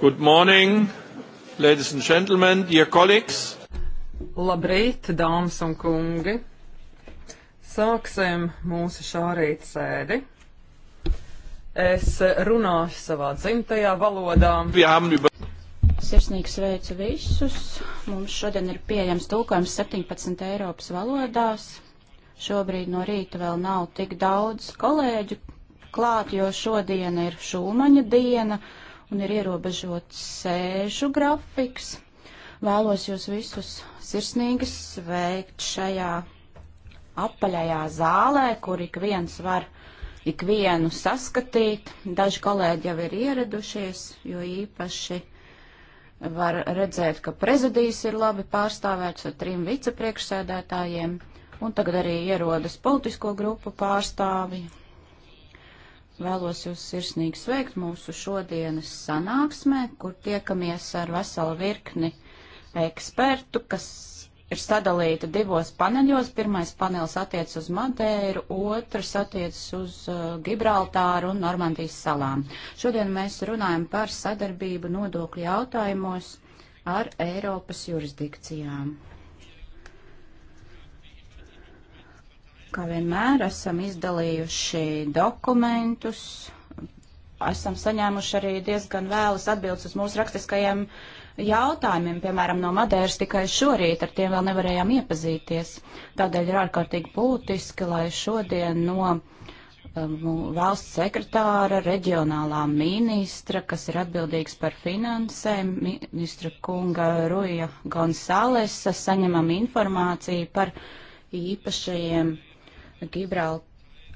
Good morning, ladies and gentlemen, dear colleagues. Labrīt, dāmas un kungi. Sāksim mūsu šā rīta sēdi. Es runāšu savā dzimtajā valodā. Sirsnīgi sveicu visus. Mums šodien ir pieejams tulkojums 17 Eiropas valodās. Šobrīd no rīta vēl nav tik daudz kolēģu klāt, jo šodien ir šūmaņa diena. Uh, un ir ierobežots sēžu grafiks. Vēlos jūs visus sirsnīgi sveikt šajā apaļajā zālē, kur ik viens var ikvienu saskatīt. Daži kolēģi jau ir ieradušies, jo īpaši var redzēt, ka prezidijas ir labi pārstāvēts ar trim vicepriekšsēdētājiem, un tagad arī ierodas politisko grupu pārstāvi, Vēlos jūs sirsnīgi sveikt mūsu šodienas sanāksmē, kur tiekamies ar veselu virkni ekspertu, kas ir sadalīta divos paneļos. Pirmais panelis attiec uz Madeiru, otrs attiec uz uh, Gibraltāru un Normandijas salām. Šodien mēs runājam par sadarbību nodokļu jautājumos ar Eiropas jurisdikcijām. Kā vienmēr esam izdalījuši dokumentus, esam saņēmuši arī diezgan vēlas atbildes uz mūsu rakstiskajiem jautājumiem, piemēram, no Madēras tikai šorīt, ar tiem vēl nevarējām iepazīties. Tādēļ ir ārkārtīgi būtiski, lai šodien no um, valsts sekretāra, reģionālā ministra, kas ir atbildīgs par finansēm, ministra kunga Ruja Gonsalesa, saņemam informāciju par īpašajiem Gibralt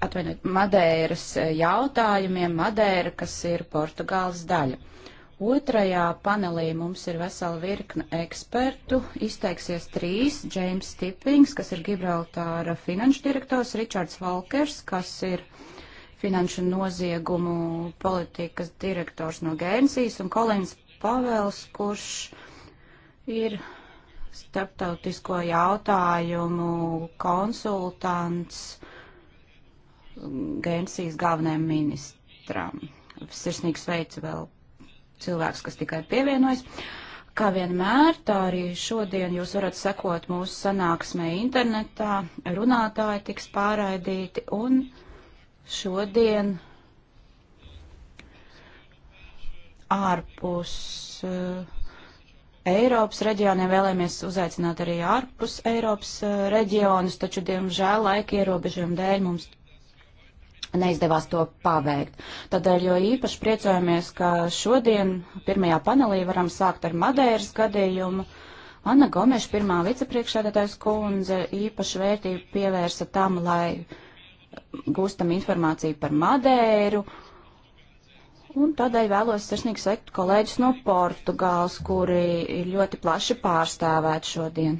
atvainojiet, Madeiras eh, jautājumiem, Madeira, kas ir Portugāles daļa. Otrajā panelī mums ir vesela virkne ekspertu. Izteiksies trīs - Džeims Stipings, kas ir Gibraltāra finanšu direktors, Ričards Valkers, kas ir finanšu noziegumu politikas direktors no Gēnsijas, un Kolins Pavels, kurš ir starptautisko jautājumu konsultants Gensijas galvenajam ministram. Sirsnīgi sveicu vēl cilvēks, kas tikai pievienojas. Kā vienmēr, tā arī šodien jūs varat sekot mūsu sanāksmē internetā, runātāji tiks pārraidīti un šodien ārpus uh, Eiropas reģioniem, vēlamies uzaicināt arī ārpus Eiropas uh, reģionus, taču, diemžēl, laika ierobežojumu dēļ mums neizdevās to paveikt. Tādēļ jo īpaši priecojamies, ka šodien pirmajā panelī varam sākt ar Madeiras gadījumu. Anna Gomeša, pirmā vicepriekšsēdētājs kundze, īpaši vērtību pievērsa tam, lai gūstam informāciju par Madeiru Un tādēļ vēlos sirsnīgi sveikt kolēģis no Portugāles, kuri ir ļoti plaši pārstāvēti šodien.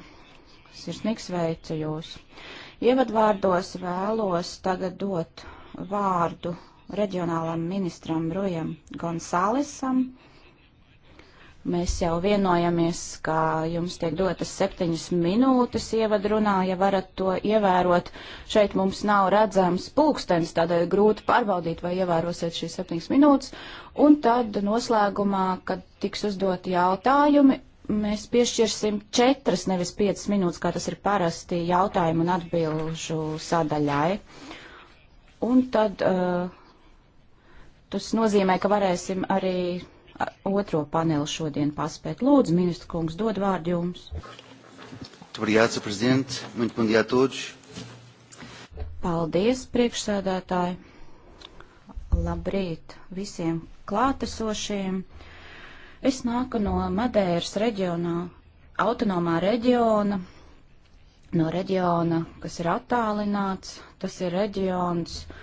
Sirsnīgi sveicu jūs. Ievadvārdos vēlos tagad dot vārdu reģionālam ministram Rujam Gonsalesam. Mēs jau vienojamies, ka jums tiek dotas septiņas minūtes ievadrunā, ja varat to ievērot. Šeit mums nav redzams pulkstens, tādēļ grūti pārbaudīt, vai ievērosiet šīs septiņas minūtes. Un tad noslēgumā, kad tiks uzdoti jautājumi, mēs piešķirsim četras, nevis piecas minūtes, kā tas ir parasti jautājumu un atbilžu sadaļai. Un tad uh, tas nozīmē, ka varēsim arī otro panelu šodien paspēt. Lūdzu, ministra kungs, dod vārdu jums. Obrigado, Sr. Presidente. Muito bom dia a todos. Paldies, priekšsēdētāji. Labrīt visiem klātesošiem. Es nāku no Madēras reģionā, autonomā reģiona, no reģiona, kas ir attālināts. Tas ir reģions, uh,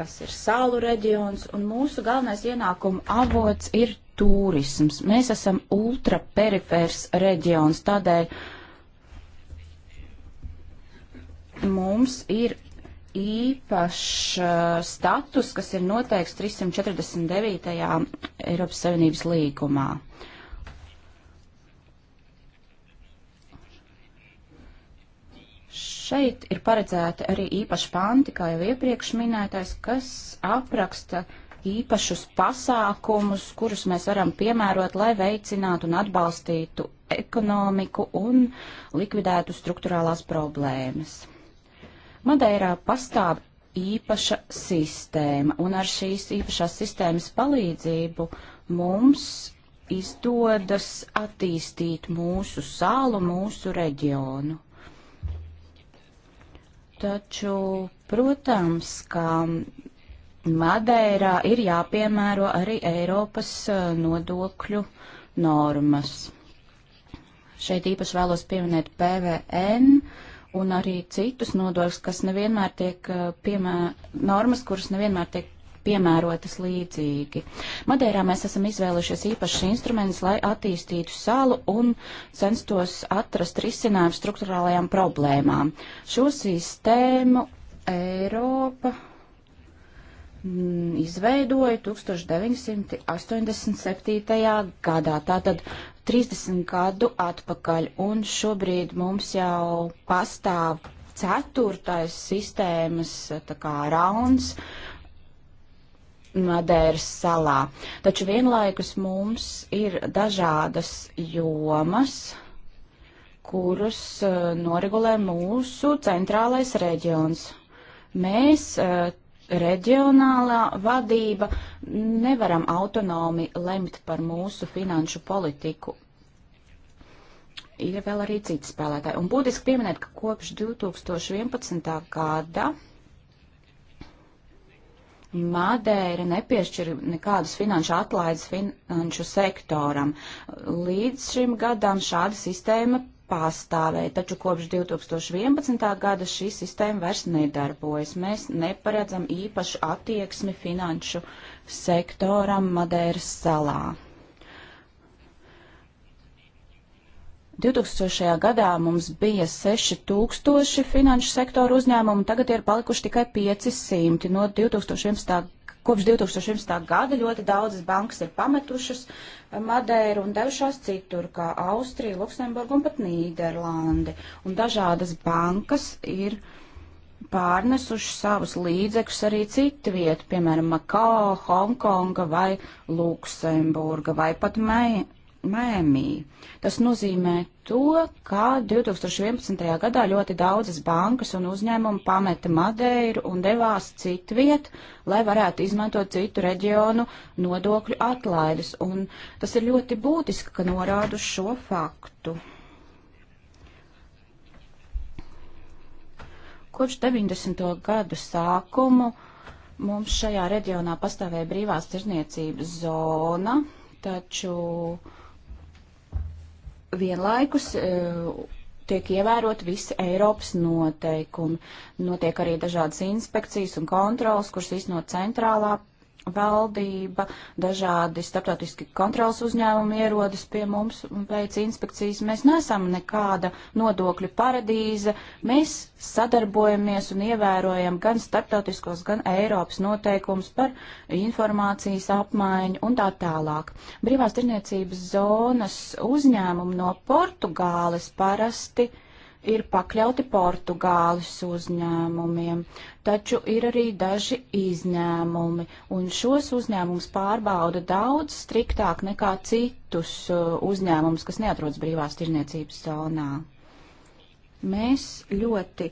kas ir salu reģions, un mūsu galvenais ienākuma avots ir turisms. Mēs esam ultraperifērs reģions, tādēļ mums ir īpašs uh, status, kas ir noteikts 349. Eiropas Savienības līgumā. Uh, Šeit ir paredzēti arī īpaši panti, kā jau iepriekš minētais, kas apraksta īpašus pasākumus, kurus mēs varam piemērot, lai veicinātu un atbalstītu ekonomiku un likvidētu struktūrālās problēmas. Madeirā pastāv īpaša sistēma, un ar šīs īpašās sistēmas palīdzību mums izdodas attīstīt mūsu salu, mūsu reģionu. Taču, protams, ka Madeirā ir jāpiemēro arī Eiropas eh, nodokļu normas. Šeit īpaši vēlos pieminēt PVN un arī citus nodokļus, kas nevienmēr tiek eh, piemēr, normas, kuras nevienmēr tiek piemērotas līdzīgi. Madeirā mēs esam izvēlušies īpašs instruments, lai attīstītu salu un censtos atrast risinājumu struktūrālajām problēmām. Šo sistēmu Eiropa mm, izveidoja 1987. gadā, tātad 30 gadu atpakaļ, un šobrīd mums jau pastāv ceturtais sistēmas kā, rauns, Madēras salā. Taču vienlaikus mums ir dažādas jomas, kurus uh, eh, noregulē mūsu centrālais reģions. Mēs, uh, reģionālā vadība, nevaram autonomi lemt par mūsu finanšu politiku. Ir vēl arī citi spēlētāji. Un būtiski pieminēt, ka kopš 2011. gada Madeira nepiešķir nekādas finanšu atlaides finanšu sektoram. Līdz šim gadam šāda sistēma pastāvēja, taču kopš 2011. gada šī sistēma vairs nedarbojas. Mēs neparedzam īpašu attieksmi finanšu sektoram Madeiras salā. 2000. gadā mums bija 6000 finanšu sektoru uzņēmumu, tagad ir palikuši tikai 500. No 2011. Kopš 2011. gada ļoti daudzas bankas ir pametušas Madeiru un devušās citur, kā Austrija, Luksemburga un pat Nīderlandi. Un dažādas bankas ir pārnesuši savus līdzekļus arī citu vietu, piemēram, Makao, Hongkonga vai Luksemburga vai pat Meija Miami. Tas nozīmē to, ka 2011. gadā ļoti daudzas bankas un uzņēmumi pameta Madeiru un devās citu vietu, lai varētu izmantot citu reģionu nodokļu atlaides. Un tas ir ļoti būtiski, ka norādu šo faktu. Kopš 90. gadu sākumu mums šajā reģionā pastāvēja brīvās tirzniecības zona, taču uh, vienlaikus eh, tiek ievērot visi Eiropas noteikumi. Notiek arī dažādas inspekcijas un kontrolas, kuras iznot centrālā valdība, dažādi starptautiski kontrols uzņēmumi ierodas pie mums un veic inspekcijas. Mēs nesam nekāda nodokļu paradīze. Mēs sadarbojamies un ievērojam gan starptautiskos, gan Eiropas noteikums par informācijas apmaiņu un tā tālāk. Brīvās tirniecības zonas uzņēmumi no Portugāles parasti ir pakļauti Portugāles uzņēmumiem, taču ir arī daži izņēmumi, un šos uzņēmumus pārbauda daudz striktāk nekā citus uh, uzņēmumus, kas neatrodas brīvās tirniecības zonā. Mēs ļoti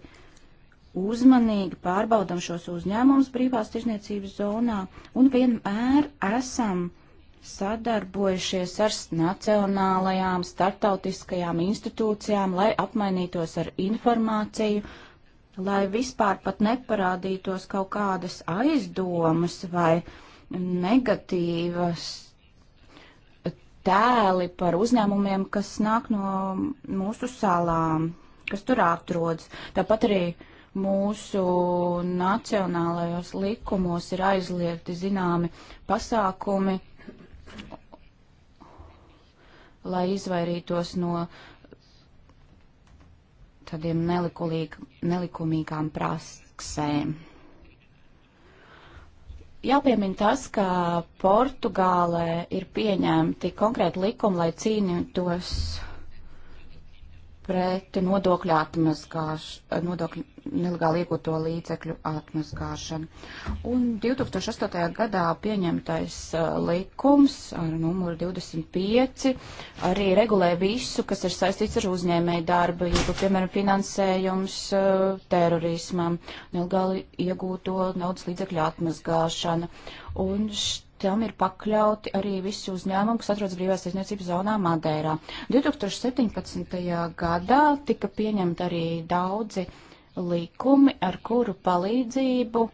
uzmanīgi pārbaudam šos uzņēmumus brīvās tirniecības zonā un vienmēr esam uh, sadarbojušies ar nacionālajām, startautiskajām institūcijām, lai apmainītos ar informāciju, lai vispār pat neparādītos kaut kādas aizdomas vai negatīvas tēli par uzņēmumiem, kas nāk no mūsu salām, kas tur atrodas. Tāpat arī mūsu nacionālajos likumos ir aizliegti zināmi pasākumi, lai izvairītos no tādiem nelikumīgām praksēm. Jāpiemin tas, ka Portugālē ir pieņemti konkrēti likumi, lai cīnītos pret nodokļu atmazgāšanu, nodokļu nelegāli iegūto līdzekļu atmazgāšanu. Un 2008. gadā pieņemtais uh, likums ar numuru 25 arī regulē visu, kas ir saistīts ar uzņēmēju darbību, nu, piemēram, finansējums uh, terorismam, nelegāli iegūto naudas līdzekļu atmazgāšana. Un št tam ir pakļauti arī visi uzņēmumi, kas atrodas brīvās aizniecības zonā Madeirā. 2017. gadā tika pieņemti arī daudzi likumi, ar kuru palīdzību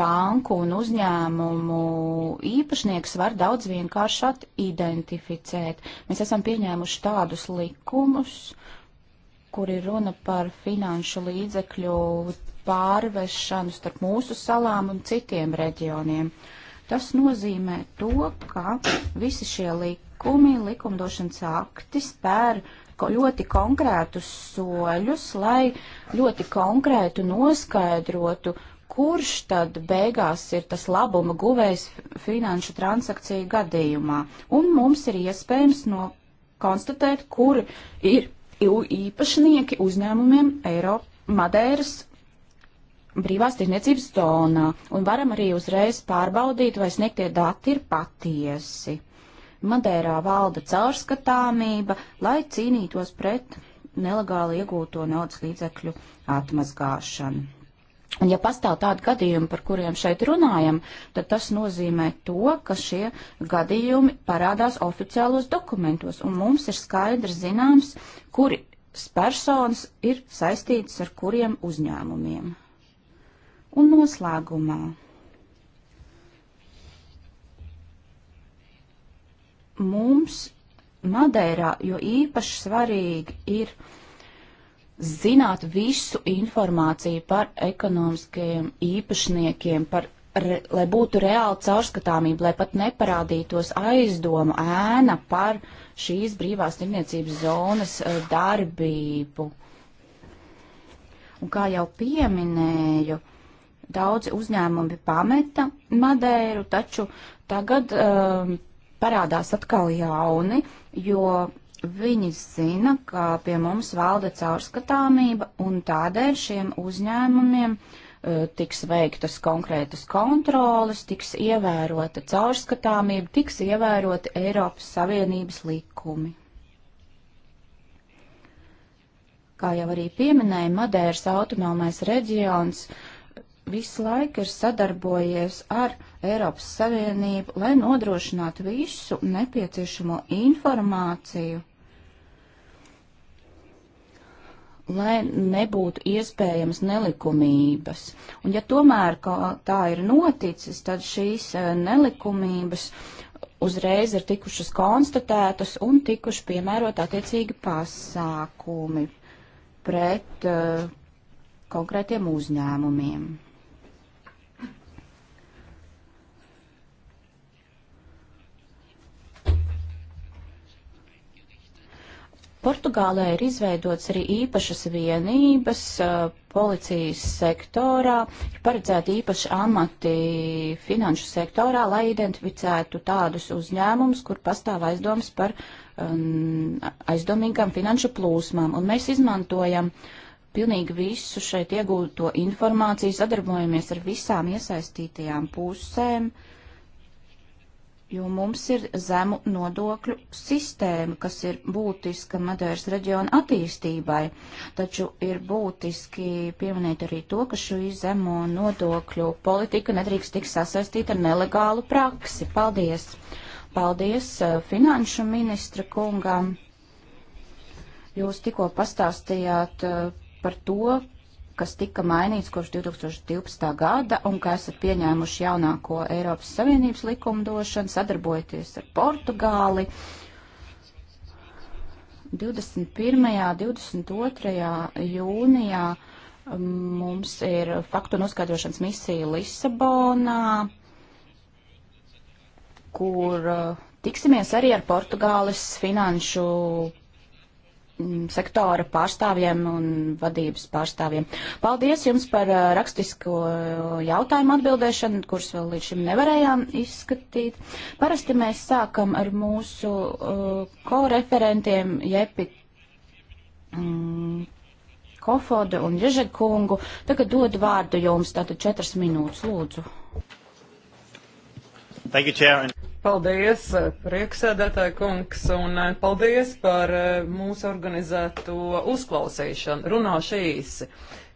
banku un uzņēmumu īpašnieks var daudz vienkāršāk identificēt. Mēs esam pieņēmuši tādus likumus, kur ir runa par finanšu līdzekļu pārvešanu starp mūsu salām un citiem reģioniem. Tas nozīmē to, ka visi šie likumi, likumdošanas akti spēr ļoti konkrētus soļus, lai ļoti konkrētu noskaidrotu, kurš tad beigās ir tas labuma guvējs finanšu transakciju gadījumā. Un mums ir iespējams no konstatēt, kuri ir īpašnieki uzņēmumiem Eiropas Madeiras brīvās tirniecības zonā, un varam arī uzreiz pārbaudīt, vai sniegtie dati ir patiesi. Madērā valda caurskatāmība, lai cīnītos pret nelegāli iegūto naudas līdzekļu atmazgāšanu. Un ja pastāv tādi gadījumi, par kuriem šeit runājam, tad tas nozīmē to, ka šie gadījumi parādās oficiālos dokumentos, un mums ir skaidrs zināms, kuri personas ir saistītas ar kuriem uzņēmumiem. Un noslēgumā mums Madeirā jo īpaši svarīgi ir zināt visu informāciju par ekonomiskajiem īpašniekiem, par, re, lai būtu reāla caurskatāmība, lai pat neparādītos aizdomu ēna par šīs brīvās tirniecības zonas eh, darbību. Un kā jau pieminēju, uh, Daudzi uzņēmumi pameta Madeiru, taču tagad um, parādās atkal jauni, jo viņi zina, ka pie mums valda caurskatāmība un tādēļ šiem uzņēmumiem uh, tiks veiktas konkrētas kontroles, tiks ievērota caurskatāmība, tiks ievēroti Eiropas Savienības likumi. Kā jau arī pieminēja, Madēras autonomais reģions uh, visu laiku ir sadarbojies ar Eiropas Savienību, lai nodrošinātu visu nepieciešamo informāciju, lai nebūtu iespējams nelikumības. Un ja tomēr tā ir noticis, tad šīs eh, nelikumības uzreiz ir tikušas konstatētas un tikuši piemērot attiecīgi pasākumi pret uh, konkrētiem uzņēmumiem. Portugālē ir izveidots arī īpašas vienības policijas sektorā, ir paredzēti īpaši amati finanšu sektorā, lai identificētu tādus uzņēmumus, kur pastāv aizdomas par um, aizdomīgām finanšu plūsmām. Un mēs izmantojam pilnīgi visu šeit iegūto informāciju, sadarbojamies ar visām iesaistītajām pusēm. Uh, jo mums ir zemu nodokļu sistēma, kas ir būtiska Madeiras reģiona attīstībai. Taču ir būtiski pieminēt arī to, ka šī zemo nodokļu politika nedrīkst tik sasaistīta ar nelegālu praksi. Paldies! Paldies eh, finanšu ministra kungam! Jūs tikko pastāstījāt eh, par to, kas tika mainīts kopš 2012. gada un ka esat pieņēmuši jaunāko Eiropas Savienības likumdošanu, sadarbojoties ar Portugāli. 21. un 22. jūnijā um, mums ir faktu un uzskaidrošanas misija Lisabonā, kur uh, tiksimies arī ar Portugāles finanšu Mm, sektora pārstāvjiem un vadības pārstāvjiem. Paldies jums par uh, rakstisko jautājumu atbildēšanu, kurus vēl līdz šim nevarējām izskatīt. Parasti mēs sākam ar mūsu uh, koreferentiem Jepi um, Kofodu un Ježekungu. Tagad dod vārdu jums, tātad četras minūtes, lūdzu. Thank you, Chair. Paldies, eh, prieksēdētāji kungs, un eh, paldies par eh, mūsu organizēto uzklausīšanu. Runāšu īsi.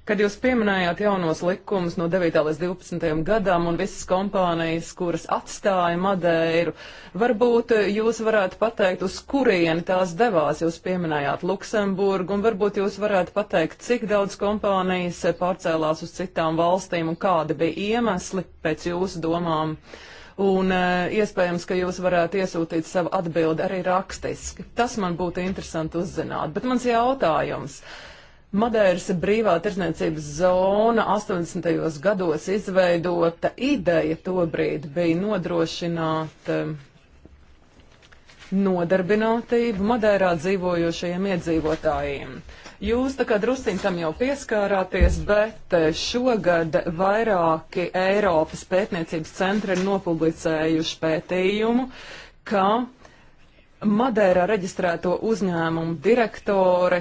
Kad jūs pieminējāt jaunos likumus no 9. līdz 12. gadam un visas kompānijas, kuras atstāja Madeiru, varbūt jūs varētu pateikt, uz kurieni tās devās. Jūs pieminējāt Luksemburgu un varbūt jūs varētu pateikt, cik daudz kompānijas pārcēlās uz citām valstīm un kādi bija iemesli pēc jūsu domām. Uh, un eh, iespējams, ka jūs varētu iesūtīt savu atbildi arī rakstiski. Tas man būtu interesanti uzzināt, bet mans jautājums. Madeiras brīvā tirzniecības zona 80. gados izveidota ideja tobrīd bija nodrošināt eh, nodarbinātību Madeirā dzīvojošajiem iedzīvotājiem. Jūs tā kā drusciņ tam jau pieskārāties, bet eh, šogad vairāki Eiropas pētniecības centri ir nopublicējuši pētījumu, ka Madērā reģistrēto uzņēmumu direktori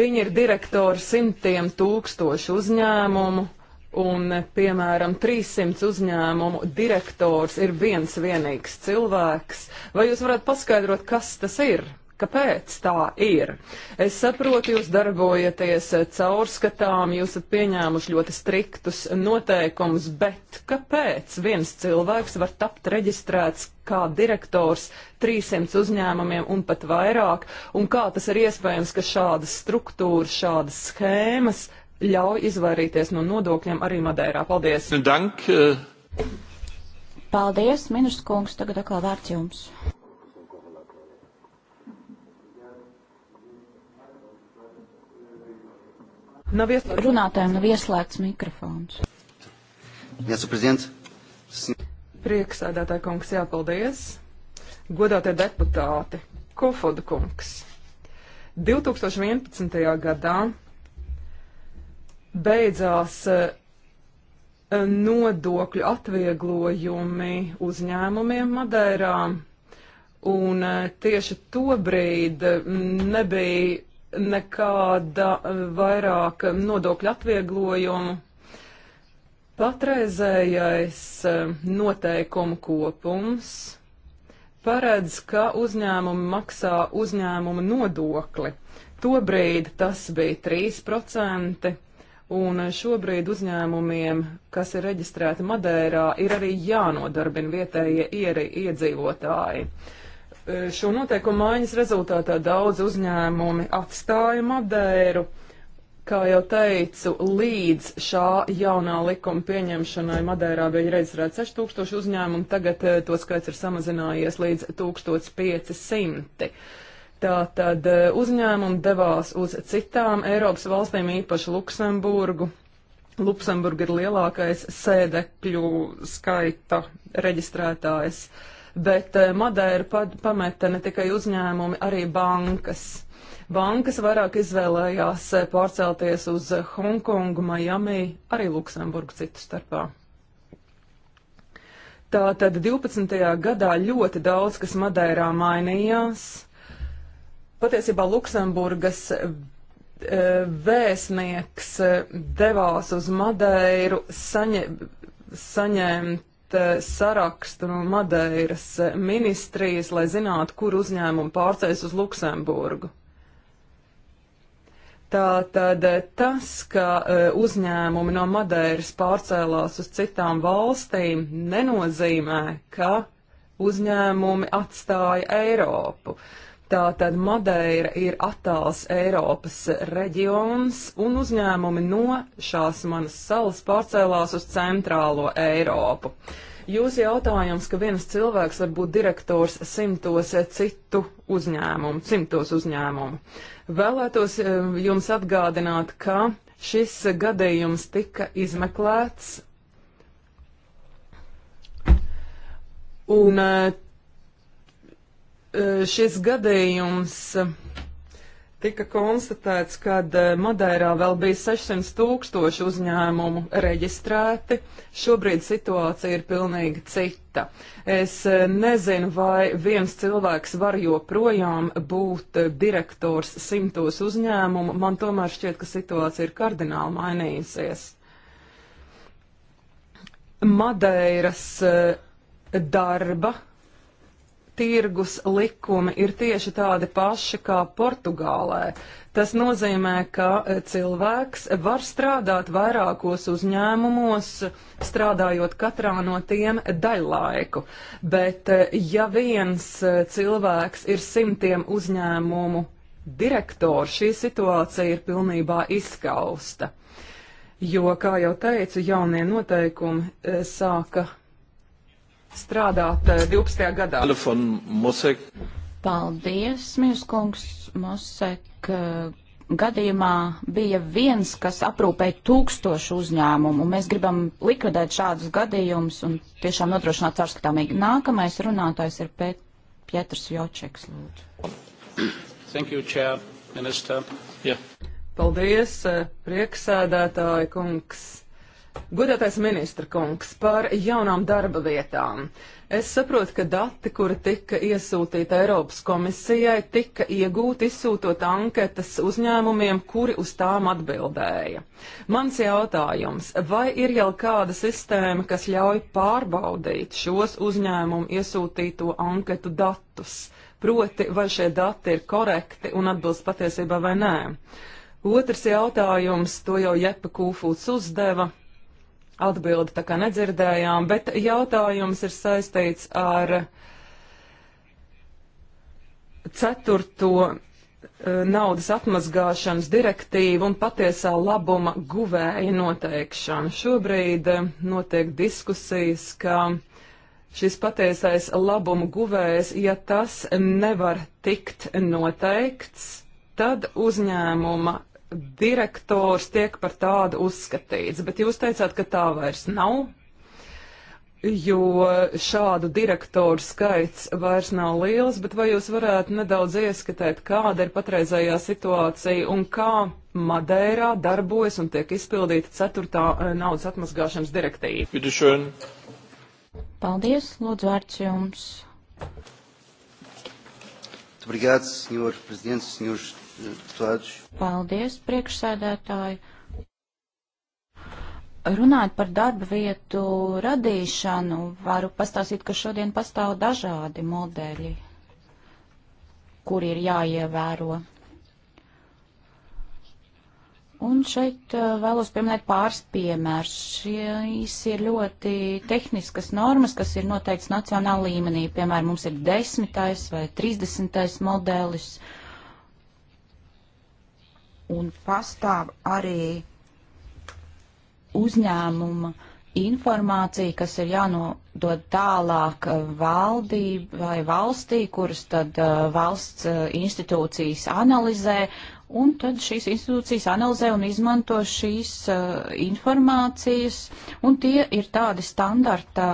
Viņi ir direktori simtiem tūkstošu uzņēmumu, un, piemēram, 300 uzņēmumu direktors ir viens vienīgs cilvēks. Vai jūs varat paskaidrot, kas tas ir? Kāpēc tā ir? Es saprotu, jūs darbojaties caurskatām, jūs esat pieņēmuši ļoti striktus noteikumus, bet kāpēc viens cilvēks var tapt reģistrēts kā direktors 300 uzņēmumiem un pat vairāk, un kā tas ir iespējams, ka šādas struktūras, šādas schēmas ļauj izvairīties no nodokļiem arī Madeirā? Paldies! Dank. Eh. Paldies, ministrs kungs, tagad atkal vārds jums. Nav ieslēgts. Runātājiem nav ieslēgts mikrofons. Jāsu prezidents. Prieksēdētāji kungs, jāpaldies. Godātie deputāti, Kofoda kungs. 2011. gadā beidzās eh, nodokļu atvieglojumi uzņēmumiem Madeirā. Un eh, tieši to brīdi mm, nebija nekāda eh, vairāk nodokļu atvieglojumu. Patreizējais eh, noteikumu kopums paredz, ka uzņēmumi maksā uzņēmumu nodokli. Tobrīd tas bija 3%, un šobrīd uzņēmumiem, kas ir reģistrēti Madeirā, ir arī jānodarbina vietējie iedzīvotāji. Uh, E, šo noteikumu maiņas rezultātā daudz uzņēmumi atstāja Madeiru. Kā jau teicu, līdz šā jaunā likuma pieņemšanai Madeirā bija reģistrēts 6000 uzņēmumu, tagad e, to skaits ir samazinājies līdz 1500. Tātad e, uzņēmumi devās uz citām Eiropas valstīm, īpaši Luksemburgu. Luksemburga ir lielākais sēdekļu skaita reģistrētājs. Uh, bet eh, Madeira pameta ne tikai uzņēmumi, arī bankas. Bankas vairāk izvēlējās eh, pārcelties uz eh, Hongkongu, Miami, arī Luksemburgu citu starpā. Tātad 12. gadā ļoti daudz, kas Madeirā mainījās. Patiesībā Luksemburgas vēstnieks devās uz Madeiru saņem, saņemt Eh, sarakstu no Madeiras eh, ministrijas, lai zinātu, kur uzņēmumu pārceļas uz Luksemburgu. Tātad eh, tas, ka uzņēmumi no Madeiras pārcēlās uz citām valstīm, nenozīmē, ka uzņēmumi atstāja Eiropu. Uh, Tātad Madeira ir attāls Eiropas reģions, un uzņēmumi no šās manas salas pārcēlās uz centrālo Eiropu. Jūsu jautājums, ka viens cilvēks var būt direktors simtos citu uzņēmumu, simtos uzņēmumu. Vēlētos eh, jums atgādināt, ka šis gadījums tika izmeklēts. Un eh, Eh, šis gadījums eh, tika konstatēts, kad eh, Madeirā vēl bija 600 tūkstoši uzņēmumu reģistrēti. Šobrīd situācija ir pilnīgi cita. Es nezinu, vai viens cilvēks var joprojām būt direktors simtos uzņēmumu. Man tomēr šķiet, ka situācija ir kardināli mainījusies. Madeiras darba tirgus likumi ir tieši tādi paši kā Portugālē. Tas nozīmē, ka e, cilvēks var strādāt vairākos uzņēmumos, strādājot katrā no tiem daļlaiku. Bet e, ja viens e, cilvēks ir simtiem uzņēmumu direktors, šī situācija ir pilnībā izskausta. Jo, kā jau teicu, jaunie noteikumi sāka strādāt 12. Eh, gadā. Paldies, Mirskungs, Mosek. Eh, gadījumā bija viens, kas aprūpēja tūkstošu uzņēmumu, un mēs gribam likvidēt šādus gadījumus un tiešām nodrošināt cārskatāmīgi. Nākamais runātājs ir Pēt Pietrs Jočeks, lūdzu. Thank you, Chair, Minister. Yeah. Paldies, eh, prieksēdētāji kungs. Godātais ministra kungs par jaunām darba vietām. Es saprotu, ka dati, kuri tika iesūtīti Eiropas komisijai, tika iegūti izsūtot anketas uzņēmumiem, kuri uz tām atbildēja. Mans jautājums, vai ir jau kāda sistēma, kas ļauj pārbaudīt šos uzņēmumu iesūtīto anketu datus? Proti, vai šie dati ir korekti un atbilst patiesībā vai nē? Otrs jautājums, to jau Jepa Kūfūts uzdeva Atbildi tā kā nedzirdējām, bet jautājums ir saistīts ar ceturto e, naudas atmazgāšanas direktīvu un patiesā labuma guvēja noteikšanu. Šobrīd e, notiek diskusijas, ka šis patiesais labuma guvējs, ja tas nevar tikt noteikts, tad uzņēmuma direktors tiek par tādu uzskatīts, bet jūs teicāt, ka tā vairs nav, jo šādu direktoru skaits vairs nav liels, bet vai jūs varētu nedaudz ieskatēt, kāda ir patreizējā situācija un kā Madeirā darbojas un tiek izpildīta ceturtā eh, naudas atmazgāšanas direktīva? Bidušen. Paldies, lūdzu vārds jums. Obrigado, Sr. Presidente, Srs. Paldies, priekšsēdētāji. Runājot par darba vietu radīšanu, varu pastāstīt, ka šodien pastāv dažādi modeļi, kuri ir jāievēro. Un šeit eh, vēlos pieminēt pāris piemērus. Šīs ir ļoti tehniskas normas, kas ir noteikts nacionāla līmenī. Piemēram, mums ir desmitais vai trīsdesmitais modelis. Uh, un pastāv arī uzņēmuma informācija, kas ir jānodod tālāk uh, valdībai vai valstī, kuras tad uh, valsts uh, institūcijas analizē, un tad šīs institūcijas analizē un izmanto šīs informācijas, un tie ir tādi standarta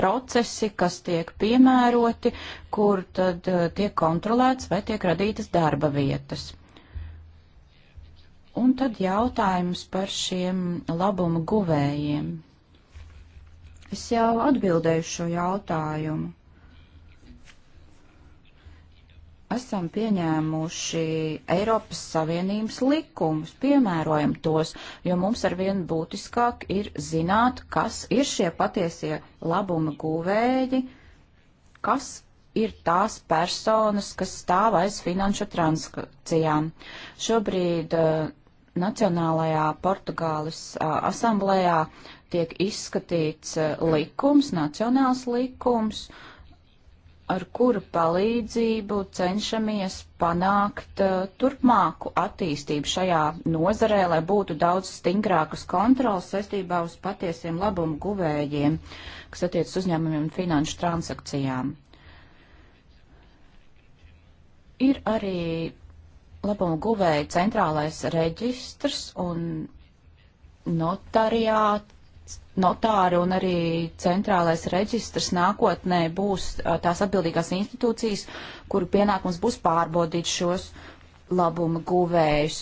procesi, kas tiek piemēroti, kur tad tiek kontrolēts vai tiek radītas darba vietas. Un tad jautājums par šiem labuma guvējiem. Es jau atbildēju šo jautājumu. Esam pieņēmuši Eiropas Savienības likumus, piemērojam tos, jo mums arvien būtiskāk ir zināt, kas ir šie patiesie labuma guvēji, kas ir tās personas, kas stāv aiz finanšu transakcijām. Šobrīd uh, Nacionālajā Portugāles asamblējā tiek izskatīts likums, nacionāls likums, ar kuru palīdzību cenšamies panākt turpmāku attīstību šajā nozarē, lai būtu daudz stingrākas kontrolas saistībā uz patiesiem labumu guvējiem, kas attiec uzņēmumiem un finanšu transakcijām. Ir arī labumu guvēja centrālais reģistrs un notariāti. Notāri un arī centrālais reģistrs nākotnē būs tās atbildīgās institūcijas, kuru pienākums būs pārbaudīt šos labuma guvējus.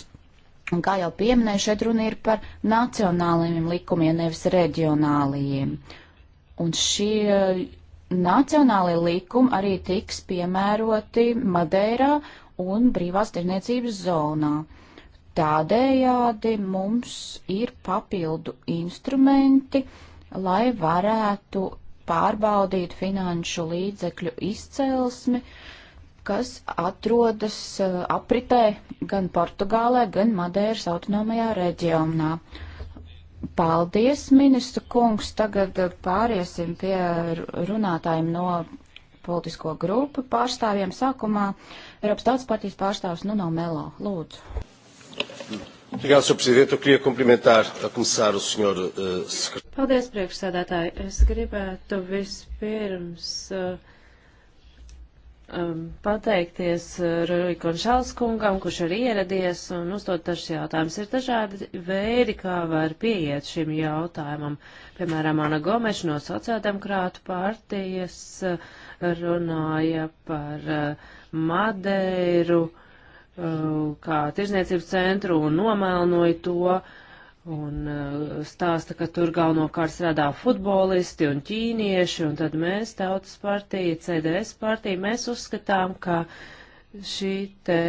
Un kā jau pieminēju, šeit runa ir par nacionālajiem likumiem, nevis reģionālajiem. Un šie nacionālie likumi arī tiks piemēroti Madeirā un brīvās tirniecības zonā. Tādējādi mums ir papildu instrumenti, lai varētu pārbaudīt finanšu līdzekļu izcelsmi, kas atrodas eh, apritē gan Portugālē, gan Madeiras autonomajā reģionā. Paldies, ministra kungs. Tagad eh, pāriesim pie runātājiem no politisko grupu pārstāvjiem. Sākumā Eiropas Tautas partijas pārstāvs Nuno Melo. Lūdzu. Obrigado, Sr. Presidente. Eu queria cumprimentar, a começar, o Sr. Uh, eh, Secretário. Paldies, priekšsēdētāji. Es gribētu vispirms uh, um, pateikties eh, Rīkon Šalskungam, kurš ir ieradies un uzdot dažs jautājums. Ir dažādi veidi, kā var pieiet šim jautājumam. Piemēram, Ana Gomeša no sociāldemokrātu partijas uh, runāja par eh, Madeiru eh, kā tirzniecības centru un nomēlnoja to un eh, stāsta, ka tur galvenokārt strādā futbolisti un ķīnieši, un tad mēs, Tautas partija, CDS partija, mēs uzskatām, ka šī te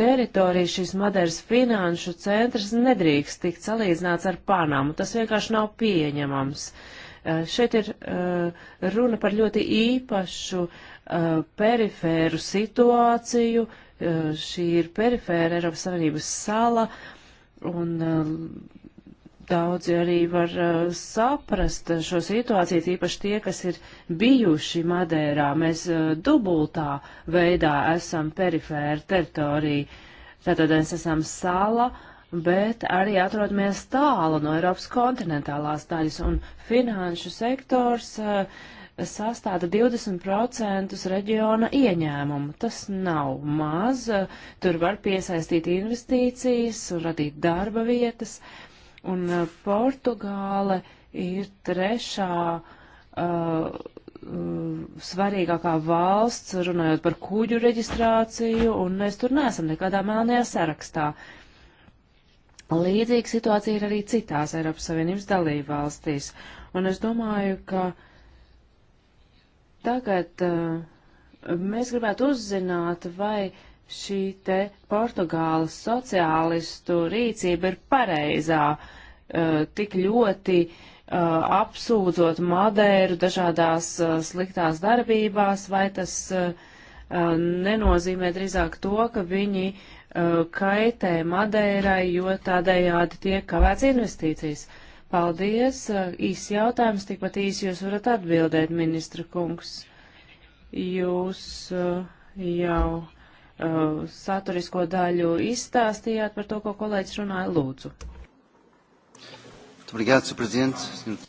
teritorija, šis Madeiras finanšu centrs nedrīkst tikt salīdzināts ar Panamu. Tas vienkārši nav pieņemams. Uh, Eh, šeit ir eh, runa par ļoti īpašu eh, perifēru situāciju. Šī ir perifēra Eiropas Savienības sala, un daudzi arī var saprast šo situāciju, īpaši tie, kas ir bijuši Madērā. Mēs dubultā veidā esam perifēra teritorija. Tātad mēs esam sala, uh, bet arī atrodamies tālu no Eiropas kontinentālās daļas, un finanšu sektors uh, sastāda 20% reģiona ieņēmumu. Tas nav maz, uh, tur var piesaistīt investīcijas un radīt darba vietas, un uh, Portugāle ir trešā eh, svarīgākā valsts, runājot par kuģu reģistrāciju, un mēs tur neesam nekādā melnajā sarakstā. Uh, Līdzīga situācija ir arī citās Eiropas Savienības dalību valstīs, un es domāju, ka tagad uh, mēs gribētu uzzināt, vai šī te Portugāles sociālistu rīcība ir pareizā, uh, tik ļoti uh, apsūdzot Madeiru dažādās sliktās darbībās, vai tas nenozīmē drīzāk to, ka viņi uh, Uh, kaitē Madeirai, jo tādējādi tiek kavēts investīcijas. Paldies! Uh, Īsts jautājums, tikpat īsi jūs varat atbildēt, ministra kungs. Jūs uh, jau saturisko daļu izstāstījāt par to, ko kolēģis runāja. Lūdzu! Obrigāt,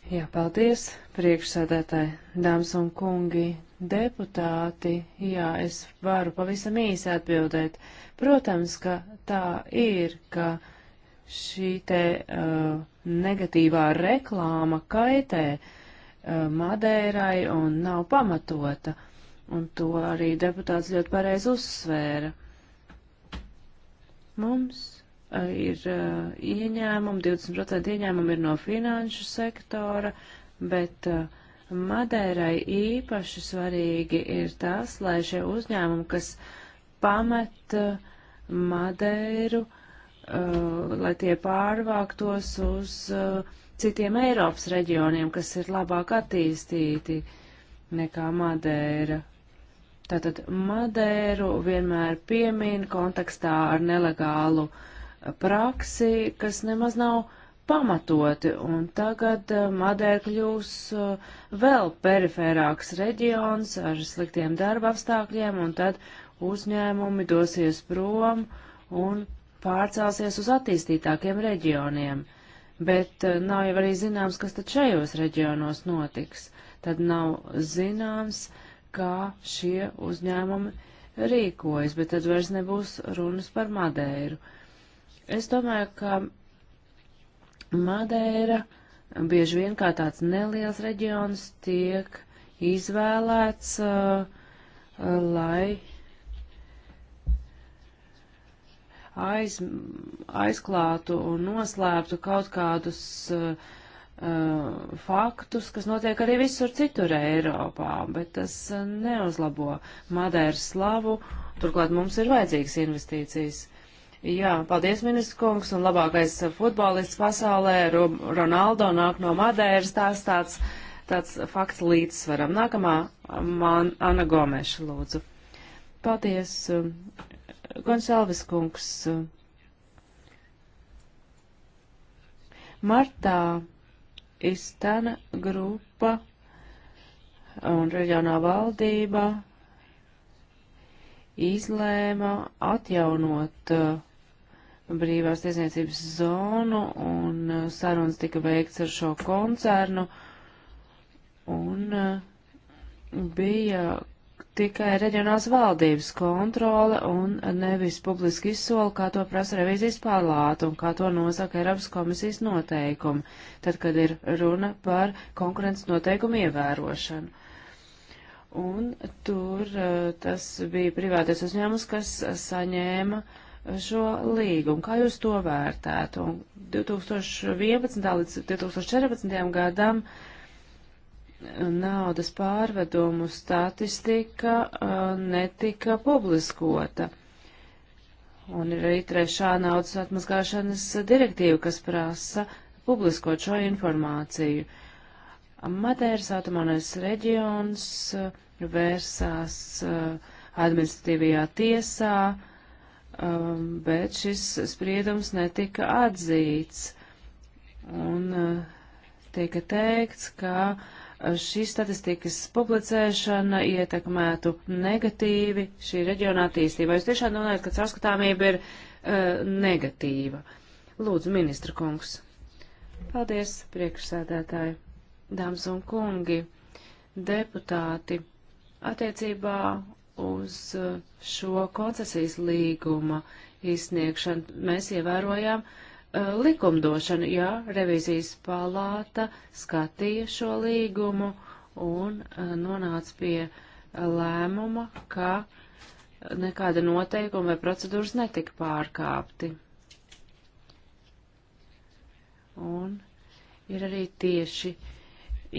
Jā, paldies, priekšsēdētāji, dāmas un kungi, deputāti. Jā, es varu pavisam īsi atbildēt. Protams, ka tā ir, ka šī te uh, negatīvā reklāma kaitē uh, Madērai un nav pamatota. Un to arī deputāts ļoti pareizi uzsvēra. Mums ir eh, ieņēmumi, 20% ieņēmumi ir no finanšu sektora, bet eh, Madērai īpaši svarīgi ir tas, lai šie uzņēmumi, kas pamet eh, Madēru, lai tie pārvāktos uz citiem Eiropas reģioniem, kas ir labāk attīstīti nekā Madēra. Tātad Madēru vienmēr piemin kontekstā ar nelegālu uh, praksi, kas nemaz nav pamatoti, un tagad eh, Madeira kļūs eh, vēl perifērāks reģions ar sliktiem darba apstākļiem, un tad uzņēmumi dosies prom un pārcelsies uz attīstītākiem reģioniem. Bet eh, nav jau arī zināms, kas tad šajos reģionos notiks. Tad nav zināms, kā šie uzņēmumi rīkojas, bet tad vairs nebūs runas par Madeiru. Uh, Es domāju, ka Madeira bieži vien kā tāds neliels reģions tiek izvēlēts, uh, lai aiz, aizklātu un noslēptu kaut kādus uh, uh, faktus, kas notiek arī visur citur Eiropā, bet tas uh, neuzlabo Madeiras slavu. Turklāt mums ir vajadzīgas investīcijas. Jā, paldies, ministrs kungs, un labākais eh, futbolists pasaulē, Ronaldo, nāk no Madeiras, tās tāds, tāds fakts līdzsvaram. Nākamā man Ana Gomeša, lūdzu. Paldies, eh, Gonsalves kungs. Martā Istana grupa un reģionā valdība izlēma atjaunot uh, brīvās tiesniecības zonu un uh, sarunas tika veikts ar šo koncernu un uh, bija tikai reģionāls valdības kontrole un nevis publiski izsola, kā to prasa revīzijas palāta un kā to nosaka Eiropas komisijas noteikumi, tad, kad ir runa par konkurences noteikumu ievērošanu. Un tur uh, tas bija privātais uzņēmums, kas saņēma uh, šo līgumu, kā jūs to vērtētu? Un 2011. līdz 2014. gadam naudas pārvedumu statistika uh, netika publiskota. Un ir arī trešā naudas atmazgāšanas direktīva, kas prasa publiskot šo informāciju. Madēras autonomais reģions uh, vērsās uh, administratīvajā tiesā, uh, um, bet šis spriedums netika atzīts. Un uh, tika teikts, ka uh, šīs statistikas publicēšana ietekmētu negatīvi šī reģiona attīstību. Jūs tiešām domājat, ka caurskatāmība ir uh, negatīva. Lūdzu, ministra kungs. Paldies, priekšsēdētāji, dāmas un kungi, deputāti. Attiecībā uz eh, šo koncesijas līguma izsniegšanu. Mēs ievērojām uh, likumdošanu, jā, revizijas palāta skatīja šo līgumu un uh, nonāca pie lēmuma, ka nekāda noteikuma vai procedūras netika pārkāpti. Un ir arī tieši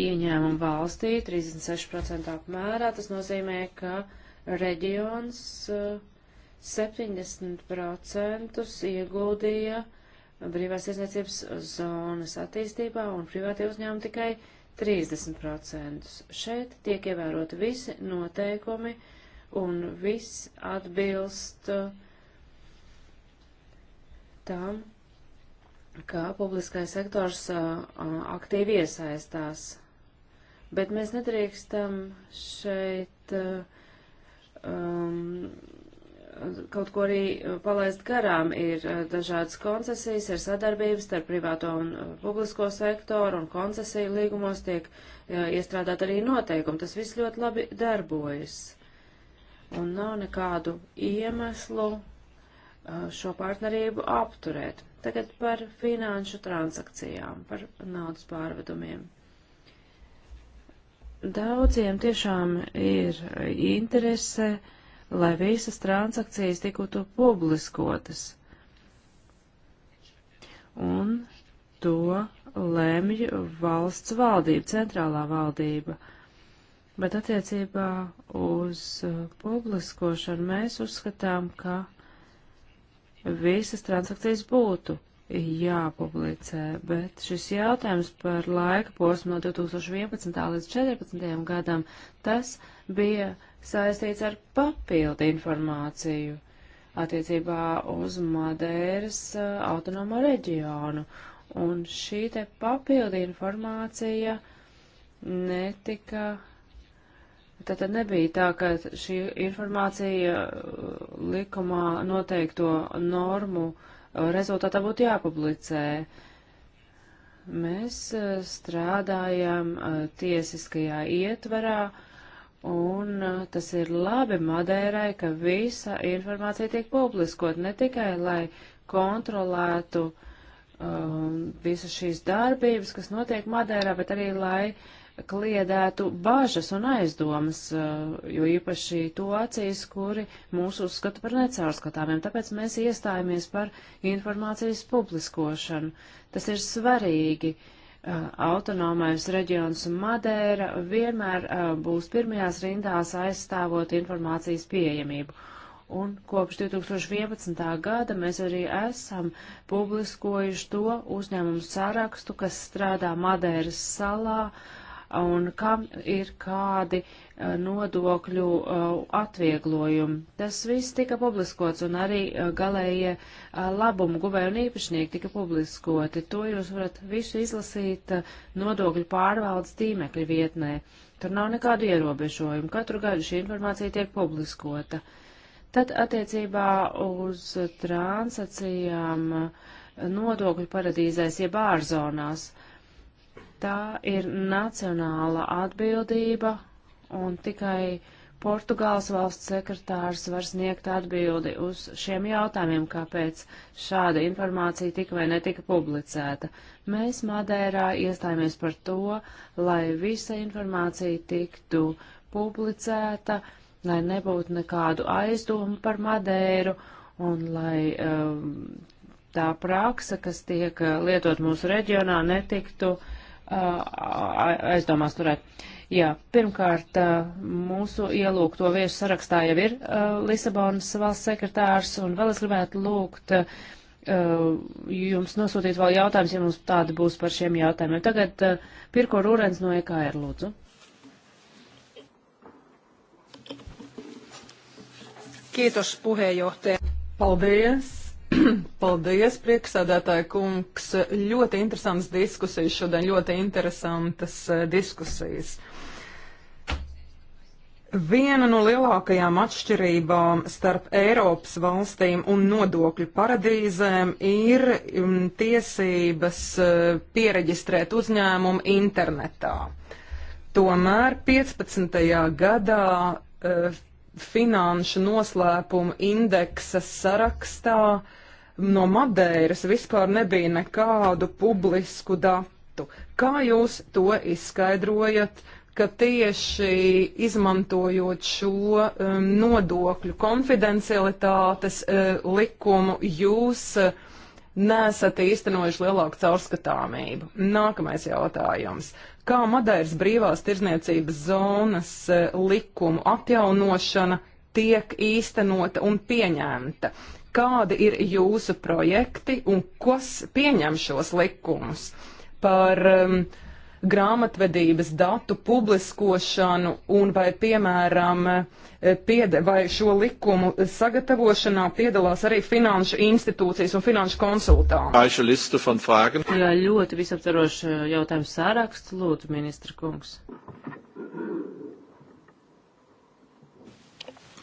ieņēmumi valstī 36% apmērā. Tas nozīmē, ka uh, reģions 70% eh, ieguldīja brīvās iesniecības zonas attīstībā un privātie uzņēmumi tikai 30%. Šeit tiek ievēroti visi noteikumi un viss atbilst eh, tam, kā publiskais sektors eh, aktīvi iesaistās. Bet mēs nedrīkstam šeit uh, um, kaut ko arī palaist garām. Ir uh, dažādas koncesijas, ir sadarbības starp privāto un uh, publisko sektoru, un koncesiju līgumos tiek uh, iestrādāt arī noteikumi. Tas viss ļoti labi darbojas. Un nav nekādu iemeslu šo partnerību apturēt. Tagad par finanšu transakcijām, par naudas pārvedumiem. Daudziem tiešām ir interese, lai visas transakcijas tiktu publiskotas. Un to lemj valsts valdība, centrālā valdība. Bet attiecībā uz uh, publiskošanu mēs uzskatām, ka visas transakcijas būtu jāpublicē, bet šis jautājums par laika posmu no 2011. līdz 2014. gadam, tas bija saistīts ar papildu informāciju attiecībā uz Madeiras eh, autonomo reģionu. Un šī te papildu informācija netika Tātad nebija tā, ka šī informācija eh, likumā noteikto normu rezultātā būtu jāpublicē. Mēs eh, strādājam eh, tiesiskajā ietvarā, un eh, tas ir labi Madērai, ka visa informācija tiek publiskot, ne tikai lai kontrolētu um, visas šīs darbības, kas notiek Madērā, bet arī lai uh, kliedētu bažas un aizdomas, eh, jo īpaši to acīs, kuri mūs uzskata par necaurskatāmiem. Tāpēc mēs iestājamies par informācijas publiskošanu. Tas ir svarīgi. Eh, autonomais reģions Madēra vienmēr eh, būs pirmajās rindās aizstāvot informācijas pieejamību. Un kopš 2011. gada mēs arī esam publiskojuši to uzņēmumu sārakstu, kas strādā Madēras salā, uh, un kam ir kādi eh, nodokļu eh, atvieglojumi. Tas viss tika publiskots un arī eh, galējie labumu guvēju un īpašnieki tika publiskoti. To jūs varat visu izlasīt nodokļu pārvaldes tīmekļa vietnē. Tur nav nekādu ierobežojumu. Katru gadu šī informācija tiek publiskota. Tad attiecībā uz transakcijām nodokļu paradīzēs jeb ārzonās. Ja Tā ir nacionāla atbildība, un tikai Portugāles valsts sekretārs var sniegt atbildi uz šiem jautājumiem, kāpēc šāda informācija tika vai netika publicēta. Mēs Madērā iestājāmies par to, lai visa informācija tiktu publicēta, lai nebūtu nekādu aizdomu par Madēru un lai um, tā praksa, kas tiek uh, lietot mūsu reģionā, netiktu uh, aizdomās turēt. Jā, pirmkārt, mūsu ielūgto viesu sarakstā jau ir Lisabonas valsts sekretārs, un vēl es gribētu lūgt jums nosūtīt vēl jautājumus, ja mums tādi būs par šiem jautājumiem. Tagad Pirko Rūrens no EKR lūdzu. Kiitos puheenjohtaja. Paldies! Paldies, prieksēdētāja kungs. Ļoti interesants diskusijas šodien, ļoti interesantas eh, diskusijas. Viena no lielākajām atšķirībām starp Eiropas valstīm un nodokļu paradīzēm ir mm, tiesības eh, pieregistrēt uzņēmumu internetā. Tomēr 15. gadā eh, finanšu noslēpumu indeksa sarakstā uh, no Madeiras vispār nebija nekādu publisku datu. Kā jūs to izskaidrojat, ka tieši izmantojot šo um, nodokļu konfidencialitātes uh, likumu, jūs uh, nesat īstenojuši lielāku caurskatāmību? Nākamais jautājums. Kā Madeiras brīvās tirzniecības zonas uh, likumu atjaunošana tiek īstenota un pieņemta? kādi ir jūsu projekti un kas pieņem šos likumus par um, grāmatvedības datu publiskošanu un vai, piemēram, piede, vai šo likumu sagatavošanā piedalās arī finanšu institūcijas un finanšu konsultanti. Jā, ļoti visaptvarošs uh, jautājums sāraksts, lūdzu, ministra kungs.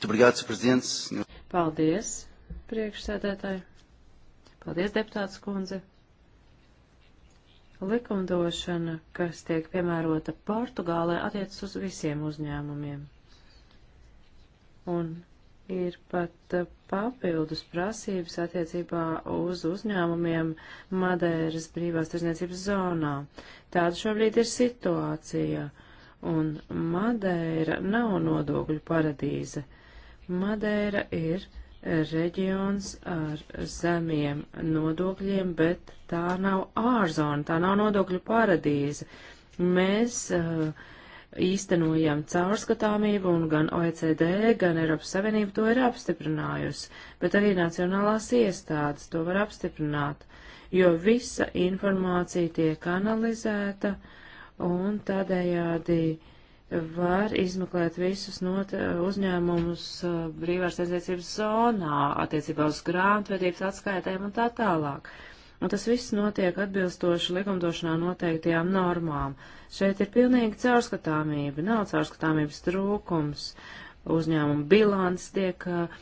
Obrigado, Sr. Presidente. Paldies priekšsēdētāji. Paldies, deputāts kundze. Likumdošana, kas tiek piemērota Portugālē, attiecas uz visiem uzņēmumiem. Un ir pat papildus prasības attiecībā uz uzņēmumiem Madēras brīvās tirzniecības zonā. Tāda šobrīd ir situācija, un Madēra nav nodokļu paradīze. Madēra ir reģions ar zemiem nodokļiem, bet tā nav ārzona, tā nav nodokļu paradīze. Mēs uh, īstenojam caurskatāmību un gan OECD, gan Eiropas Savienība to ir apstiprinājusi, bet arī nacionālās iestādes to var apstiprināt, jo visa informācija tiek analizēta un tādējādi uh, var izmeklēt visus eh, uzņēmumus eh, brīvās tirdzniecības zonā attiecībā uz grāmatvedības atskaitēm un tā tālāk. Un tas viss notiek atbilstoši likumdošanā noteiktajām normām. Šeit ir pilnīgi caurskatāmība, nav caurskatāmības trūkums, uzņēmuma bilants tiek uh,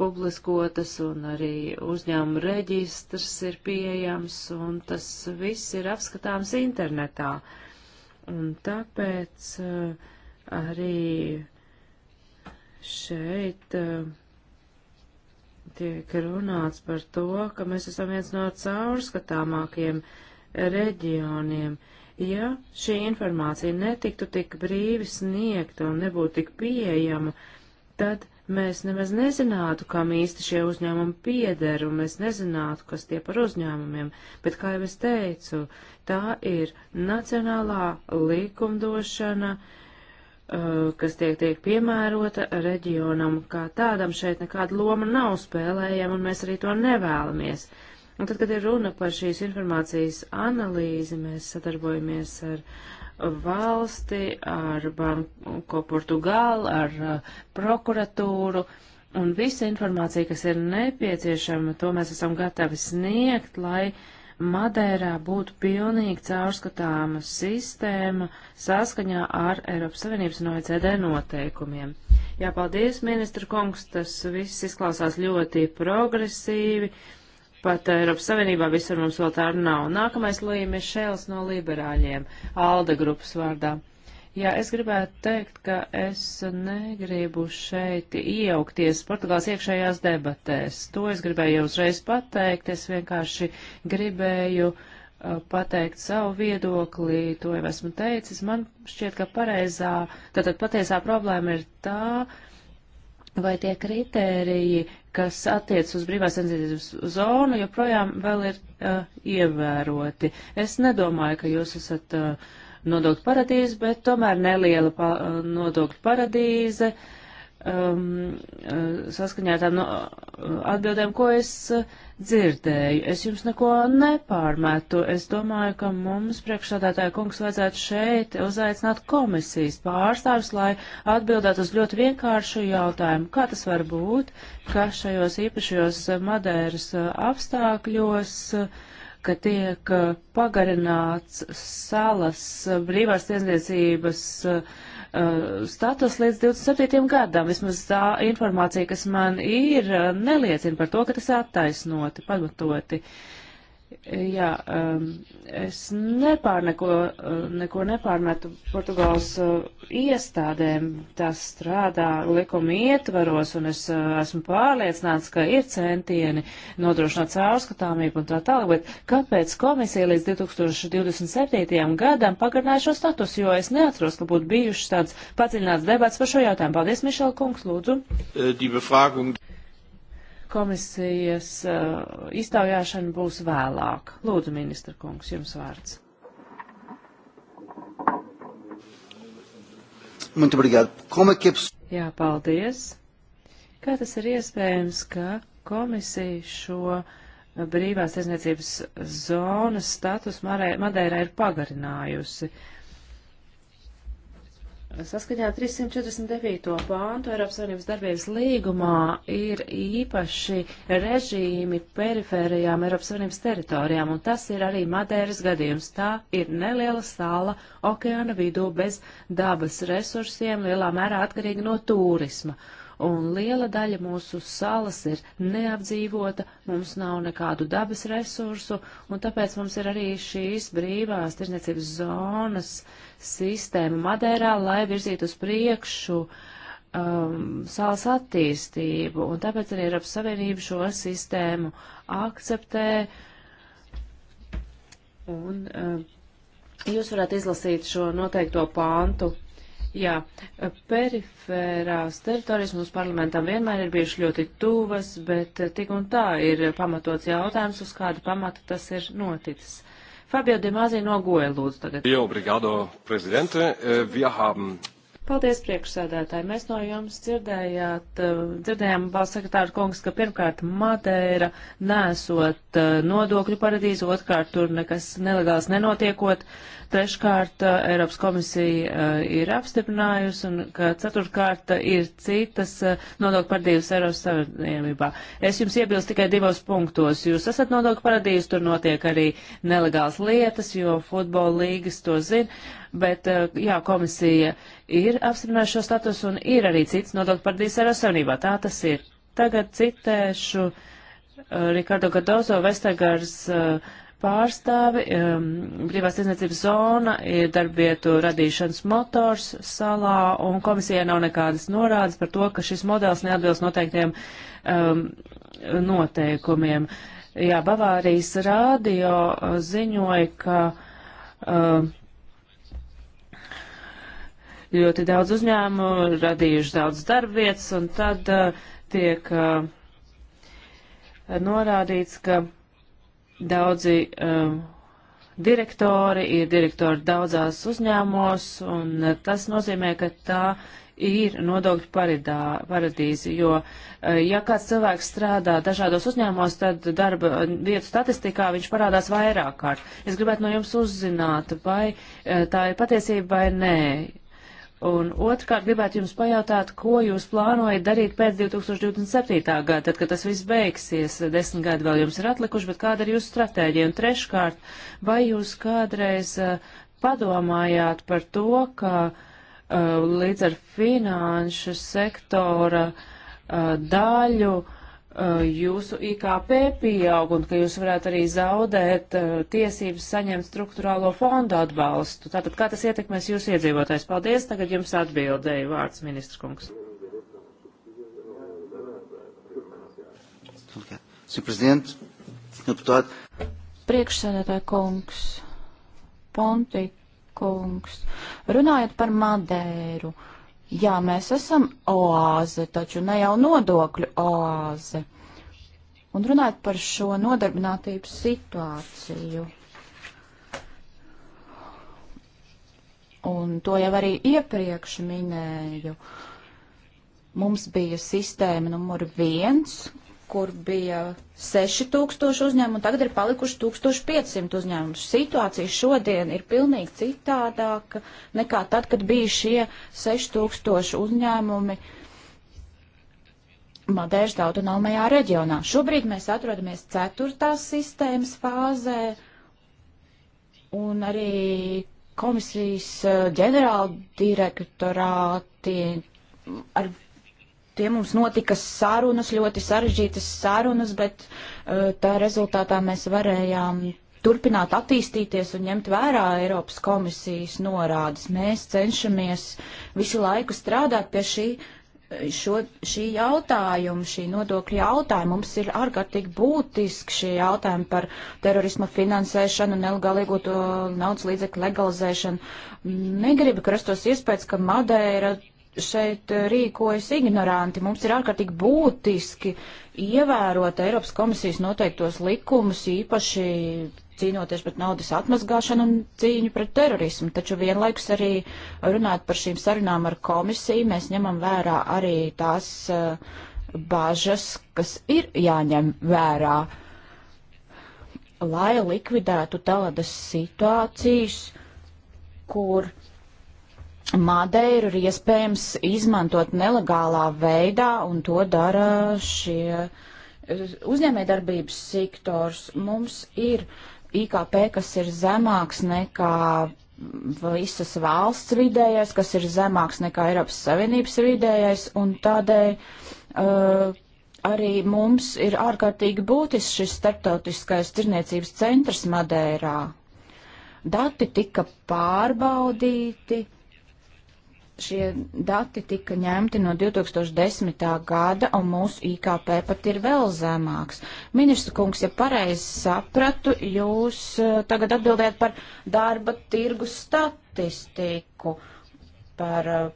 publiskotas un arī uzņēmuma reģistrs ir pieejams un tas viss ir apskatāms internetā. Uh, Un tāpēc eh, arī šeit eh, tiek runāts par to, ka mēs esam viens no caurskatāmākiem reģioniem. Ja šī informācija netiktu tik brīvi sniegta un nebūtu tik pieejama, tad mēs nemaz nezinātu, kam īsti šie uzņēmumi pieder, un mēs nezinātu, kas tie par uzņēmumiem. Bet, kā jau es teicu, tā ir nacionālā likumdošana, uh, kas tiek, tiek piemērota reģionam kā tādam. Šeit nekāda loma nav spēlējama, un mēs arī to nevēlamies. Un tad, kad ir runa par šīs informācijas analīzi, mēs sadarbojamies ar valsti, ar Banko Portugālu, ar eh, prokuratūru. Un visa informācija, kas ir nepieciešama, to mēs esam gatavi sniegt, lai Madeirā būtu pilnīgi caurskatāma sistēma saskaņā ar Eiropas Savienības un OECD noteikumiem. Jā, paldies, ministra kungs, tas viss izklausās ļoti progresīvi. Uh, Pat Eiropas Savienībā visur mums vēl tā nav. Nākamais līme ir Šēls no liberāļiem, Alda grupas vārdā. Jā, es gribētu teikt, ka es negribu šeit iejaukties Portugāls iekšējās debatēs. To es gribēju jau uzreiz pateikt, es vienkārši gribēju uh, pateikt savu viedokli, to jau esmu teicis. Man šķiet, ka pareizā, tātad patiesā problēma ir tā, vai tie kritēriji, kas attiec uz brīvās iniciatīvas zonu, joprojām vēl ir uh, ievēroti. Es nedomāju, ka jūs esat uh, nodokļu paradīze, bet tomēr neliela pa, uh, nodokļu paradīze. Uh, um, saskaņā tām no, uh, atbildēm, ko es uh, dzirdēju. Es jums neko nepārmetu. Es domāju, ka mums priekšsādātāja kungs vajadzētu šeit uzaicināt komisijas pārstāvis, lai atbildētu uz ļoti vienkāršu jautājumu. Kā tas var būt, ka šajos īpašajos Madēras uh, apstākļos ka tiek pagarināts salas brīvās tiesniecības uh, Uh, status līdz 27. gadam. Vismaz tā informācija, kas man ir, uh, neliecina par to, ka tas attaisnoti, pamatoti. Uh, Jā, um, es nepār neko, uh, neko nepārmetu Portugāles uh, iestādēm. Tas strādā likuma ietvaros, un es uh, esmu pārliecināts, ka ir centieni nodrošināt caurskatāmību un tā tālāk, bet kāpēc komisija līdz 2027. gadam pagarināja šo statusu, jo es neatros, ka būtu bijušas tāds padziļināts debats par šo jautājumu. Paldies, Mišela kungs, lūdzu. Uh, komisijas uh, iztaujāšana būs vēlāk. Lūdzu, ministra kungs, jums vārds. Jā, paldies. Kā tas ir iespējams, ka komisija šo eh, brīvās tiesniecības zonas status Madeirai ir pagarinājusi? Uh, Saskaņā 349. pāntu Eiropas Savienības darbības līgumā ir īpaši režīmi perifērijām Eiropas Savienības teritorijām, un tas ir arī Madēras gadījums. Tā ir neliela sala okeāna vidū bez dabas resursiem, lielā mērā atkarīga no turisma. Uh, un liela daļa mūsu salas ir neapdzīvota, mums nav nekādu dabas resursu, un tāpēc mums ir arī šīs brīvās tirzniecības zonas sistēma Madeirā, lai virzītu uz priekšu um, salas attīstību, un tāpēc arī Eiropas Savienība šo sistēmu akceptē. Un, um, Jūs varētu izlasīt šo noteikto pāntu Jā, perifērās teritorijas mums parlamentam vienmēr ir bijušas ļoti tuvas, bet eh, tik un tā ir pamatots jautājums, uz kādu pamatu tas ir noticis. Fabio Dimāzī nogoja lūdzu tagad. Jo, brigādo prezidente, wir eh, haben. Paldies, priekšsēdētāji. Mēs no jums dzirdējāt, eh, dzirdējām valsts sekretāru kungs, ka pirmkārt Madeira nesot nodokļu paradīzu, otrkārt tur nekas nelegāls nenotiekot. Uh, Treškārt, eh, Eiropas komisija eh, ir apstiprinājusi, un ka ceturtkārt eh, ir citas nodokļu paradīzes Eiropas Savienībā. Es jums iebilstu tikai divos punktos. Jūs esat nodokļu paradīzes, tur notiek arī nelegāls lietas, jo futbola līgas to zina, bet jā, komisija ir apstiprinājusi šo statusu, un ir arī cits nodokļu paradīzes Eiropas Savienībā. Tā tas ir. Tagad citēšu Rikardo Gadozo Vestagars. Uh, pārstāvi. Um, Brīvās tiesniecības zona ir darbvietu radīšanas motors salā, un komisijai nav nekādas norādes par to, ka šis modelis neatbilst noteiktiem um, noteikumiem. Jā, Bavārijas rādio ziņoja, ka um, ļoti daudz uzņēmumu radījuši daudz darbvietas, un tad uh, tiek uh, norādīts, ka Daudzi um, direktori ir direktori daudzās uzņēmumos, un uh, tas nozīmē, ka tā ir nodokļu paridā, paradīze, jo, uh, ja kāds cilvēks strādā dažādos uzņēmumos, tad darba vietu statistikā viņš parādās vairāk kārt. Es gribētu no jums uzzināt, vai uh, tā ir patiesība vai nē. Un otrkārt gribētu jums pajautāt, ko jūs plānojat darīt pēc 2027. gada, tad, kad tas viss beigsies, desmit gadi vēl jums ir atlikuši, bet kāda ir jūsu stratēģija? Un treškārt, vai jūs kādreiz eh, padomājāt par to, ka eh, līdz ar finanšu sektora eh, daļu uh, Uh, jūsu IKP pieaug un ka jūs varētu arī zaudēt uh, tiesības saņemt struktūrālo fondu atbalstu. Tātad kā tas ietekmēs jūs iedzīvotājs? Paldies, tagad jums atbildēju vārds, ministrs kungs. Priekšsēdētāja kungs, Ponti kungs, runājot par Madēru. Uh, Jā, mēs esam oāze, taču ne jau nodokļu oāze. Un runājot par šo nodarbinātības situāciju. Un to jau arī iepriekš minēju. Mums bija sistēma numur viens, kur bija 6000 uzņēmumu, tagad ir palikuši 1500 uzņēmumu. Situācija šodien ir pilnīgi citādāka nekā tad, kad bija šie 6000 uzņēmumi Madēras autonomajā reģionā. Šobrīd mēs atrodamies ceturtās sistēmas fāzē un arī komisijas eh, ģenerāldirektorāti ar tie mums notika sarunas, ļoti sarežģītas sarunas, bet eh, tā rezultātā mēs varējām turpināt attīstīties un ņemt vērā Eiropas komisijas norādes. Mēs cenšamies visu laiku strādāt pie šī, eh, šo, šī jautājuma, šī nodokļa jautājuma. Mums ir ārkārtīgi būtiski šie jautājumi par terorisma finansēšanu, nelegālīgo to naudas līdzekļu legalizēšanu. Negribu krastos iespējas, ka Madeira šeit eh, rīkojas ignoranti. Mums ir ārkārtīgi būtiski ievērot Eiropas komisijas noteiktos likumus, īpaši cīnoties pret naudas atmazgāšanu un cīņu pret terorismu. Taču vienlaikus arī runāt par šīm sarunām ar komisiju, mēs ņemam vērā arī tās eh, bažas, kas ir jāņem vērā, lai likvidētu tādas situācijas, kur Madeiru ir iespējams izmantot nelegālā veidā, un to dara šie eh, uzņēmējdarbības sektors. Mums ir IKP, kas ir zemāks nekā visas valsts vidējais, kas ir zemāks nekā Eiropas Savienības vidējais, un tādēļ uh, arī mums ir ārkārtīgi būtisks šis starptautiskais tirniecības centrs Madeirā. Dati tika pārbaudīti šie dati tika ņemti no 2010. gada, un mūsu IKP pat ir vēl zemāks. Ministra kungs, ja pareizi sapratu, jūs eh, tagad atbildējat par darba tirgu statistiku, par eh,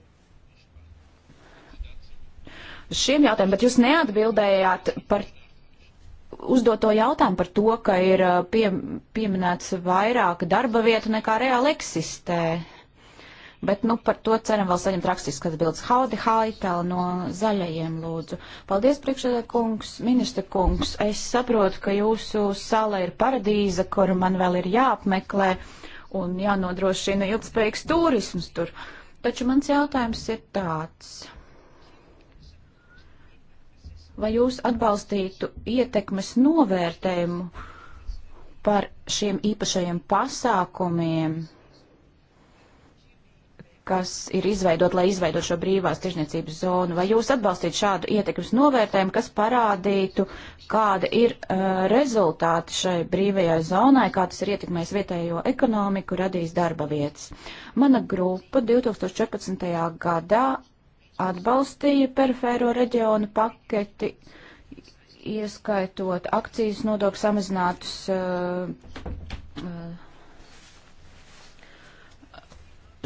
šiem jautājumiem, bet jūs neatbildējāt par uzdoto jautājumu par to, ka ir eh, pie, pieminēts vairāk darba vietu nekā reāli eksistē. Bet, nu, par to ceram vēl saņemt rakstiskas bildes. Haudi Haitela no zaļajiem lūdzu. Paldies, priekšsēdē kungs, ministra kungs. Es saprotu, ka jūsu sala ir paradīze, kuru man vēl ir jāapmeklē un jānodrošina ilgspējīgs turisms tur. Taču mans jautājums ir tāds. Vai jūs atbalstītu ietekmes novērtējumu par šiem īpašajiem pasākumiem? kas ir izveidot, lai izveidot šo brīvās tirzniecības zonu. Vai jūs atbalstītu šādu ietekmes novērtējumu, kas parādītu, kāda ir uh, rezultāti šai brīvajai zonai, kā tas ir ietekmējis vietējo ekonomiku, radījis darba vietas? Mana grupa 2014. gadā atbalstīja perifēro reģionu paketi, ieskaitot akcijas nodokļu samazinātus. Uh,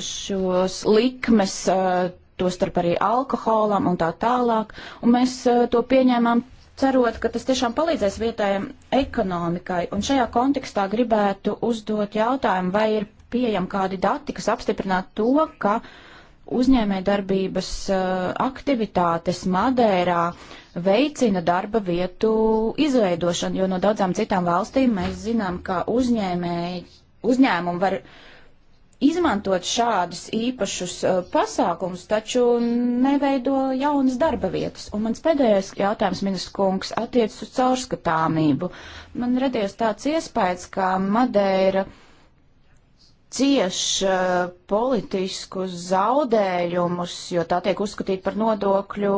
šos likmes, eh, tostarp arī alkoholam un tā tālāk. Un mēs eh, to pieņēmām cerot, ka tas tiešām palīdzēs vietējiem ekonomikai. Un šajā kontekstā gribētu uzdot jautājumu, vai ir pieejami kādi dati, kas apstiprinātu to, ka uzņēmē darbības eh, aktivitātes Madērā veicina darba vietu izveidošanu, jo no daudzām citām valstīm mēs zinām, ka uzņēmēji, uzņēmumi var uh, izmantot šādus īpašus uh, pasākumus, taču neveido jaunas darba vietas. Un mans pēdējais jautājums, ministrs kungs, attiecas uz caurskatāmību. Man radies tāds iespējas, ka Madeira cieš uh, politiskus zaudējumus, jo tā tiek uzskatīta par nodokļu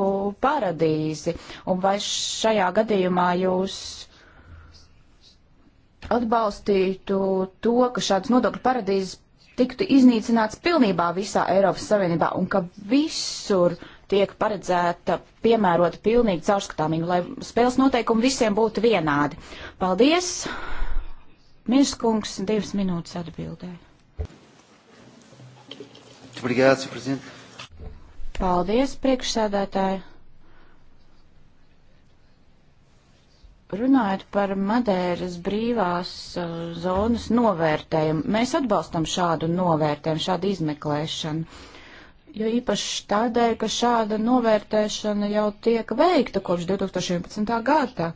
paradīzi. Un vai šajā gadījumā jūs atbalstītu to, ka šādas nodokļu paradīzes tiktu iznīcināts pilnībā visā Eiropas Savienībā un ka visur tiek paredzēta piemērota pilnīga caurskatāmība, lai spēles noteikumi visiem būtu vienādi. Paldies! Mirskungs, divas minūtes atbildē. Paldies, priekšsēdētāji! Runājot par Madēras brīvās uh, zonas novērtējumu, mēs atbalstam šādu novērtējumu, šādu izmeklēšanu. Jo īpaši tādēļ, ka šāda novērtēšana jau tiek veikta kopš 2011. gada.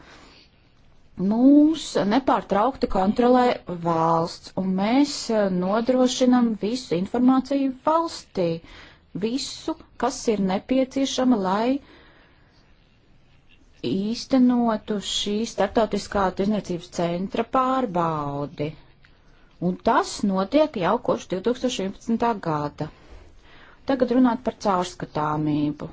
Mūs nepārtraukti kontrolē valsts, un mēs uh, nodrošinam visu informāciju valstī, visu, kas ir nepieciešama, lai uh, īstenotu šī startautiskā tirzniecības centra pārbaudi. Un tas notiek jau kopš 2011. gada. Tagad runāt par caurskatāmību.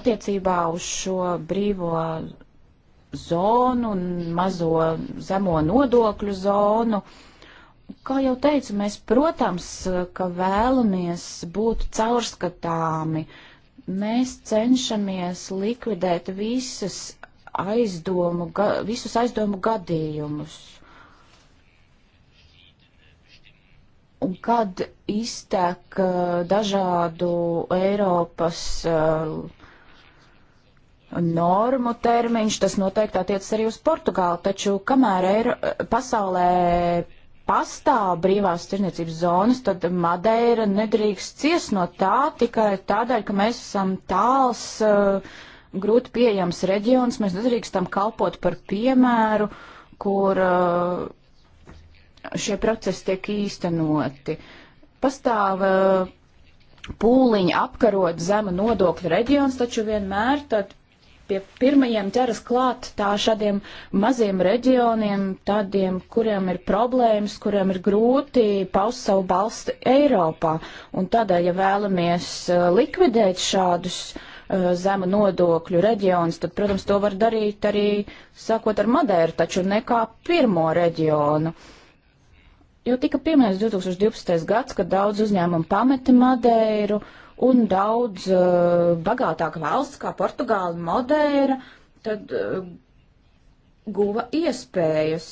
Attiecībā uz šo brīvo zonu un mazo zemo nodokļu zonu. Kā jau teicu, mēs, protams, ka vēlamies būt caurskatāmi, uh, Mēs cenšamies likvidēt visas aizdomu, visus aizdomu gadījumus. Un kad iztek uh, dažādu Eiropas uh, normu termiņš, tas noteikti attiecas arī uz Portugālu, taču kamēr Eiro, pasaulē pastāv brīvās tirniecības zonas, tad Madeira nedrīkst ciest no tā tikai tādēļ, ka mēs esam tāls, eh, grūti pieejams reģions, mēs nedrīkstam kalpot par piemēru, kur eh, šie procesi tiek īstenoti. Pastāv eh, pūliņi apkarot zema nodokļa reģions, taču vienmēr tad pie pirmajiem ķeras klāt tā šādiem maziem reģioniem, tādiem, kuriem ir problēmas, kuriem ir grūti paust savu balstu Eiropā. Un tādēļ, ja vēlamies uh, likvidēt šādus uh, zemu nodokļu reģionus, tad, protams, to var darīt arī sākot ar Madēru, taču ne kā pirmo reģionu. Jo tika pieminēts 2012. gads, kad daudz uzņēmumu pameta Madeiru. Uh, un daudz uh, bagātāka valsts kā Portugāla Madeira, tad uh, guva iespējas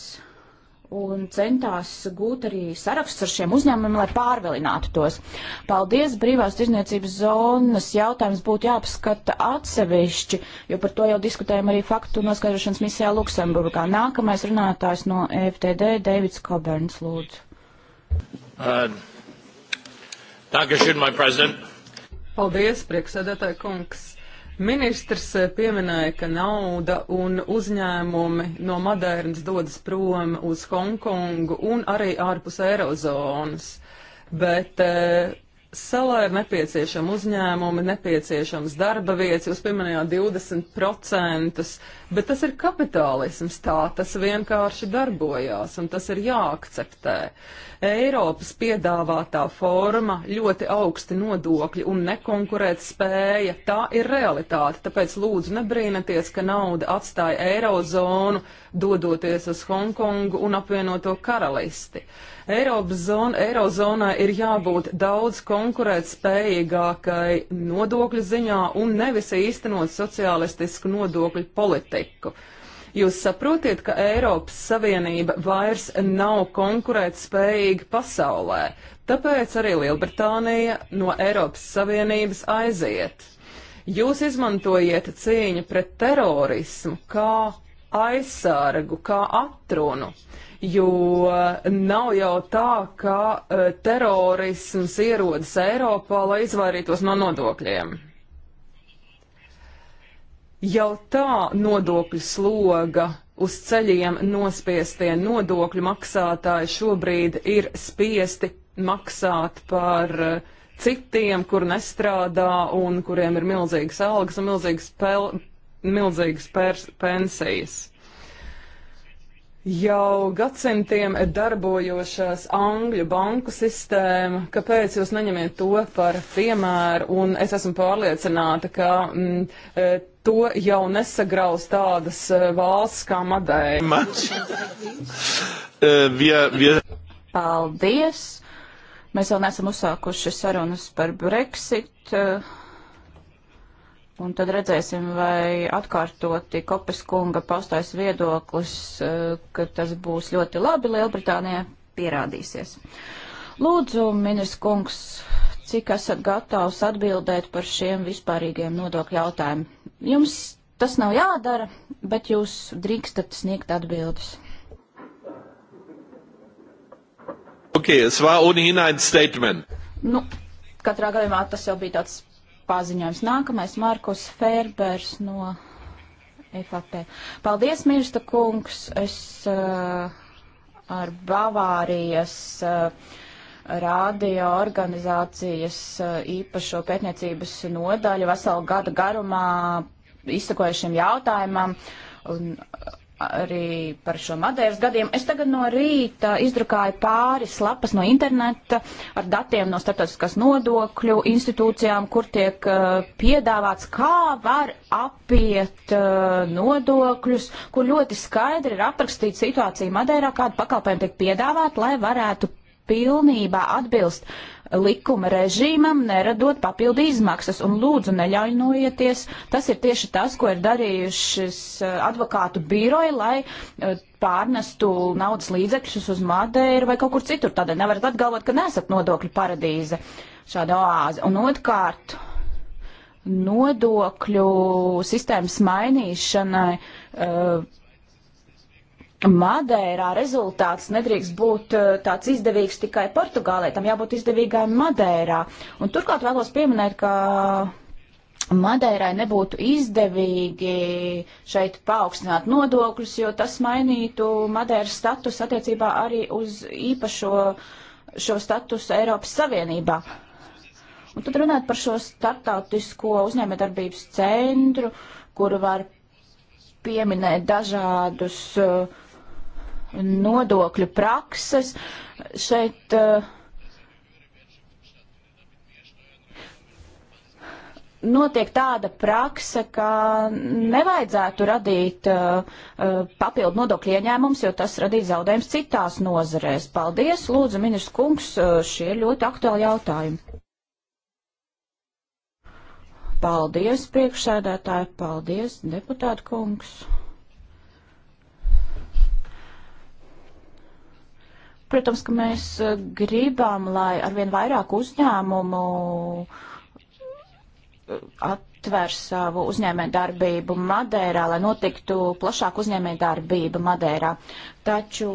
un centās gūt arī sarakstus ar šiem uzņēmumiem, lai pārvelinātu tos. Paldies, brīvās tirzniecības zonas jautājums būtu jāapskata atsevišķi, jo par to jau diskutējam arī faktu noskaidrošanas misijā Luksemburgā. Nākamais runātājs no e FTD, Deivids Koberns, lūdzu. Uh, Dankeschön, my president. Paldies, prieksēdētāji kungs. Ministrs eh, pieminēja, ka nauda un uzņēmumi no Madeiras dodas prom uz Hongkongu un arī ārpus Eirozonas. Bet eh, salā ir nepieciešama uzņēmuma, nepieciešams darba vietas, jūs pieminējāt 20%, bet tas ir kapitālisms, tā tas vienkārši darbojās un tas ir jāakceptē. Eiropas piedāvātā forma, ļoti augsti nodokļi un nekonkurēt spēja, tā ir realitāte, tāpēc lūdzu nebrīnaties, ka nauda atstāja Eirozonu, dodoties uz Hongkongu un apvienoto karalisti. Uh, Eiropas zona, Eirozonai ir jābūt daudz konkurētspējīgākai nodokļu ziņā un nevis īstenot sociālistisku nodokļu politiku. Jūs saprotiet, ka Eiropas Savienība vairs nav konkurētspējīga pasaulē, tāpēc arī Lielbritānija no Eiropas Savienības aiziet. Jūs izmantojiet cīņu pret terorismu kā aizsargu, kā atrunu jo nav jau tā, ka uh, terorisms ierodas Eiropā, lai izvairītos no nodokļiem. Jau tā nodokļu sloga uz ceļiem nospiestie nodokļu maksātāji šobrīd ir spiesti maksāt par uh, citiem, kur nestrādā un kuriem ir milzīgas algas un milzīgas, pel, milzīgas pers, pensijas jau gadsimtiem darbojošās Angļu banku sistēma. Kāpēc jūs neņemiet to par piemēru? Un es esmu pārliecināta, ka mm, e, to jau nesagraus tādas e, valsts kā Madeira. E, Paldies! Mēs vēl neesam uzsākuši sarunas par Brexit. Uh, Un tad redzēsim, vai atkārtoti Kopas kunga paustais viedoklis, eh, ka tas būs ļoti labi Lielbritānijā, pierādīsies. Lūdzu, ministrs kungs, cik esat gatavs atbildēt par šiem vispārīgiem nodokļu jautājumiem? Jums tas nav jādara, bet jūs drīkstat sniegt atbildes. Okay, es war ohnehin ein Statement. Nu, katrā gadījumā tas jau bija tāds paziņojums. Nākamais Markus Ferbers no e FAP. Paldies, Mirsta kungs. Es uh, ar Bavārijas uh, radio organizācijas uh, īpašo pētniecības nodaļu veselu gadu garumā izsakojušiem jautājumam. Un, uh, arī par šo Madeiras gadiem. Es tagad no rīta izdrukāju pāris lapas no interneta ar datiem no starptautiskās nodokļu institūcijām, kur tiek uh, piedāvāts, kā var apiet uh, nodokļus, kur ļoti skaidri ir aprakstīta situācija Madeirā, kāda pakalpojuma tiek piedāvāta, lai varētu pilnībā atbilst uh, likuma režīmam, neradot papildu izmaksas. Un lūdzu, neļauj noieties. Tas ir tieši tas, ko ir darījušas eh, advokātu biroji, lai eh, pārnestu naudas līdzekļus uz Madeiru vai kaut kur citur. Tādēļ nevarat atgalvot, ka nesat nodokļu paradīze šāda oāze. Un otrkārt, nodokļu sistēmas mainīšanai. Uh, Madeirā rezultāts nedrīkst būt eh, tāds izdevīgs tikai Portugālē, tam jābūt izdevīgai Madeirā. Un turklāt vēlos pieminēt, ka Madeirai nebūtu izdevīgi šeit paaugstināt nodokļus, jo tas mainītu Madeiras status attiecībā arī uz īpašo šo statusu Eiropas Savienībā. Un tad runāt par šo startautisko uzņēmējdarbības centru, kuru var pieminēt dažādus uh, nodokļu prakses. Šeit uh, notiek tāda prakse, ka nevajadzētu radīt uh, papildu nodokļu ieņēmums, jo tas radīs zaudējums citās nozarēs. Paldies, lūdzu, ministrs kungs, eh, šie ir ļoti aktuāli jautājumi. Paldies, priekšsēdētāji, paldies, deputāta kungs. Protams, ka mēs eh, gribam, lai arvien vairāk uzņēmumu eh, atver savu uzņēmē darbību Madērā, lai notiktu plašāk uzņēmē darbība Madērā. Taču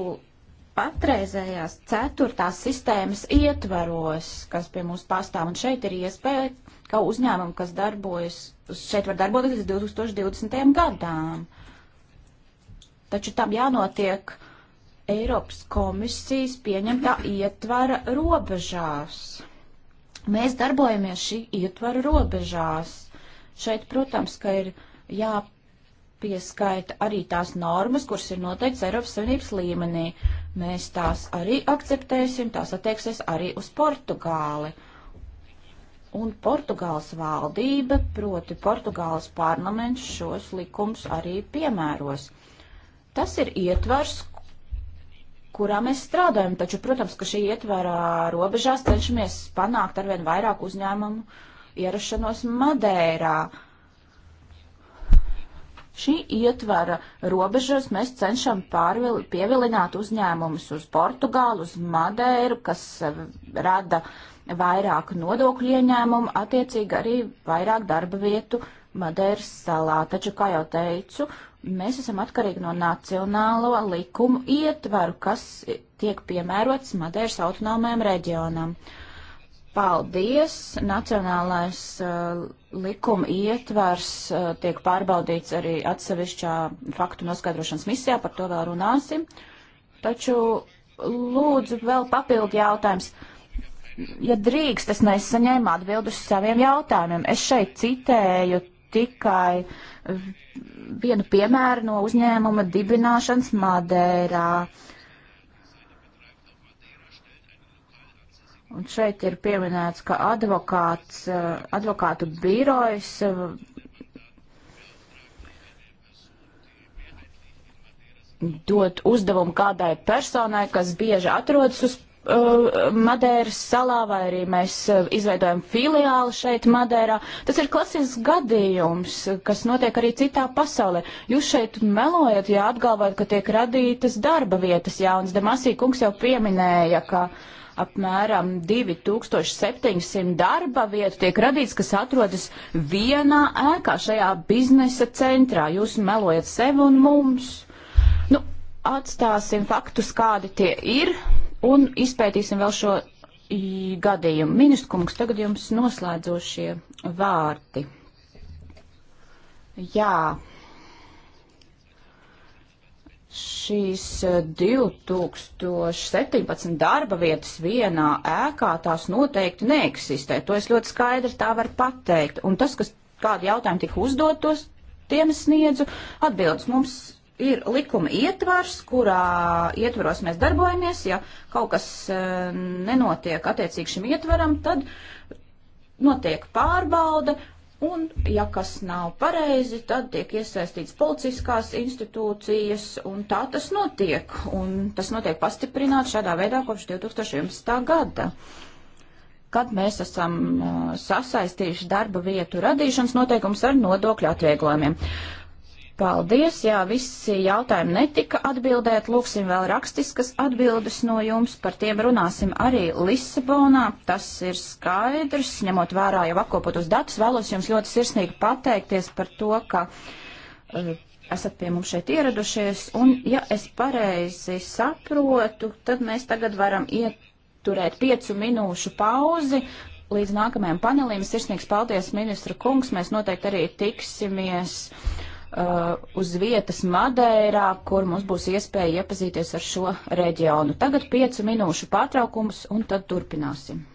patreizējās ceturtās sistēmas ietvaros, kas pie mums pastāv, un šeit ir iespēja, ka uzņēmumi, kas darbojas, šeit var darboties līdz 2020. gadām. Taču tam jānotiek uh, Eiropas komisijas pieņemtā ietvara robežās. Mēs darbojamies šī ietvara robežās. Šeit, protams, ka ir jāpieskaita arī tās normas, kuras ir noteikts Eiropas Savienības līmenī. Mēs tās arī akceptēsim, tās attieksies arī uz Portugāli. Un Portugāles valdība, proti Portugāles parlaments, šos likums arī piemēros. Tas ir ietvars, kurā mēs strādājam. Taču, protams, ka šī ietvarā robežās cenšamies panākt arvien vairāk uzņēmumu ierašanos Madeirā. Šī ietvara robežas mēs cenšam pārvil, pievilināt uzņēmumus uz Portugālu, uz Madeiru, kas eh, rada vairāk nodokļu ieņēmumu, attiecīgi arī vairāk darba vietu Madeiras salā. Taču, kā jau teicu, mēs esam atkarīgi no nacionālo likumu ietvaru, kas tiek piemērots Madeiras autonomajam reģionam. Paldies! Nacionālais uh, likuma ietvars uh, tiek pārbaudīts arī atsevišķā faktu noskaidrošanas misijā, par to vēl runāsim. Taču lūdzu vēl papildu jautājums. Ja drīkst, es nesaņēmu atbildus uz saviem jautājumiem. Es šeit citēju tikai vienu piemēru no uzņēmuma dibināšanas Madērā. Un šeit ir pieminēts, ka advokāts, eh, advokātu birojas eh, dot uzdevumu kādai personai, kas bieži atrodas uz Uh, Madeiras salā, vai arī mēs uh, izveidojam filiāli šeit Madeirā. Tas ir klasisks gadījums, kas notiek arī citā pasaulē. Jūs šeit melojat, ja atgalvojat, ka tiek radītas darba vietas jaunas. Demasī kungs jau pieminēja, ka apmēram 2700 darba vietu tiek radīts, kas atrodas vienā ēkā šajā biznesa centrā. Jūs melojat sev un mums. Nu, atstāsim faktus, kādi tie ir un izpētīsim vēl šo gadījumu. Ministrs, tagad jums noslēdzošie vārti. Jā, šīs 2017 e, darba vietas vienā ēkā tās noteikti neeksistē. To es ļoti skaidri tā varu pateikt. Un tas, kas kādi jautājumi tika uzdotos, tiem sniedzu atbildes. Mums ir likuma ietvars, kurā ietvaros mēs darbojamies. Ja kaut kas e, nenotiek attiecīgi šim ietvaram, tad notiek pārbauda. Un, ja kas nav pareizi, tad tiek iesaistīts policiskās institūcijas, un tā tas notiek. Un tas notiek pastiprināts šādā veidā kopš 2011. gada kad mēs esam e, sasaistījuši darba vietu radīšanas noteikums ar nodokļu atvieglojumiem. Uh, Paldies, jā, visi jautājumi netika atbildēt, lūksim vēl rakstiskas atbildes no jums, par tiem runāsim arī Lisabonā, tas ir skaidrs, ņemot vērā jau apkopotos datus, vēlos jums ļoti sirsnīgi pateikties par to, ka uh, esat pie mums šeit ieradušies, un ja es pareizi saprotu, tad mēs tagad varam ieturēt piecu minūšu pauzi, līdz nākamajam panelim. Sirsnīgs paldies, ministra kungs. Mēs noteikti arī tiksimies uh, uz vietas Madeirā, kur mums būs iespēja iepazīties ar šo reģionu. Tagad piecu minūšu pārtraukums un tad turpināsim.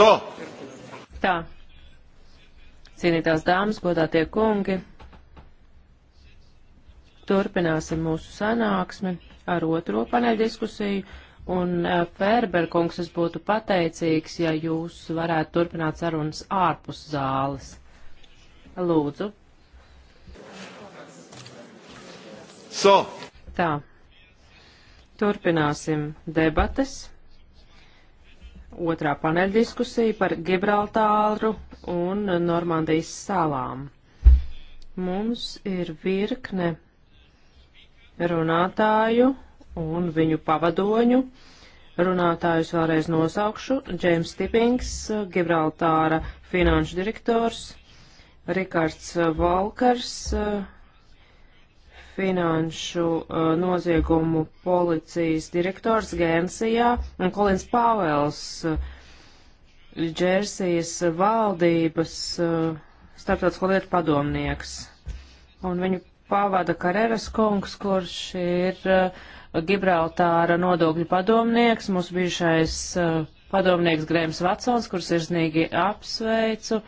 So. Tā. Cienītās dāmas, godātie kungi, turpināsim mūsu sanāksmi ar otro paneļdiskusiju. Un eh, Ferberkungs, es būtu pateicīgs, ja jūs varētu turpināt sarunas ārpus zāles. Lūdzu. So. Tā. Turpināsim debates otrā paneļdiskusija par Gibraltāru un Normandijas salām. Mums ir virkne runātāju un viņu pavadoņu. Runātājus vēlreiz nosaukšu. Džeims Tipings, Gibraltāra finanšu direktors, Rikards Volkers, uh, finanšu uh, noziegumu policijas direktors Gensijā un Kolins Pāvels uh, Džersijas valdības uh, starptautisko lietu padomnieks. Un viņu pavada Kareras kungs, kurš ir uh, Gibraltāra nodokļu padomnieks, mūsu bijušais uh, padomnieks Grēms Vatsons, kurus sirsnīgi apsveicu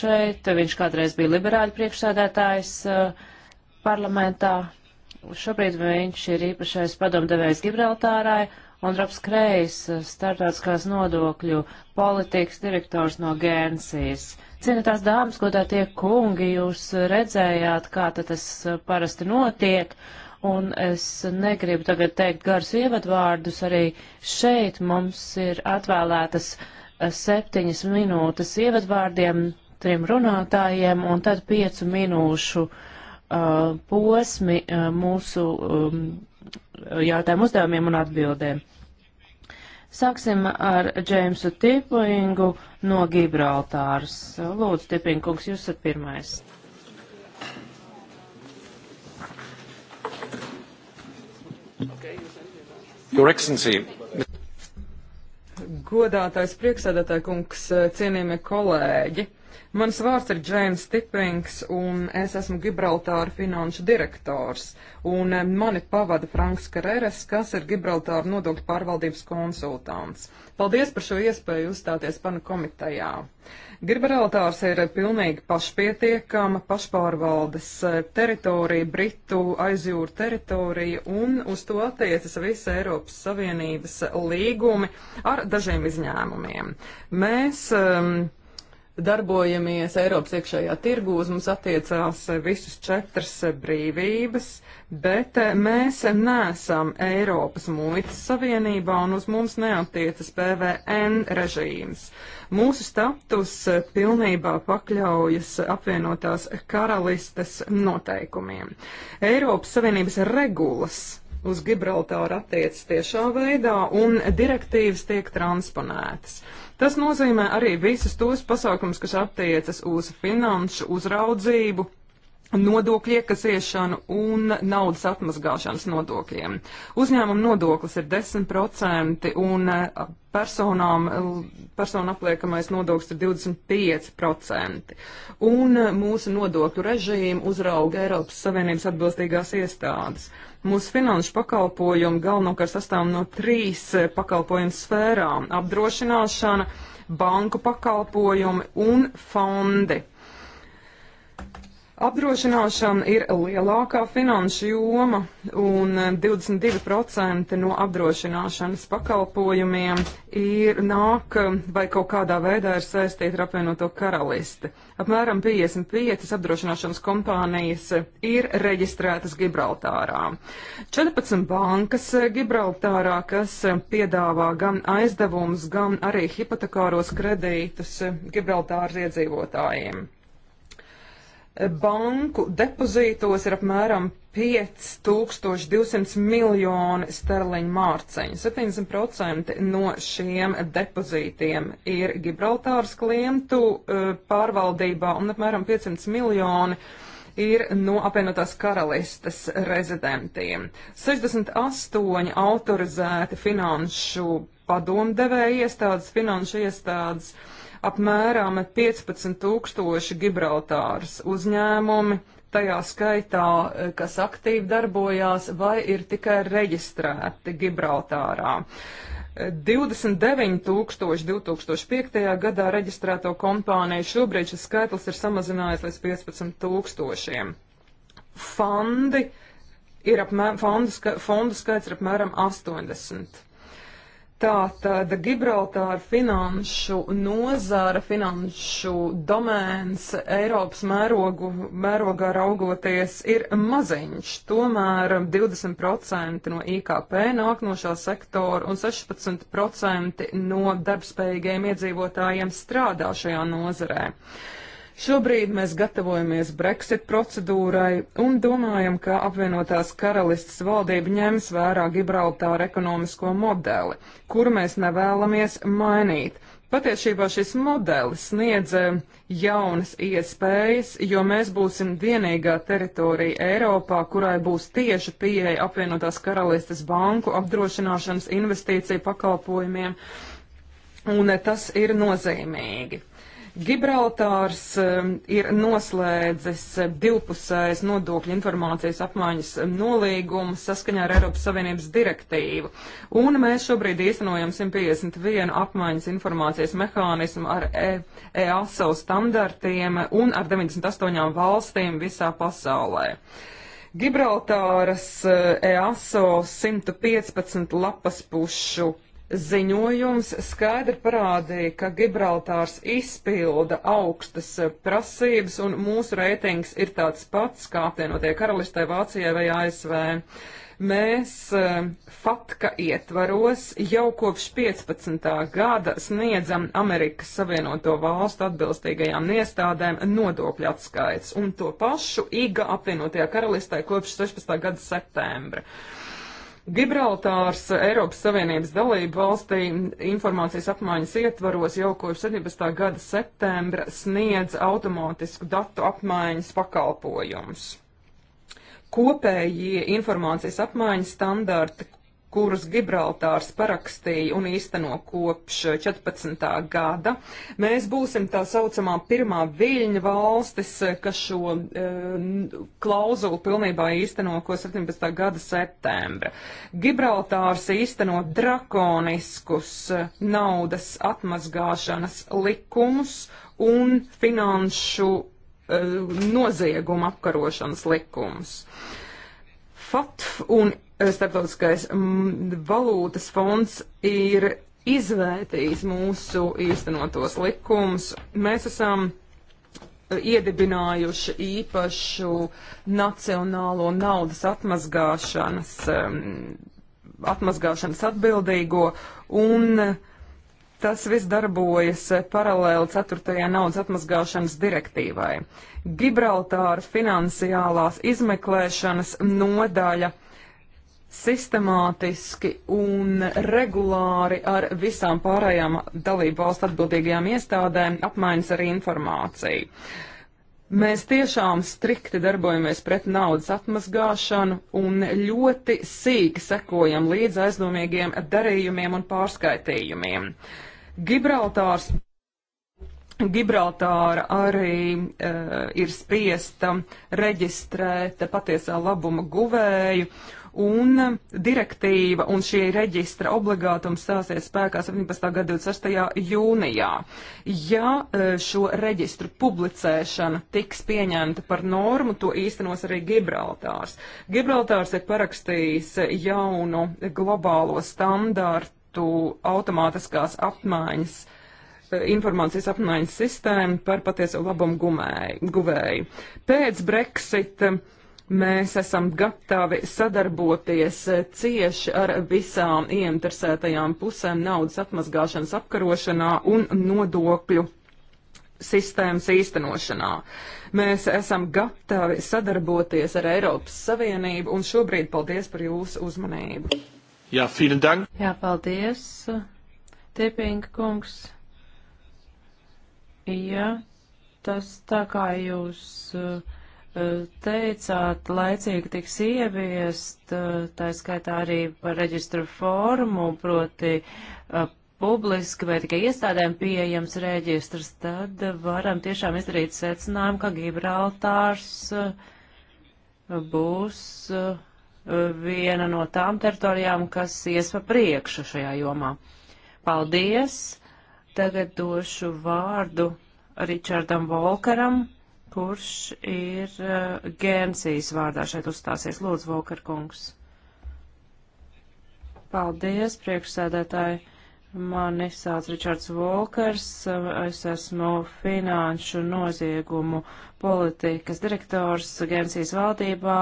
šeit. Viņš kādreiz bija liberāļu priekšsēdētājs. Uh, parlamentā. Šobrīd viņš ir īpašais padomdevējs Gibraltārai un Robs Krejs, eh, starptautiskās nodokļu politikas direktors no Gēnsijas. Cienītās dāmas, godā tie kungi, jūs redzējāt, kā tas eh, parasti notiek, un es negribu tagad teikt garus ievadvārdus, arī šeit mums ir atvēlētas eh, septiņas minūtes ievadvārdiem trim runātājiem un tad piecu minūšu uh, uh, posmi uh, mūsu um, jautājumu uzdevumiem un atbildēm. Sāksim ar Džeimsu Tipingu no Gibraltāras. Lūdzu, Tipinkungs, jūs esat pirmais. Your Excellency. Godātais priekšsēdētāj kungs, cienījamie kolēģi, Mans vārds ir Džēns Stipings, un es esmu Gibraltāra finanšu direktors, un eh, mani pavada Franks Kareres, kas ir Gibraltāra nodokļu pārvaldības konsultants. Paldies par šo iespēju uzstāties pana komitejā. Gibraltārs ir pilnīgi pašpietiekama pašpārvaldes eh, teritorija, Britu aizjūra teritorija, un uz to attiecas visa Eiropas Savienības līgumi ar dažiem izņēmumiem. Mēs um, darbojamies Eiropas iekšējā tirgū, uz mums attiecās eh, visas četras eh, brīvības, bet eh, mēs nesam Eiropas muitas savienībā un uz mums neattiecas PVN režīms. Mūsu status pilnībā pakļaujas apvienotās karalistes noteikumiem. Eiropas Savienības regulas uz Gibraltāru attiec tiešā veidā un direktīvas tiek transponētas. Tas nozīmē arī visus tos pasākums, kas attiecas uz finanšu uzraudzību, nodokļu iekasēšanu un naudas atmazgāšanas nodokļiem. Uzņēmuma nodoklis ir 10% un eh, personām, personu apliekamais nodoklis ir 25%. Un eh, mūsu nodokļu režīmu uzrauga Eiropas Savienības atbilstīgās iestādes. Mūsu finanšu pakalpojumi galvenokārt sastāv no trīs e, pakalpojumu sfērām - apdrošināšana, banku pakalpojumi un fondi. Apdrošināšana ir lielākā finanšu joma, un 22% eh, no apdrošināšanas pakalpojumiem ir nāk vai kaut kādā veidā ir saistīta ar apvienoto karalisti. Apmēram 55 apdrošināšanas kompānijas eh, ir reģistrētas Gibraltārā. 14 bankas eh, Gibraltārā, kas piedāvā gan aizdevumus, gan arī hipotekāros kredītus Gibraltāras iedzīvotājiem banku depozītos ir apmēram 5200 miljoni sterliņu mārciņu. 70% no šiem depozītiem ir Gibraltāras klientu eh, pārvaldībā un apmēram 500 miljoni ir no apvienotās karalistes rezidentiem. 68 autorizēti finanšu padomdevēja iestādes, finanšu iestādes. Uh, apmēram 15 tūkstoši Gibraltāras uzņēmumi, tajā skaitā, eh, kas aktīvi darbojās vai ir tikai reģistrēti Gibraltārā. 29 eh, tūkstoši 2005. gadā reģistrēto kompāniju šobrīd šis skaitlis ir samazinājies līdz 15 tūkstošiem. Fondi ir apmēram, fondu, ska, fondu skaits ir apmēram 80. Tā tad Gibraltāra finanšu nozara, finanšu domēns Eiropas mērogu, mērogā raugoties ir maziņš. Tomēr 20% no IKP nāk no šā sektora un 16% no darbspējīgiem iedzīvotājiem strādā šajā nozarē. Uh, Šobrīd mēs gatavojamies Brexit procedūrai un domājam, ka apvienotās karalistas valdība ņems vērā Gibraltāra ekonomisko modeli, kuru mēs nevēlamies mainīt. Patiesībā šis modelis sniedz eh, jaunas iespējas, jo mēs būsim vienīgā teritorija Eiropā, kurai būs tieši pieeja apvienotās karalistas banku apdrošināšanas investīciju pakalpojumiem, un eh, tas ir nozīmīgi. Gibraltārs um, ir noslēdzis divpusējas nodokļu informācijas apmaiņas um, nolīgumu saskaņā ar Eiropas Savienības direktīvu, un mēs šobrīd īstenojam 151 apmaiņas informācijas mehānismu ar e, EASO e standartiem un ar 98 valstīm visā pasaulē. Gibraltāras uh, EASO 115 lapas pušu ziņojums skaidri parādīja, ka Gibraltārs izpilda augstas prasības un mūsu reitings ir tāds pats kā apvienotie karalistē Vācijai vai ASV. Mēs e, FATKA ietvaros jau kopš 15. gada sniedzam Amerikas Savienoto valstu atbilstīgajām iestādēm nodokļu atskaits un to pašu IGA apvienotajā karalistē kopš 16. gada septembra. Uh, Gibraltārs Eiropas Savienības dalību valstī informācijas apmaiņas ietvaros jau kopš 17. gada septembra sniedz automātisku datu apmaiņas pakalpojumus. Kopējie informācijas apmaiņas standarti kurus Gibraltārs parakstīja un īsteno kopš 14. Eh, gada. Mēs būsim tā saucamā pirmā viļņa valstis, eh, kas šo e, klauzulu pilnībā īsteno ko 17. gada septembra. Gibraltārs īsteno drakoniskus naudas atmazgāšanas likumus un finanšu e, nozieguma apkarošanas likumus. FATF un Eh, starptautiskais mm, valūtas fonds ir izvērtījis mūsu īstenotos likumus. Mēs esam eh, iedibinājuši īpašu nacionālo naudas atmazgāšanas, eh, atmazgāšanas atbildīgo un Tas viss darbojas paralēli 4. naudas atmazgāšanas direktīvai. Gibraltāra finansiālās izmeklēšanas nodaļa sistemātiski un regulāri ar visām pārējām dalību valstu atbildīgajām iestādēm apmainas arī informāciju. Mēs tiešām strikti darbojamies pret naudas atmazgāšanu un ļoti sīki sekojam līdz aizdomīgiem darījumiem un pārskaitījumiem. Gibraltārs. Gibraltāra arī e, ir spiesta reģistrēt patiesā labuma guvēju, un direktīva un šī reģistra obligātums stāsies spēkā 17. gada 26. jūnijā. Ja e, šo reģistru publicēšana tiks pieņemta par normu, to īstenos arī Gibraltārs. Gibraltārs ir parakstījis jaunu globālo standārtu automātiskās apmaiņas e, informācijas apmaiņas sistēmu par patieso labumu gumēju, guvēju. Pēc Brexit uh, Mēs esam gatavi sadarboties cieši ar visām ieinteresētajām pusēm naudas atmazgāšanas apkarošanā un nodokļu sistēmas īstenošanā. Mēs esam gatavi sadarboties ar Eiropas Savienību un šobrīd paldies par jūsu uzmanību. Jā, vielen dank. Jā, paldies, Tepinga kungs. Jā, tas tā kā jūs. Uh, teicāt, laicīgi tiks ieviest, eh, tā skaitā arī par reģistru formu, proti eh, publiski vai tikai iestādēm pieejams reģistrs, tad varam tiešām izdarīt secinājumu, ka Gibraltārs eh, būs viena no tām teritorijām, kas ies pa priekšu šajā jomā. Paldies! Tagad došu vārdu Ričardam Volkaram kurš ir uh, eh, Gērnsijas vārdā šeit uzstāsies. Lūdzu, Vokarkungs. Paldies, priekšsēdētāji. Mani sauc Ričards Volkers, es esmu finanšu noziegumu politikas direktors Gērnsijas valdībā.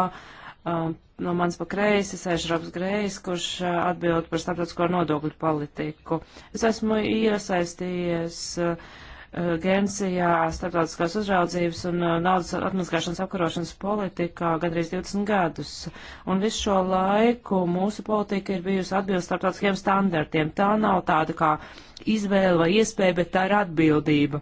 Um, no manas pa kreisi sēž Robs Grējs, kurš uh, atbild par starptautisko nodokļu politiku. Es esmu iesaistījies uh, Eh, Gensijā starptautiskās uzraudzības un eh, naudas atmaskāšanas apkarošanas politikā gadrīz 20 gadus. Un visu šo laiku mūsu politika ir bijusi atbilst starptautiskiem standartiem. Tā nav tāda kā izvēle vai iespēja, bet tā ir atbildība.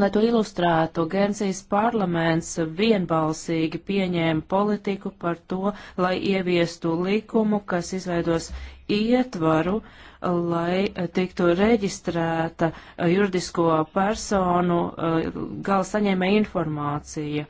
Lai to ilustrētu, Gensijas parlaments vienbalsīgi pieņēma politiku par to, lai ieviestu likumu, kas izveidos ietvaru, lai tiktu reģistrēta juridisko personu eh, gala saņēmē informācija.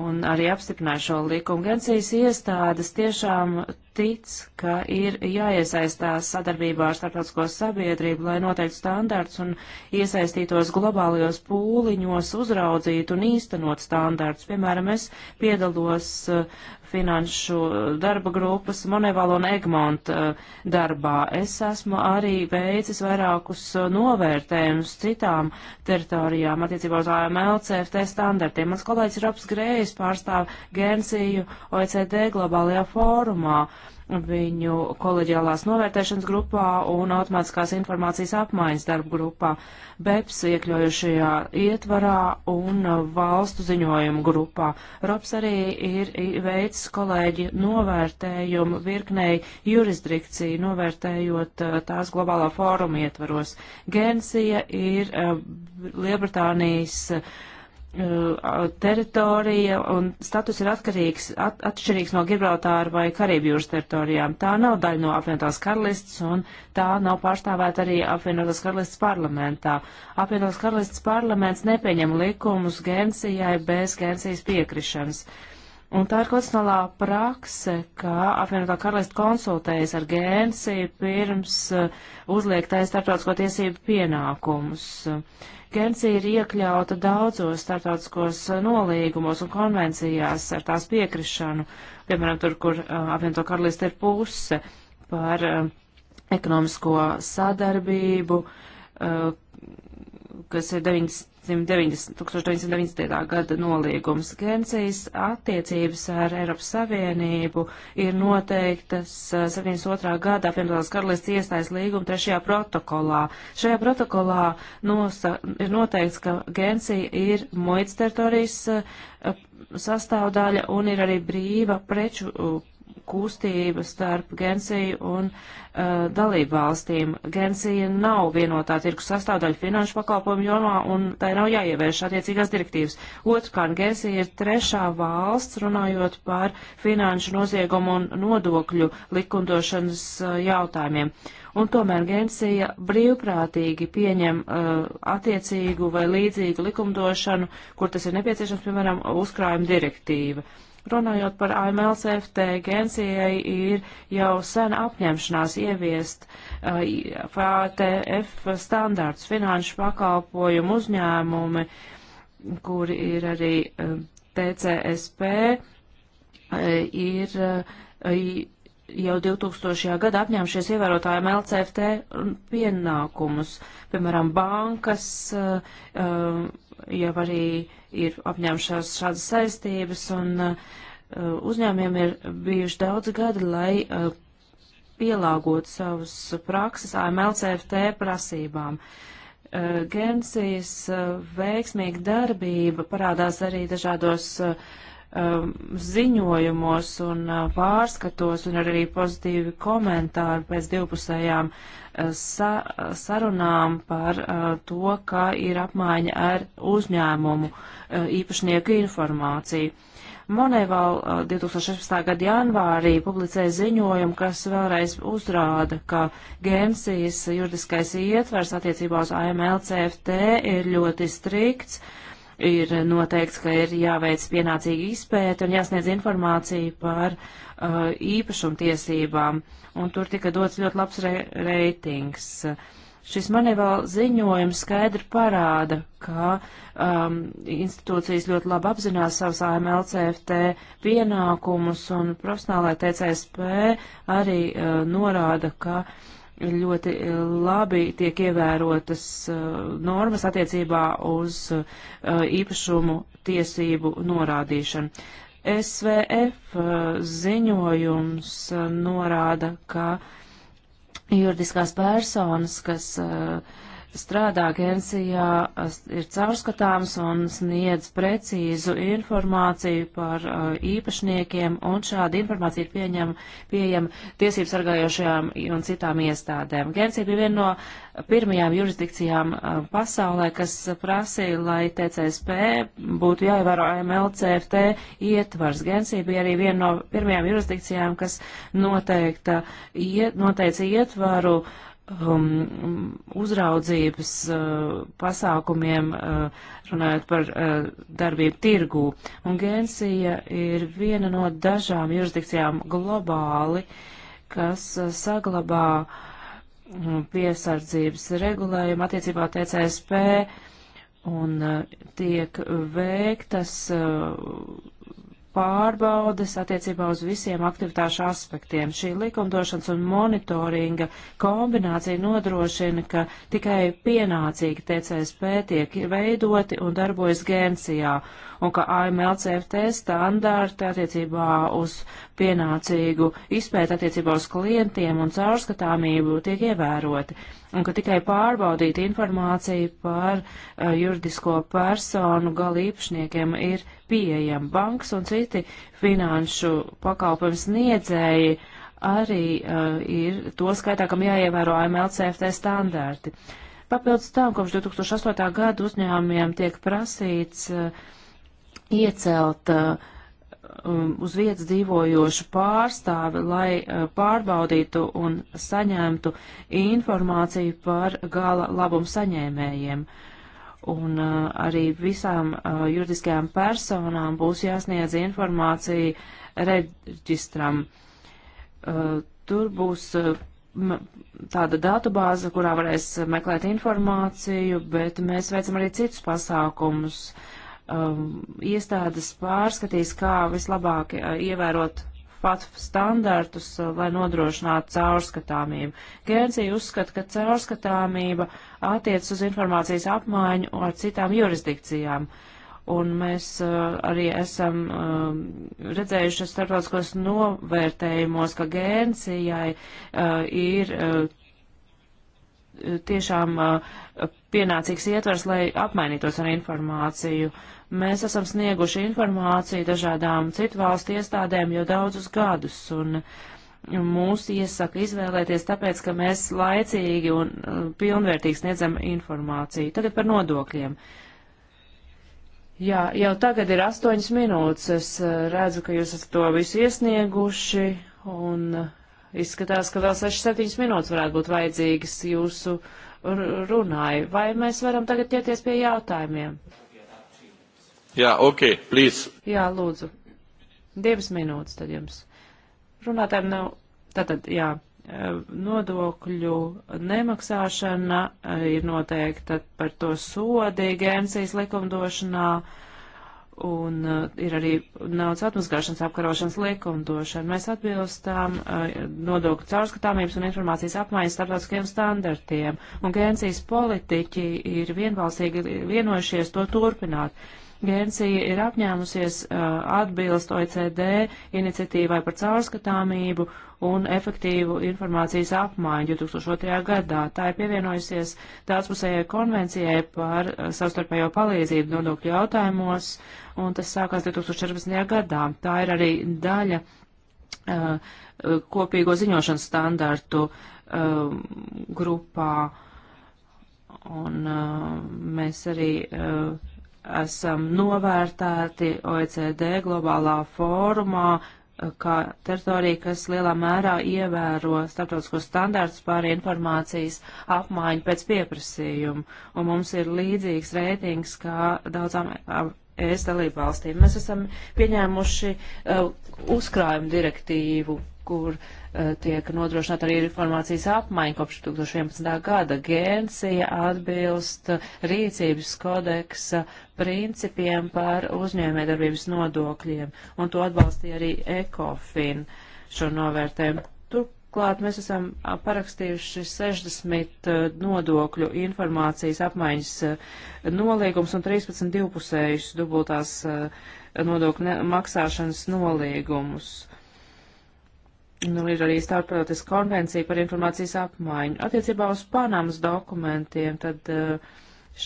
Un arī apstiprināja šo likumu. Gancijas iestādes tiešām tic, ka ir jāiesaistās sadarbībā ar starptautisko sabiedrību, lai noteiktu standārts un iesaistītos globālajos pūliņos, uzraudzītu un īstenot standārts. Piemēram, es piedalos uh, finanšu darba grupas Moneval un Egmont eh, darbā. Es esmu arī veicis vairākus eh, novērtējumus citām teritorijām attiecībā uz AML CFT standartiem. Mans kolēģis Robs Grējs pārstāv Gensiju OECD globālajā fórumā viņu koleģiālās novērtēšanas grupā un automātiskās informācijas apmaiņas darba grupā, BEPS iekļaujušajā ietvarā un valstu ziņojumu grupā. ROPS arī ir veids kolēģi novērtējumu virknei jurisdikciju, novērtējot eh, tās globālā fóruma ietvaros. Gensija ir eh, Lielbritānijas Uh, teritorija un status ir atkarīgs, at, atšķirīgs no Gibraltāra vai Karību jūras teritorijām. Tā nav daļa no apvienotās karalists un tā nav pārstāvēta arī apvienotās karalists parlamentā. Apvienotās karalists parlaments nepieņem likumus Gensijai bez Gensijas piekrišanas. Un tā ir konstitucionālā prakse, ka apvienotā karalista konsultējas ar Gensiju pirms uh, uzliektais starptautisko tiesību pienākumus. Uh, Guernsey ir iekļauta daudzos starptautiskos uh, nolīgumos un konvencijās ar tās piekrišanu, piemēram, tur, kur uh, apvienoto karalista ir puse par uh, ekonomisko sadarbību, uh, kas ir 90. 1990. gada noliegums Gencijas attiecības ar Eiropas Savienību ir noteiktas 72. gada apvienotās karalists iestājas līguma trešajā protokolā. Šajā protokolā nosa, ir noteikts, ka Gencija ir muitas teritorijas sastāvdaļa un ir arī brīva preču kustība starp Gensiju un uh, dalību valstīm. Gensija nav vienotā tirkus sastāvdaļa finanšu pakalpojumu jomā, un tai nav jāievērš attiecīgās direktīvas. Otrkārt, Gensija ir trešā valsts, runājot par finanšu noziegumu un nodokļu likumdošanas uh, jautājumiem. Un tomēr Gensija brīvprātīgi pieņem uh, attiecīgu vai līdzīgu likumdošanu, kur tas ir nepieciešams, piemēram, uzkrājuma direktīva. Uh, Runājot par AMLCFT, Gensijai ir jau sen apņemšanās ieviest uh, FATF standārts finanšu pakalpojumu uzņēmumi, kuri ir arī uh, TCSP, uh, ir uh, jau 2000. gada apņēmušies ievērotājiem LCFT pienākumus, piemēram, bankas, uh, uh, jau arī ir apņēmušās šādas saistības, un uh, uh, uzņēmiem ir bijuši daudz gadi, lai uh, pielāgotu savus prakses AMLCFT prasībām. Uh, Gensijas uh, veiksmīga darbība parādās arī dažādos uh, um, ziņojumos un pārskatos, un arī pozitīvi komentāri pēc divpusējām uh, sa sarunām par uh, to, kā ir apmaiņa ar uzņēmumu uh, īpašnieku informāciju. Moneval 2016. Uh, gada janvārī publicēja ziņojumu, kas vēlreiz uzrāda, ka Gensijas juridiskais ietvers attiecībā uz AMLCFT ir ļoti strikts ir noteikts, ka ir jāveic pienācīga izpēta un jāsniedz informācija par uh, īpašumtiesībām un tur tika dots ļoti labs re reitings. Šis manevāla ziņojums skaidri parāda, ka um, institūcijas ļoti labi apzinās savus AMLCFT pienākumus, un profesionālai TCSP arī uh, norāda, ka uh, ļoti labi tiek ievērotas uh, normas attiecībā uz uh, īpašumu tiesību norādīšanu. SVF uh, ziņojums uh, norāda, ka juridiskās personas, kas uh, strādā agencijā, ir caurskatāms un sniedz precīzu informāciju par uh, īpašniekiem, un šāda informācija ir pieņem, pieejama tiesības sargājošajām un citām iestādēm. Agencija bija viena no pirmajām jurisdikcijām uh, pasaulē, kas prasīja, lai TCSP būtu jāievēro AML CFT ietvars. Agencija bija arī viena no pirmajām jurisdikcijām, kas noteikta, iet, noteica ietvaru uh, um, uzraudzības uh, pasākumiem, uh, runājot par uh, darbību tirgū. Un Gensija ir viena no dažām jurisdikcijām globāli, kas uh, saglabā um, piesardzības regulējumu attiecībā TCSP un uh, tiek veiktas. Uh, pārbaudes attiecībā uz visiem aktivitāšu aspektiem. Šī likumdošanas un monitoringa kombinācija nodrošina, ka tikai pienācīgi TCSP tiek veidoti un darbojas gēnsijā un ka AMLCFT standārti attiecībā uz pienācīgu izpēt attiecībā uz klientiem un caurskatāmību tiek ievēroti, un ka tikai pārbaudīt informāciju par uh, juridisko personu galīpašniekiem ir pieejama. Banks un citi finanšu pakalpojumu sniedzēji arī uh, ir to skaitā, kam jāievēro AMLCFT standārti. Papildus tam, kopš 2008. gada uzņēmumiem tiek prasīts uh, iecelt uh, um, uz vietas dzīvojošu pārstāvi, lai uh, pārbaudītu un saņemtu informāciju par gala labumu saņēmējiem. Un uh, arī visām uh, juridiskajām personām būs jāsniedz informācija reģistram. Uh, tur būs uh, tāda datubāze, kurā varēs meklēt informāciju, bet mēs veicam arī citus pasākumus. Uh, um, iestādes pārskatīs, kā vislabāk uh, ievērot pat standartus, uh, lai nodrošinātu caurskatāmību. Gērcija uzskata, ka caurskatāmība attiec uz informācijas apmaiņu ar citām jurisdikcijām. Un mēs uh, arī esam uh, redzējuši starptautiskos novērtējumos, ka Gērcijai uh, ir uh, tiešām uh, pienācīgs ietvers, lai apmainītos ar informāciju. Uh, Mēs esam snieguši informāciju dažādām citu valstu iestādēm jau daudzus gadus, un mūs iesaka izvēlēties tāpēc, ka mēs laicīgi un uh, pilnvērtīgi sniedzam informāciju. Tagad par nodokļiem. Jā, jau tagad ir astoņas minūtes. Es uh, redzu, ka jūs esat to visu iesnieguši, un uh, izskatās, ka vēl 6-7 minūtes varētu būt vajadzīgas jūsu runai. Vai mēs varam tagad ķerties pie jautājumiem? Jā, ok, please. Jā, lūdzu. Divas minūtes tad jums. Runātājiem nav. Tātad, jā, eh, nodokļu nemaksāšana eh, ir noteikta par to sodi Gēnsijas likumdošanā un uh, ir arī naudas atmaskāšanas apkarošanas likumdošana. Mēs atbilstām uh, nodokļu caurskatāmības un informācijas apmaiņas starptautiskiem standartiem, un Gēnsijas politiķi ir vienbalsīgi vienojušies to turpināt. Uh, Gērncija ir apņēmusies uh, atbilst OECD iniciatīvai par caurskatāmību un efektīvu informācijas apmaiņu 2002. gadā. Tā ir pievienojusies daudzpusējai konvencijai par uh, savstarpējo palīdzību nodokļu jautājumos, un tas sākās 2014. gadā. Tā ir arī daļa uh, kopīgo ziņošanas standartu uh, grupā, un uh, mēs arī uh, esam novērtēti OECD globālā fórumā kā teritorija, kas lielā mērā ievēro starptautiskos standārtus par informācijas apmaiņu pēc pieprasījuma. Un mums ir līdzīgs reitings kā daudzām ES dalību valstīm. Mēs esam pieņēmuši uh, uzkrājumu direktīvu, kur uh, Eh, tiek nodrošināta arī informācijas apmaiņa kopš 2011. gada. Gēnsija atbilst rīcības kodeksa principiem par uzņēmējdarbības nodokļiem, un to atbalstīja arī ECOFIN šo novērtējumu. Turklāt mēs esam parakstījuši 60 eh, nodokļu informācijas apmaiņas eh, nolīgums un 13 divpusējus dubultās nodokļu maksāšanas nolīgumus Nu, ir arī starptautiska konvencija par informācijas apmaiņu. Attiecībā uz Panamas dokumentiem, tad eh,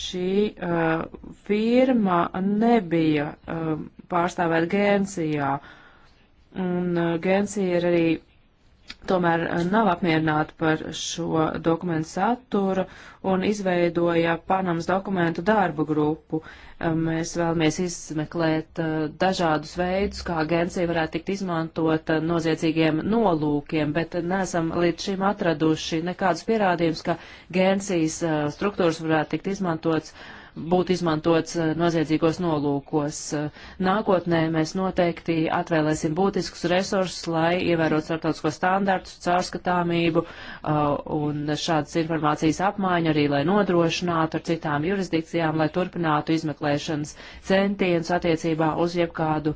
šī uh, firma nebija uh, pārstāvēta Gēncijā. Un uh, Gēncija ir arī tomēr eh, nav apmierināti par šo dokumentu saturu un izveidoja Panamas dokumentu darbu grupu. Eh, mēs vēlamies izmeklēt eh, dažādus veidus, kā agencija varētu tikt izmantota noziedzīgiem nolūkiem, bet nesam līdz šim atraduši nekādus pierādījumus, ka agencijas struktūras varētu tikt izmantotas būtu izmantots eh, noziedzīgos nolūkos. Eh, nākotnē mēs noteikti atvēlēsim būtiskus resursus, lai ievērot starptautisko standartus, caurskatāmību eh, un šādas informācijas apmaiņu arī, lai nodrošinātu ar citām jurisdikcijām, lai turpinātu izmeklēšanas centienus attiecībā uz jebkādu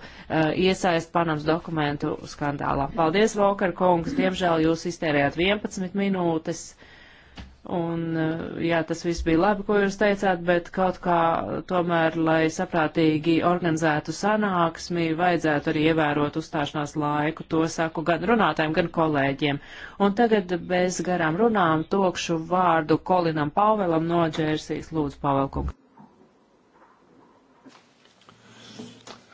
iesaist Panamas dokumentu skandālā. Paldies, Volker kungs! Diemžēl jūs iztērējāt 11 minūtes. Un, eh, jā, tas viss bija labi, ko jūs teicāt, bet kaut kā tomēr, lai saprātīgi organizētu sanāksmi, vajadzētu arī ievērot uzstāšanās laiku. To saku gan runātājiem, gan kolēģiem. Un tagad bez garām runām tokšu vārdu Kolinam Pavelam no Džērsijas. Lūdzu, Pavelkungs.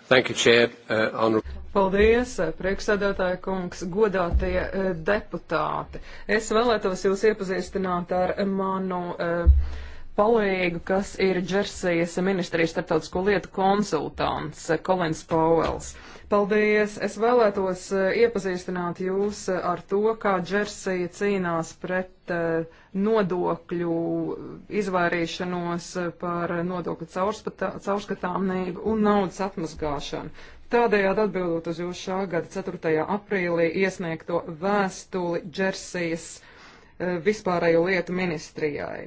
Thank you, Chair. Uh, on... Paldies, eh, priekšsēdētāja kungs, godātie eh, deputāti. Es vēlētos jūs iepazīstināt ar manu eh, palīgu, kas ir Džersijas ministrijas starptautisko lietu konsultants eh, Kolins Pauels. Paldies! Es vēlētos iepazīstināt jūs ar to, kā Džersija cīnās pret eh, nodokļu izvairīšanos par nodokļu caurskatāmību un naudas atmazgāšanu. Tādējādi atbildot uz jūsu šā gada 4. aprīlī iesniegto vēstuli Džersijas eh, vispārējo lietu ministrijai.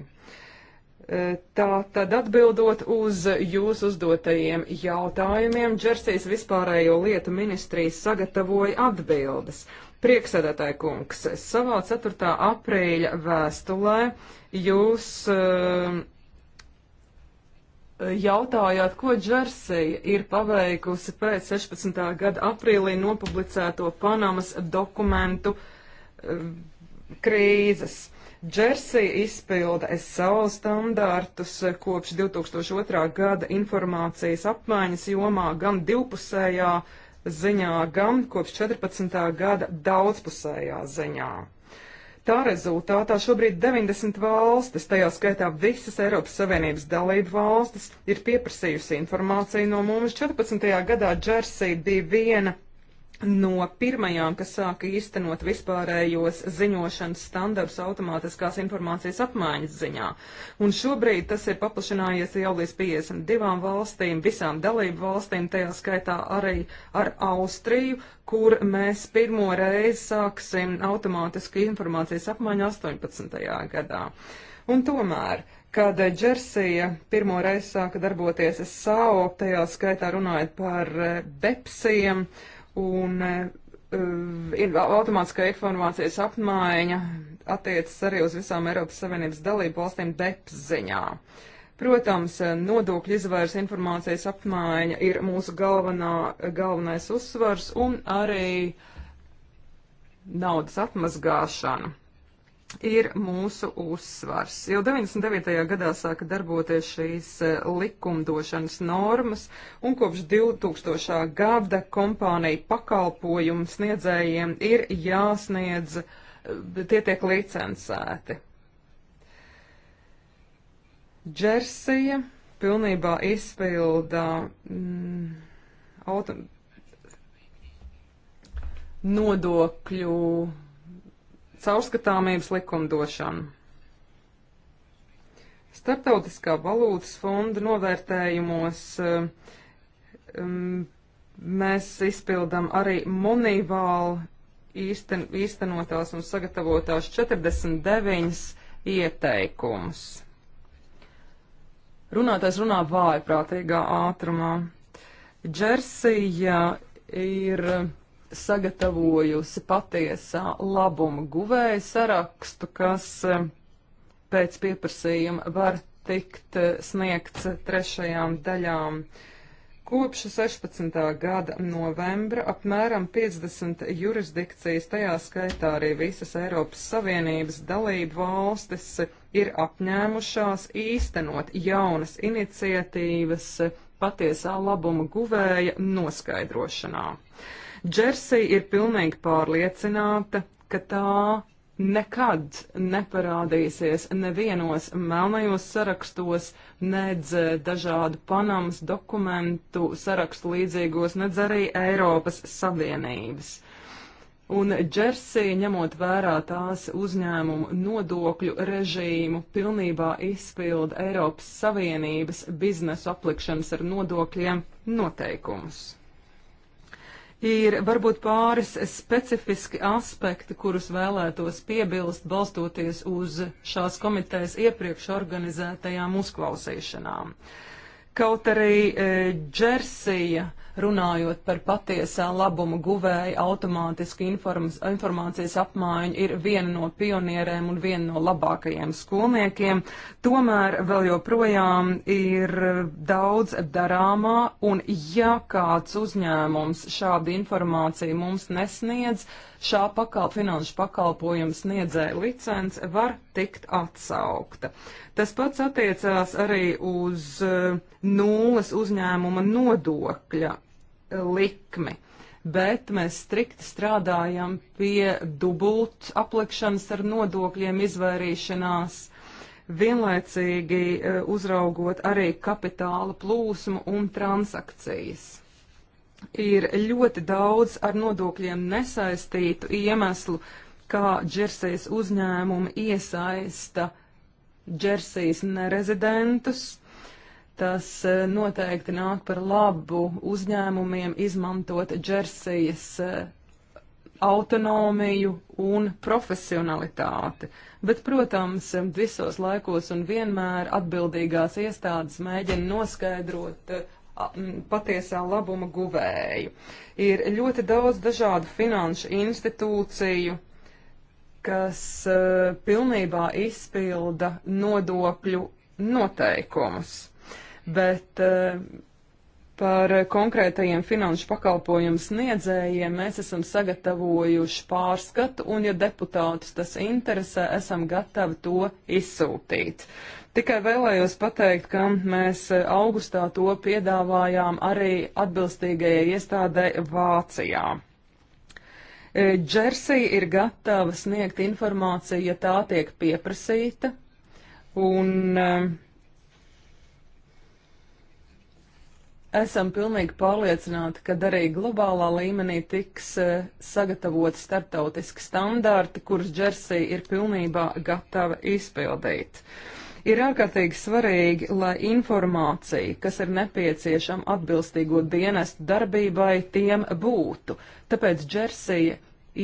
Eh, tā tad atbildot uz jūsu uzdotajiem jautājumiem, Džersijas vispārējo lietu ministrija sagatavoja atbildes. Prieksēdētāji kungs, savā 4. aprīļa vēstulē jūs uh, jautājāt, ko Džersija ir paveikusi pēc 16. gada aprīlī nopublicēto Panamas dokumentu eh, krīzes. Džersija izpilda SAO standārtus eh, kopš 2002. gada informācijas apmaiņas jomā gan divpusējā ziņā, gan kopš 14. gada daudzpusējā ziņā. Tā rezultātā šobrīd 90 valstis, tajā skaitā visas Eiropas Savienības dalību valstis, ir pieprasījusi informāciju no mums 14. gadā Džersī bija viena no pirmajām, kas sāka īstenot vispārējos ziņošanas standartus automātiskās informācijas apmaiņas ziņā. Un šobrīd tas ir paplašinājies jau līdz 52 valstīm, visām dalību valstīm, tajā skaitā arī ar Austriju, kur mēs pirmo reizi sāksim automātisku informācijas apmaiņu 18. gadā. Un tomēr kad Džersija pirmo reizi sāka darboties SAO, tajā skaitā runājot par eh, BEPSiem, uh, Un eh, automātiskā informācijas apmaiņa attiecas arī uz visām Eiropas Savienības dalību valstīm DEPS ziņā. Protams, eh, nodokļu izvairs informācijas apmaiņa ir mūsu galvenā, galvenais uzsvars un arī naudas atmazgāšana ir mūsu uzsvars. Jau 99. gadā sāka darboties šīs e, likumdošanas normas, un kopš 2000. gada kompānija pakalpojumu sniedzējiem ir jāsniedz, e, tie tiek licencēti. Džersija pilnībā izpildā mm, auto, nodokļu caurskatāmības likumdošanu. Startautiskā valūtas fonda novērtējumos um, mēs izpildam arī monivālu īsten, īstenotās un sagatavotās 49 ieteikumus. Runātais runā vājprātīgā ātrumā. Džersija ir sagatavojusi patiesā labuma guvēja sarakstu, kas eh, pēc pieprasījuma var tikt eh, sniegts trešajām daļām. Kopš 16. gada novembra apmēram 50 jurisdikcijas, tajā skaitā arī visas Eiropas Savienības dalību valstis, ir apņēmušās īstenot jaunas iniciatīvas patiesā labuma guvēja noskaidrošanā. Džersija ir pilnīgi pārliecināta, ka tā nekad neparādīsies nevienos melnajos sarakstos, nedz dažādu Panamas dokumentu sarakstu līdzīgos, nedz arī Eiropas Savienības. Un Džersija, ņemot vērā tās uzņēmumu nodokļu režīmu, pilnībā izpilda Eiropas Savienības biznesu aplikšanas ar nodokļiem noteikumus. Ir varbūt pāris specifiski aspekti, kurus vēlētos piebilst, balstoties uz šās komitejas iepriekš organizētajām uzklausīšanām. Kaut arī e, Džersija. E, runājot par patiesā labuma guvēja automātisku informācijas apmaiņu, ir viena no pionierēm un viena no labākajiem skolniekiem. Tomēr vēl joprojām ir daudz darāmā, un ja kāds uzņēmums šādu informāciju mums nesniedz, šā pakal, finanšu pakalpojuma sniedzēja licence var tikt atsaukta. Tas pats attiecās arī uz eh, nulles uzņēmuma nodokļa likmi. Bet mēs strikti strādājam pie dubult aplikšanas ar nodokļiem izvairīšanās, vienlaicīgi e, uzraugot arī kapitāla plūsmu un transakcijas ir ļoti daudz ar nodokļiem nesaistītu iemeslu, kā Džersijas uzņēmumi iesaista Džersijas nerezidentus, Tas e, noteikti nāk par labu uzņēmumiem izmantot Džersijas e, autonomiju un profesionalitāti. Bet, protams, visos laikos un vienmēr atbildīgās iestādes mēģina noskaidrot e, patiesā labuma guvēju. Ir ļoti daudz dažādu finanšu institūciju, kas uh, pilnībā izpilda nodokļu noteikumus bet eh, par konkrētajiem finanšu pakalpojumu sniedzējiem mēs esam sagatavojuši pārskatu, un, ja deputātus tas interesē, esam gatavi to izsūtīt. Tikai vēlējos pateikt, ka mēs augustā to piedāvājām arī atbilstīgajai iestādē Vācijā. E, Džersija ir gatava sniegt informāciju, ja tā tiek pieprasīta, un uh, Esam pilnīgi pārliecināti, ka arī globālā līmenī tiks eh, sagatavot startautiski standārti, kurus Džersija ir pilnībā gatava izpildīt. Ir ārkārtīgi svarīgi, lai informācija, kas ir nepieciešama atbilstīgo dienestu darbībai, tiem būtu. Tāpēc Džersija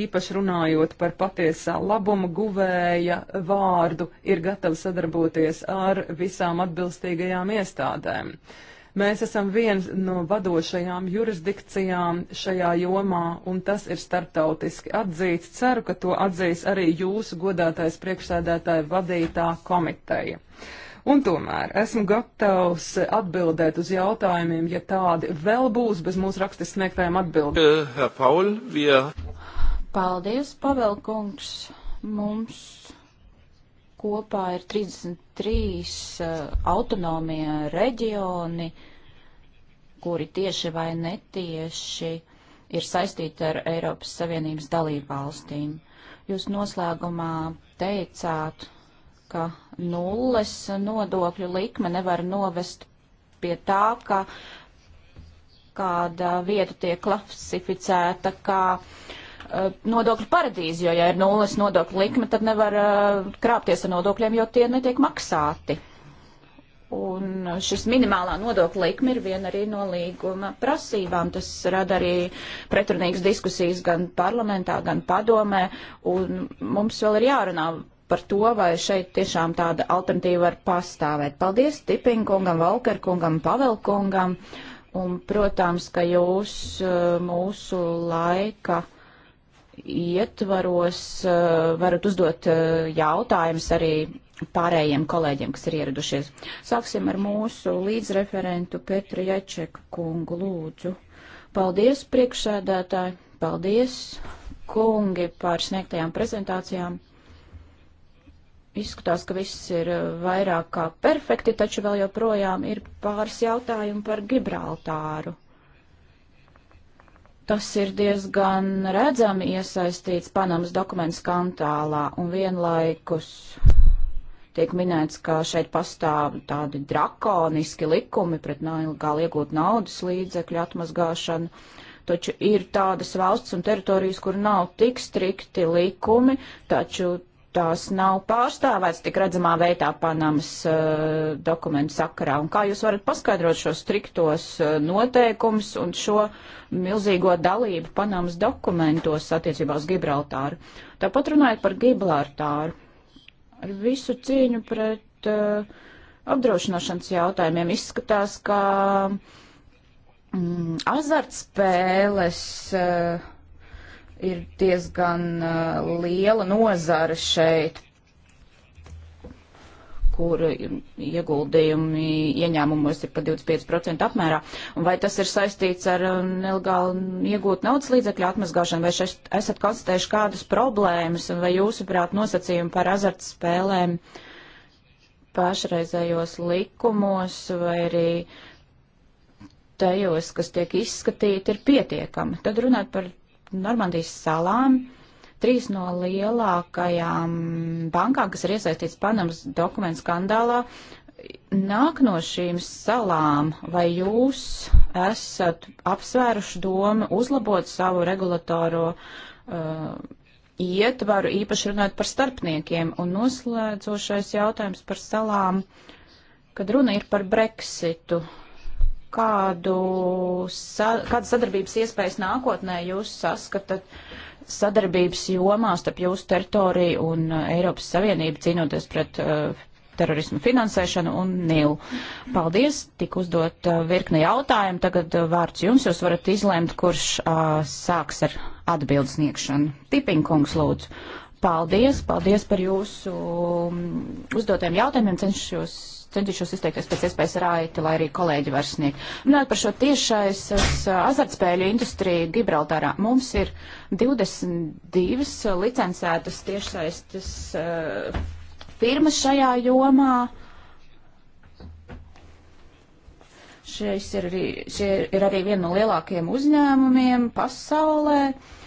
īpaši runājot par patiesā labuma guvēja vārdu, ir gatava sadarboties ar visām atbilstīgajām iestādēm. Uh, Mēs esam viens no vadošajām jurisdikcijām šajā jomā, un tas ir starptautiski atzīts. Ceru, ka to atzīs arī jūsu godātais priekšsēdētāja vadītā komiteja. Un tomēr esmu gatavs atbildēt uz jautājumiem, ja tādi vēl būs bez mūsu rakstis sniegtājiem atbildēm. Paldies, Pavelkungs. Mums kopā ir 33 uh, eh, autonomie reģioni, kuri tieši vai netieši ir saistīti ar Eiropas Savienības dalību valstīm. Jūs noslēgumā teicāt, ka nulles nodokļu likme nevar novest pie tā, ka kāda vieta tiek klasificēta kā uh, Uh, nodokļu paradīzi, jo ja ir nulles nodokļu likme, tad nevar uh, krāpties ar nodokļiem, jo tie netiek maksāti. Un šis minimālā nodokļa likme ir viena arī no līguma prasībām. Tas rada arī pretrunīgas diskusijas gan parlamentā, gan padomē. Un mums vēl ir jārunā par to, vai šeit tiešām tāda alternatīva var pastāvēt. Paldies Tipinkungam, Valkerkungam, Pavelkungam. Un, protams, ka jūs uh, mūsu laika ietvaros eh, varat uzdot eh, jautājumus arī pārējiem kolēģiem, kas ir ieradušies. Sāksim ar mūsu līdzreferentu Petru Jačeku kungu lūdzu. Paldies, priekšsēdētāji, paldies, kungi, par sniegtajām prezentācijām. Izskatās, ka viss ir eh, vairāk kā perfekti, taču vēl joprojām ir pāris jautājumu par Gibraltāru. Tas ir diezgan redzami iesaistīts Panamas dokumentu skandālā un vienlaikus tiek minēts, ka šeit pastāv tādi drakoniski likumi pret nelegāli iegūt naudas līdzekļu atmazgāšanu. Taču ir tādas valsts un teritorijas, kur nav tik strikti likumi, taču tās nav pārstāvēts tik redzamā veidā Panamas uh, dokumentu sakarā. Un kā jūs varat paskaidrot šo striktos uh, eh, noteikums un šo milzīgo dalību Panamas dokumentos attiecībā uz Gibraltāru? Tāpat runājot par Gibraltāru. Ar visu cīņu pret uh, apdrošināšanas jautājumiem izskatās, ka mm, azartspēles. Uh, ir diezgan uh, liela nozara šeit, kur ieguldījumi ieņēmumos ir pa 25% apmērā. Un vai tas ir saistīts ar um, nelegāli iegūt naudas līdzekļu atmazgāšanu, vai šeit esat konstatējuši kādas problēmas, un vai jūsuprāt nosacījumi par azartspēlēm pašreizējos likumos vai arī tajos, kas tiek izskatīti, ir pietiekami. Tad runāt par Normandijas salām trīs no lielākajām bankām, kas ir iesaistīts Panamas dokumentu skandālā, nāk no šīm salām. Vai jūs esat apsvēruši domu uzlabot savu regulatoro uh, ietvaru, īpaši runājot par starpniekiem? Un noslēdzošais jautājums par salām, kad runa ir par Brexitu. Uh, kādu, sa, kādu sadarbības iespējas nākotnē jūs saskatat sadarbības jomā starp jūsu teritoriju un uh, Eiropas Savienību cīnoties pret uh, terorismu finansēšanu un NIL. Paldies, tik uzdot uh, virkni jautājumu. Tagad uh, vārds jums, jūs varat izlēmt, kurš uh, sāks ar atbildes sniegšanu. Tipinkungs lūdzu. Paldies, paldies par jūsu um, uzdotiem jautājumiem. Cenšos centīšos izteikties pēc iespējas raiti, lai arī kolēģi var sniegt. Runājot par šo tiešais uh, azartspēļu industriju Gibraltārā, mums ir 22 licencētas tiešsaistes uh, firmas šajā jomā. Šis ir arī, šie ir arī viena no lielākajiem uzņēmumiem pasaulē. Uh,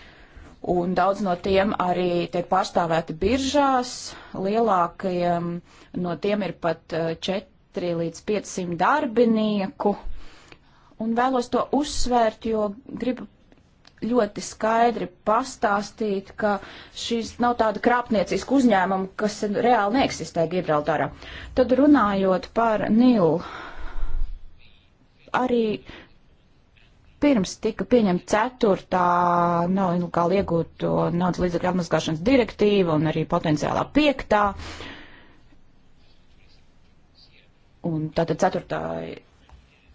un daudz no tiem arī tiek pārstāvēti biržās. Lielākajiem no tiem ir pat 4 e, līdz 500 darbinieku. Un vēlos to uzsvērt, jo gribu ļoti skaidri pastāstīt, ka šīs nav tāda krāpnieciska uzņēmuma, kas reāli neeksistē Gibraltārā. Tad runājot par Nilu, arī pirms tika pieņemta ceturtā nav nu, ilgāli nu, iegūto naudas līdzekļu atmaskāšanas direktīva un arī potenciālā piektā. Un tātad ceturtā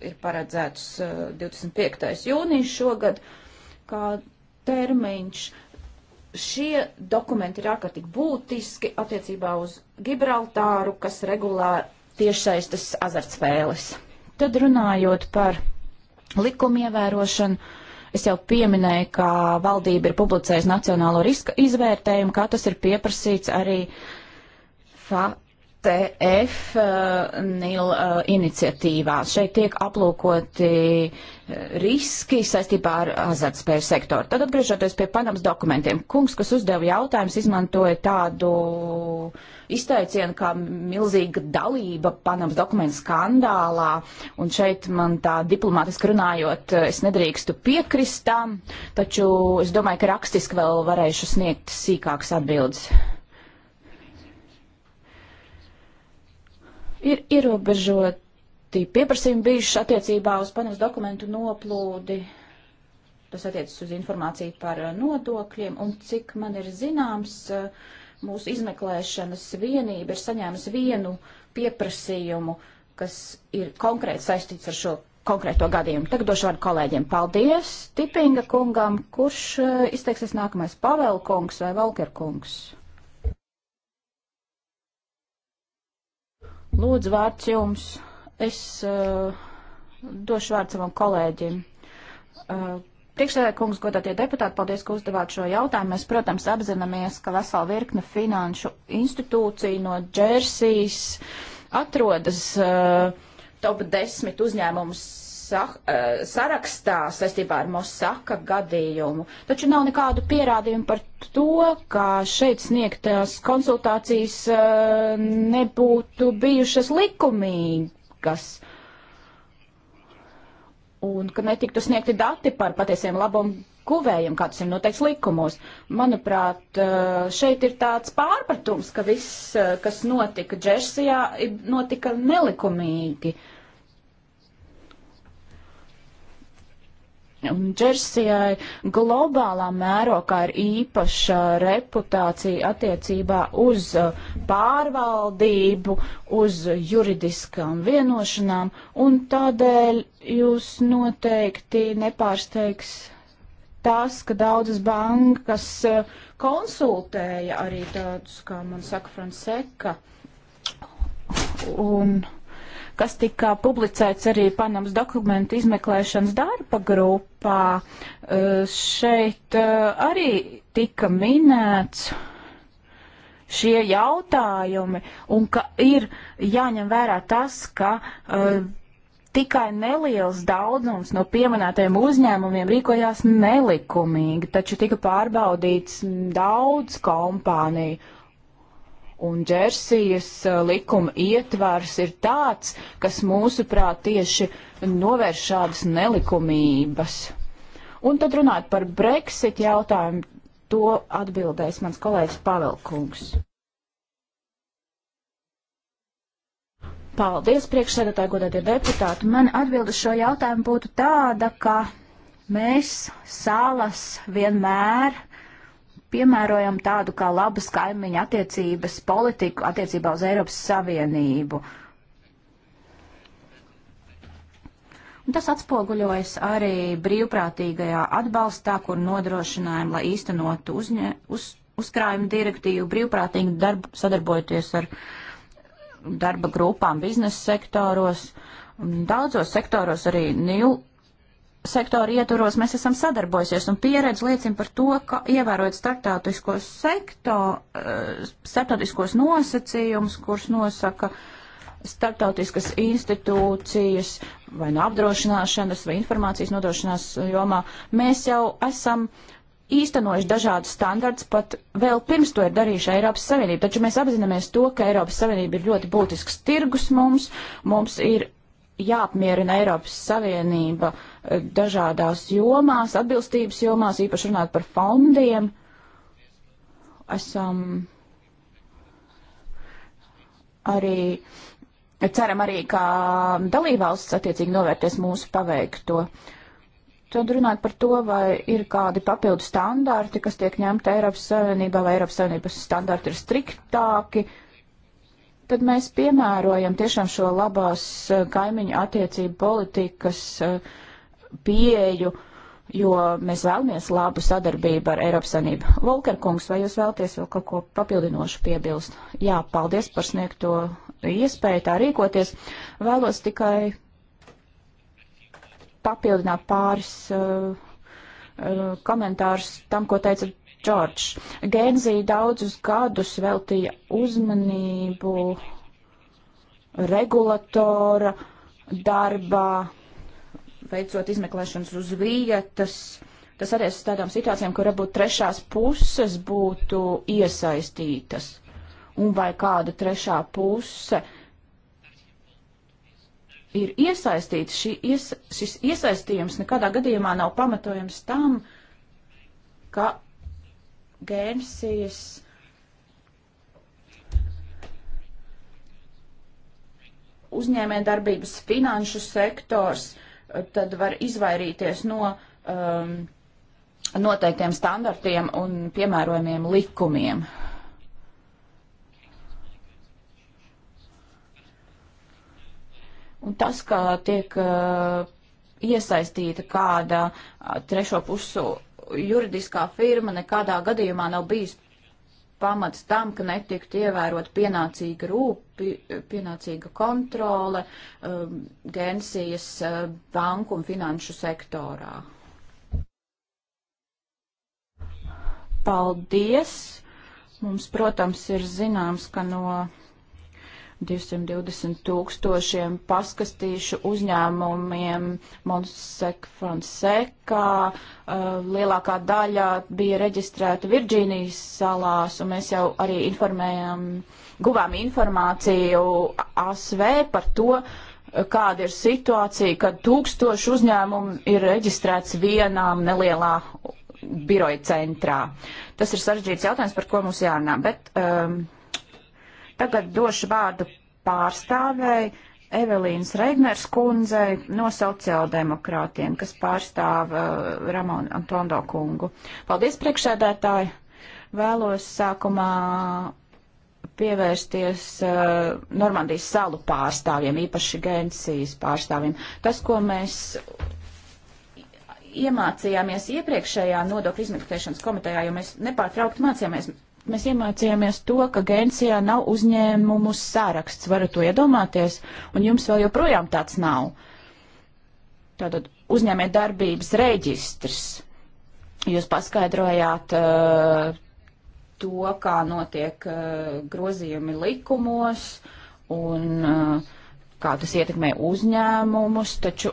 ir paredzēts 25. Uh, jūnijas šogad kā termiņš. Šie dokumenti ir ārkārtīgi būtiski attiecībā uz Gibraltāru, kas regulē tiešsaistes azartspēles. Tad runājot par likumu ievērošanu. Es jau pieminēju, ka valdība ir publicējusi nacionālo riska izvērtējumu, kā tas ir pieprasīts arī FA ETF eh, NIL eh, iniciatīvā. Šeit tiek aplūkoti eh, riski saistībā ar azartspēju sektoru. Tad atgriežoties pie Panamas dokumentiem, kungs, kas uzdeva jautājumus, izmantoja tādu izteicienu kā milzīga dalība Panamas dokumentu skandālā, un šeit man tā diplomātiski runājot, es nedrīkstu piekrist tam, taču es domāju, ka rakstiski vēl varēšu sniegt sīkākas atbildes. Ir ierobežoti pieprasījumi bijuši attiecībā uz paneles dokumentu noplūdi. Tas attiecas uz informāciju par uh, nodokļiem, un cik man ir zināms, uh, mūsu izmeklēšanas vienība ir saņēmusi vienu pieprasījumu, kas ir konkrēti saistīts ar šo konkrēto gadījumu. Tagad došu vārdu kolēģiem. Paldies Tipinga kungam, kurš uh, izteiksies nākamais Pavel kungs vai Valker kungs. Lūdzu, vārds jums. Es uh, došu vārdu savam kolēģim. Uh, eh, Priekšsēdētāji, kungs, godātie deputāti, paldies, ka uzdevāt šo jautājumu. Mēs, protams, apzināmies, ka vesela virkne finanšu institūciju no Džersijas atrodas uh, top 10 uzņēmumus sak, eh, sarakstā saistībā ar Mosaka gadījumu, taču nav nekādu pierādījumu par to, ka šeit sniegtās konsultācijas eh, nebūtu bijušas likumīgas un ka netiktu sniegti dati par patiesiem labumu guvējiem, kā tas ir noteikts likumos. Manuprāt, eh, šeit ir tāds pārpratums, ka viss, kas notika Džersijā, notika nelikumīgi. Uh, Un Džersijai globālā mērokā ir īpaša reputācija attiecībā uz uh, pārvaldību, uz juridiskām vienošanām, un tādēļ jūs noteikti nepārsteigs tas, ka daudzas bankas uh, konsultēja arī tādus, kā man saka, Franseka. Un, kas tika publicēts arī Panamas dokumentu izmeklēšanas darba grupā, eh, šeit eh, arī tika minēts šie jautājumi un ka ir jāņem vērā tas, ka uh, tikai neliels daudzums no pieminētajiem uzņēmumiem rīkojās nelikumīgi, taču tika pārbaudīts daudz kompāniju. Un Džersijas uh, likuma ietvars ir tāds, kas mūsuprāt tieši novērš šādas nelikumības. Un tad runāt par Brexit jautājumu, to atbildēs mans kolēģis Pavelkungs. Paldies, priekšsēdētāji, godātie deputāti. Man atbildes šo jautājumu būtu tāda, ka mēs salas vienmēr piemērojam tādu kā labas kaimiņa attiecības politiku attiecībā uz Eiropas Savienību. Un tas atspoguļojas arī brīvprātīgajā atbalstā, kur nodrošinājumu, lai īstenotu uzņē, uz, uzkrājumu direktīvu, brīvprātīgi darbu, sadarbojoties ar darba grupām biznesa sektoros. Daudzos sektoros arī NIL sektoru ietvaros mēs esam sadarbojusies, un pieredze liecina par to, ka ievērojot starptautiskos, sekto, eh, starptautiskos nosacījumus, kurus nosaka starptautiskas institūcijas vai no nu apdrošināšanas vai informācijas nodrošinās jomā, mēs jau esam īstenojuši dažādus standarts pat vēl pirms to ir darījuši Eiropas Savienība. Taču mēs apzināmies to, ka Eiropas Savienība ir ļoti būtisks tirgus mums, mums ir jāapmierina Eiropas Savienība uh, dažādās jomās, atbilstības jomās, īpaši runāt par fondiem. Esam arī, ceram arī, ka dalībvalsts attiecīgi novērtēs mūsu paveikto. Tad runāt par to, vai ir kādi papildu standarti, kas tiek ņemti Eiropas Savienībā, vai Eiropas Savienības standarti ir striktāki, tad mēs piemērojam tiešām šo labās kaimiņu attiecību politikas uh, pieeju, jo mēs vēlamies labu sadarbību ar Eiropas Sanību. Volker kungs, vai jūs vēlties vēl kaut ko papildinošu piebilst? Jā, paldies par sniegto iespēju tā rīkoties. Vēlos tikai papildināt pāris uh, uh, komentārus tam, ko teica Džordžs. Genzī daudzus gadus veltīja uzmanību regulatora darbā veicot izmeklēšanas uz vietas. Tas arī ir tādām situācijām, kur varbūt trešās puses būtu iesaistītas. Un vai kāda trešā puse ir iesaistīta, šī, ies, šis iesaistījums nekādā gadījumā nav pamatojams tam, ka Gēnsijas uzņēmējdarbības finanšu sektors uh, tad var izvairīties no um, noteiktiem standartiem un piemērojumiem likumiem. Un tas, kā tiek uh, iesaistīta kāda uh, trešo pusu juridiskā firma, nekādā gadījumā nav bijis pamats tam, ka netiktu ievērot pienācīga rūp, pienācīga kontrole um, Gensijas uh, banku un finanšu sektorā. Paldies! Mums, protams, ir zināms, ka no 220 tūkstošiem paskastīšu uzņēmumiem Monsek Fonseca. Uh, lielākā daļa bija reģistrēta Virģīnijas salās, un mēs jau arī informējām guvām informāciju ASV par to, kāda ir situācija, kad tūkstoši uzņēmumu ir reģistrēts vienām nelielā biroja centrā. Tas ir sarežģīts jautājums, par ko mums jārunā, bet um, tagad došu vārdu pārstāvēji Evelīnas Reigners kundzei no sociāldemokrātiem, kas pārstāv uh, Ramonu Antondo kungu. Paldies, priekšsēdētāji! Vēlos sākumā pievērsties uh, Normandijas salu pārstāvjiem, īpaši Gensijas pārstāvjiem. Tas, ko mēs iemācījāmies iepriekšējā nodokļu izmeklēšanas komitejā, jo mēs nepārtraukti mācījāmies, mēs iemācījāmies to, ka Gensijā nav uzņēmumu saraksts, varat to iedomāties, un jums vēl joprojām tāds nav. Tātad uzņēmē darbības reģistrs. Jūs paskaidrojāt uh, to, kā notiek uh, grozījumi likumos un uh, kā tas ietekmē uzņēmumus, taču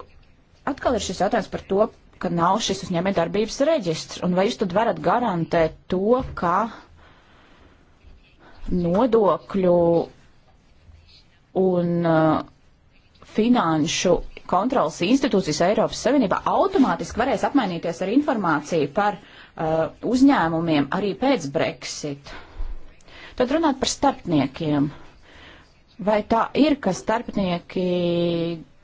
atkal ir šis jautājums par to, ka nav šis uzņēmē darbības reģistrs, un vai jūs tad varat garantēt to, ka nodokļu un uh, finanšu kontrolas institūcijas Eiropas Savienībā automātiski varēs apmainīties ar informāciju par Uh, uzņēmumiem arī pēc Brexit. Tad runāt par starpniekiem. Vai tā ir, ka starpnieki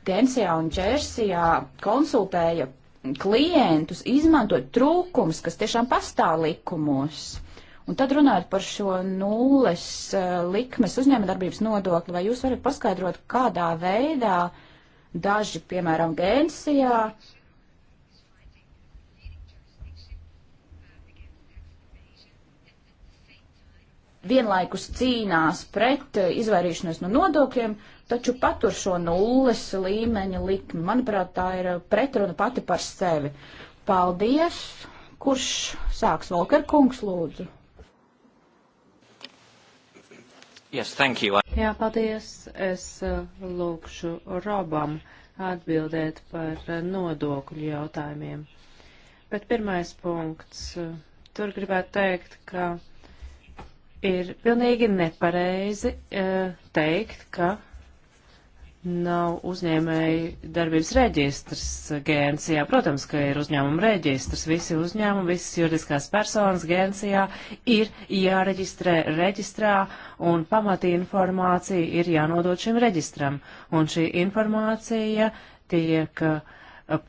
Gensijā un Džersijā konsultēja klientus, izmantot trūkums, kas tiešām pastāv likumos? Un tad runājot par šo nulles uh, likmes uzņēmējdarbības nodokli, vai jūs varat paskaidrot, kādā veidā daži, piemēram, Gensijā, uh, vienlaikus cīnās pret eh, izvairīšanos no nodokļiem, taču patur šo nulles līmeņa likmi. Manuprāt, tā ir eh, pretruna pati par sevi. Paldies! Kurš sāks? Volker kungs, lūdzu. Yes, thank you. Jā, paldies. Es eh, lūkšu Robam atbildēt par nodokļu jautājumiem. Bet pirmais punkts. Tur gribētu teikt, ka ir pilnīgi nepareizi e, teikt, ka nav uzņēmēju darbības reģistrs Gēnsijā. Protams, ka ir uzņēmuma reģistrs. Visi uzņēmumi, visas juridiskās personas Gēnsijā ir jāreģistrē reģistrā un pamatinformācija ir jānodot šim reģistram. Un šī informācija tiek e,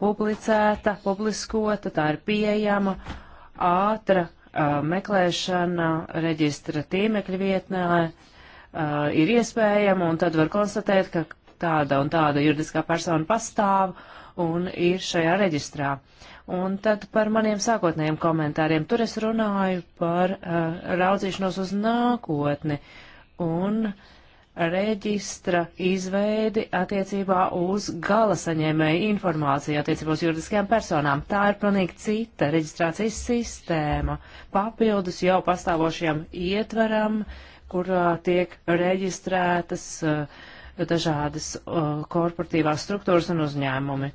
publicēta, publiskota, tā ir pieejama, ātra Uh, meklēšana reģistra tīmekļa vietnē uh, ir iespējama, un tad var konstatēt, ka tāda un tāda juridiskā persona pastāv un ir šajā reģistrā. Un tad par maniem sākotnējiem komentāriem. Tur es runāju par uh, raudzīšanos uz nākotni un uh, reģistra izveidi attiecībā uz gala saņēmēju informāciju attiecībā uz juridiskajām personām. Tā ir pilnīgi cita reģistrācijas sistēma, papildus jau pastāvošajam ietveram, kurā tiek reģistrētas uh, dažādas uh, korporatīvās struktūras un uzņēmumi.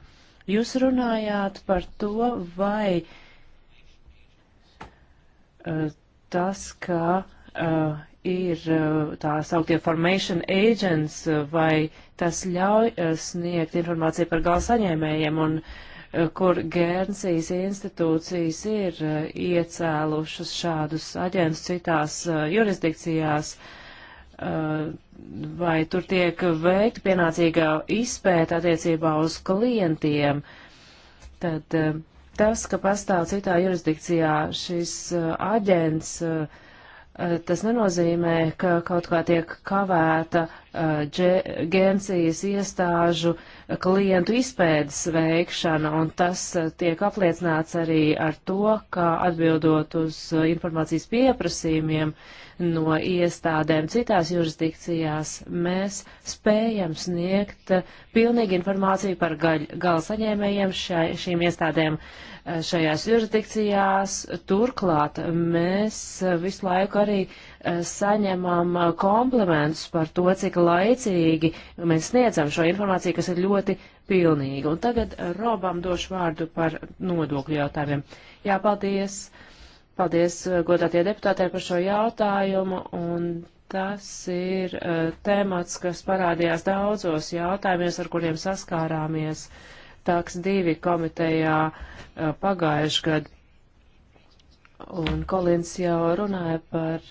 Jūs runājāt par to, vai uh, tas, ka ir uh, tā sauktie formation agents, uh, vai tas ļauj uh, sniegt informāciju par gala saņēmējiem un kur Gērnsijas institūcijas ir iecēlušas šādus aģentus citās jurisdikcijās, vai tur tiek veikta pienācīgā izpēta attiecībā uz klientiem. Tad tas, ka pastāv citā jurisdikcijā šis aģents, uh, Eh, tas nenozīmē, ka kaut kā tiek kavēta eh, gēncijas iestāžu eh, klientu izpēdes veikšana, un tas tiek apliecināts arī ar to, ka atbildot uz informācijas pieprasījumiem no iestādēm citās jurisdikcijās, mēs spējam sniegt pilnīgi informāciju par gaļ, gala saņēmējiem šai, šīm iestādēm. Uh, Eh, šajās jurisdikcijās. Turklāt mēs eh, visu laiku arī eh, saņemam komplementus par to, cik laicīgi mēs sniedzam šo informāciju, kas ir ļoti pilnīga. Un tagad Robam došu vārdu par nodokļu jautājumiem. Jā, paldies! Paldies godātie deputātē par šo jautājumu. Un tas ir uh, temats, kas parādījās daudzos jautājumos, ar kuriem saskārāmies. Uh, tāks divi komitejā pagājuši gadu. Un Kolins jau runāja par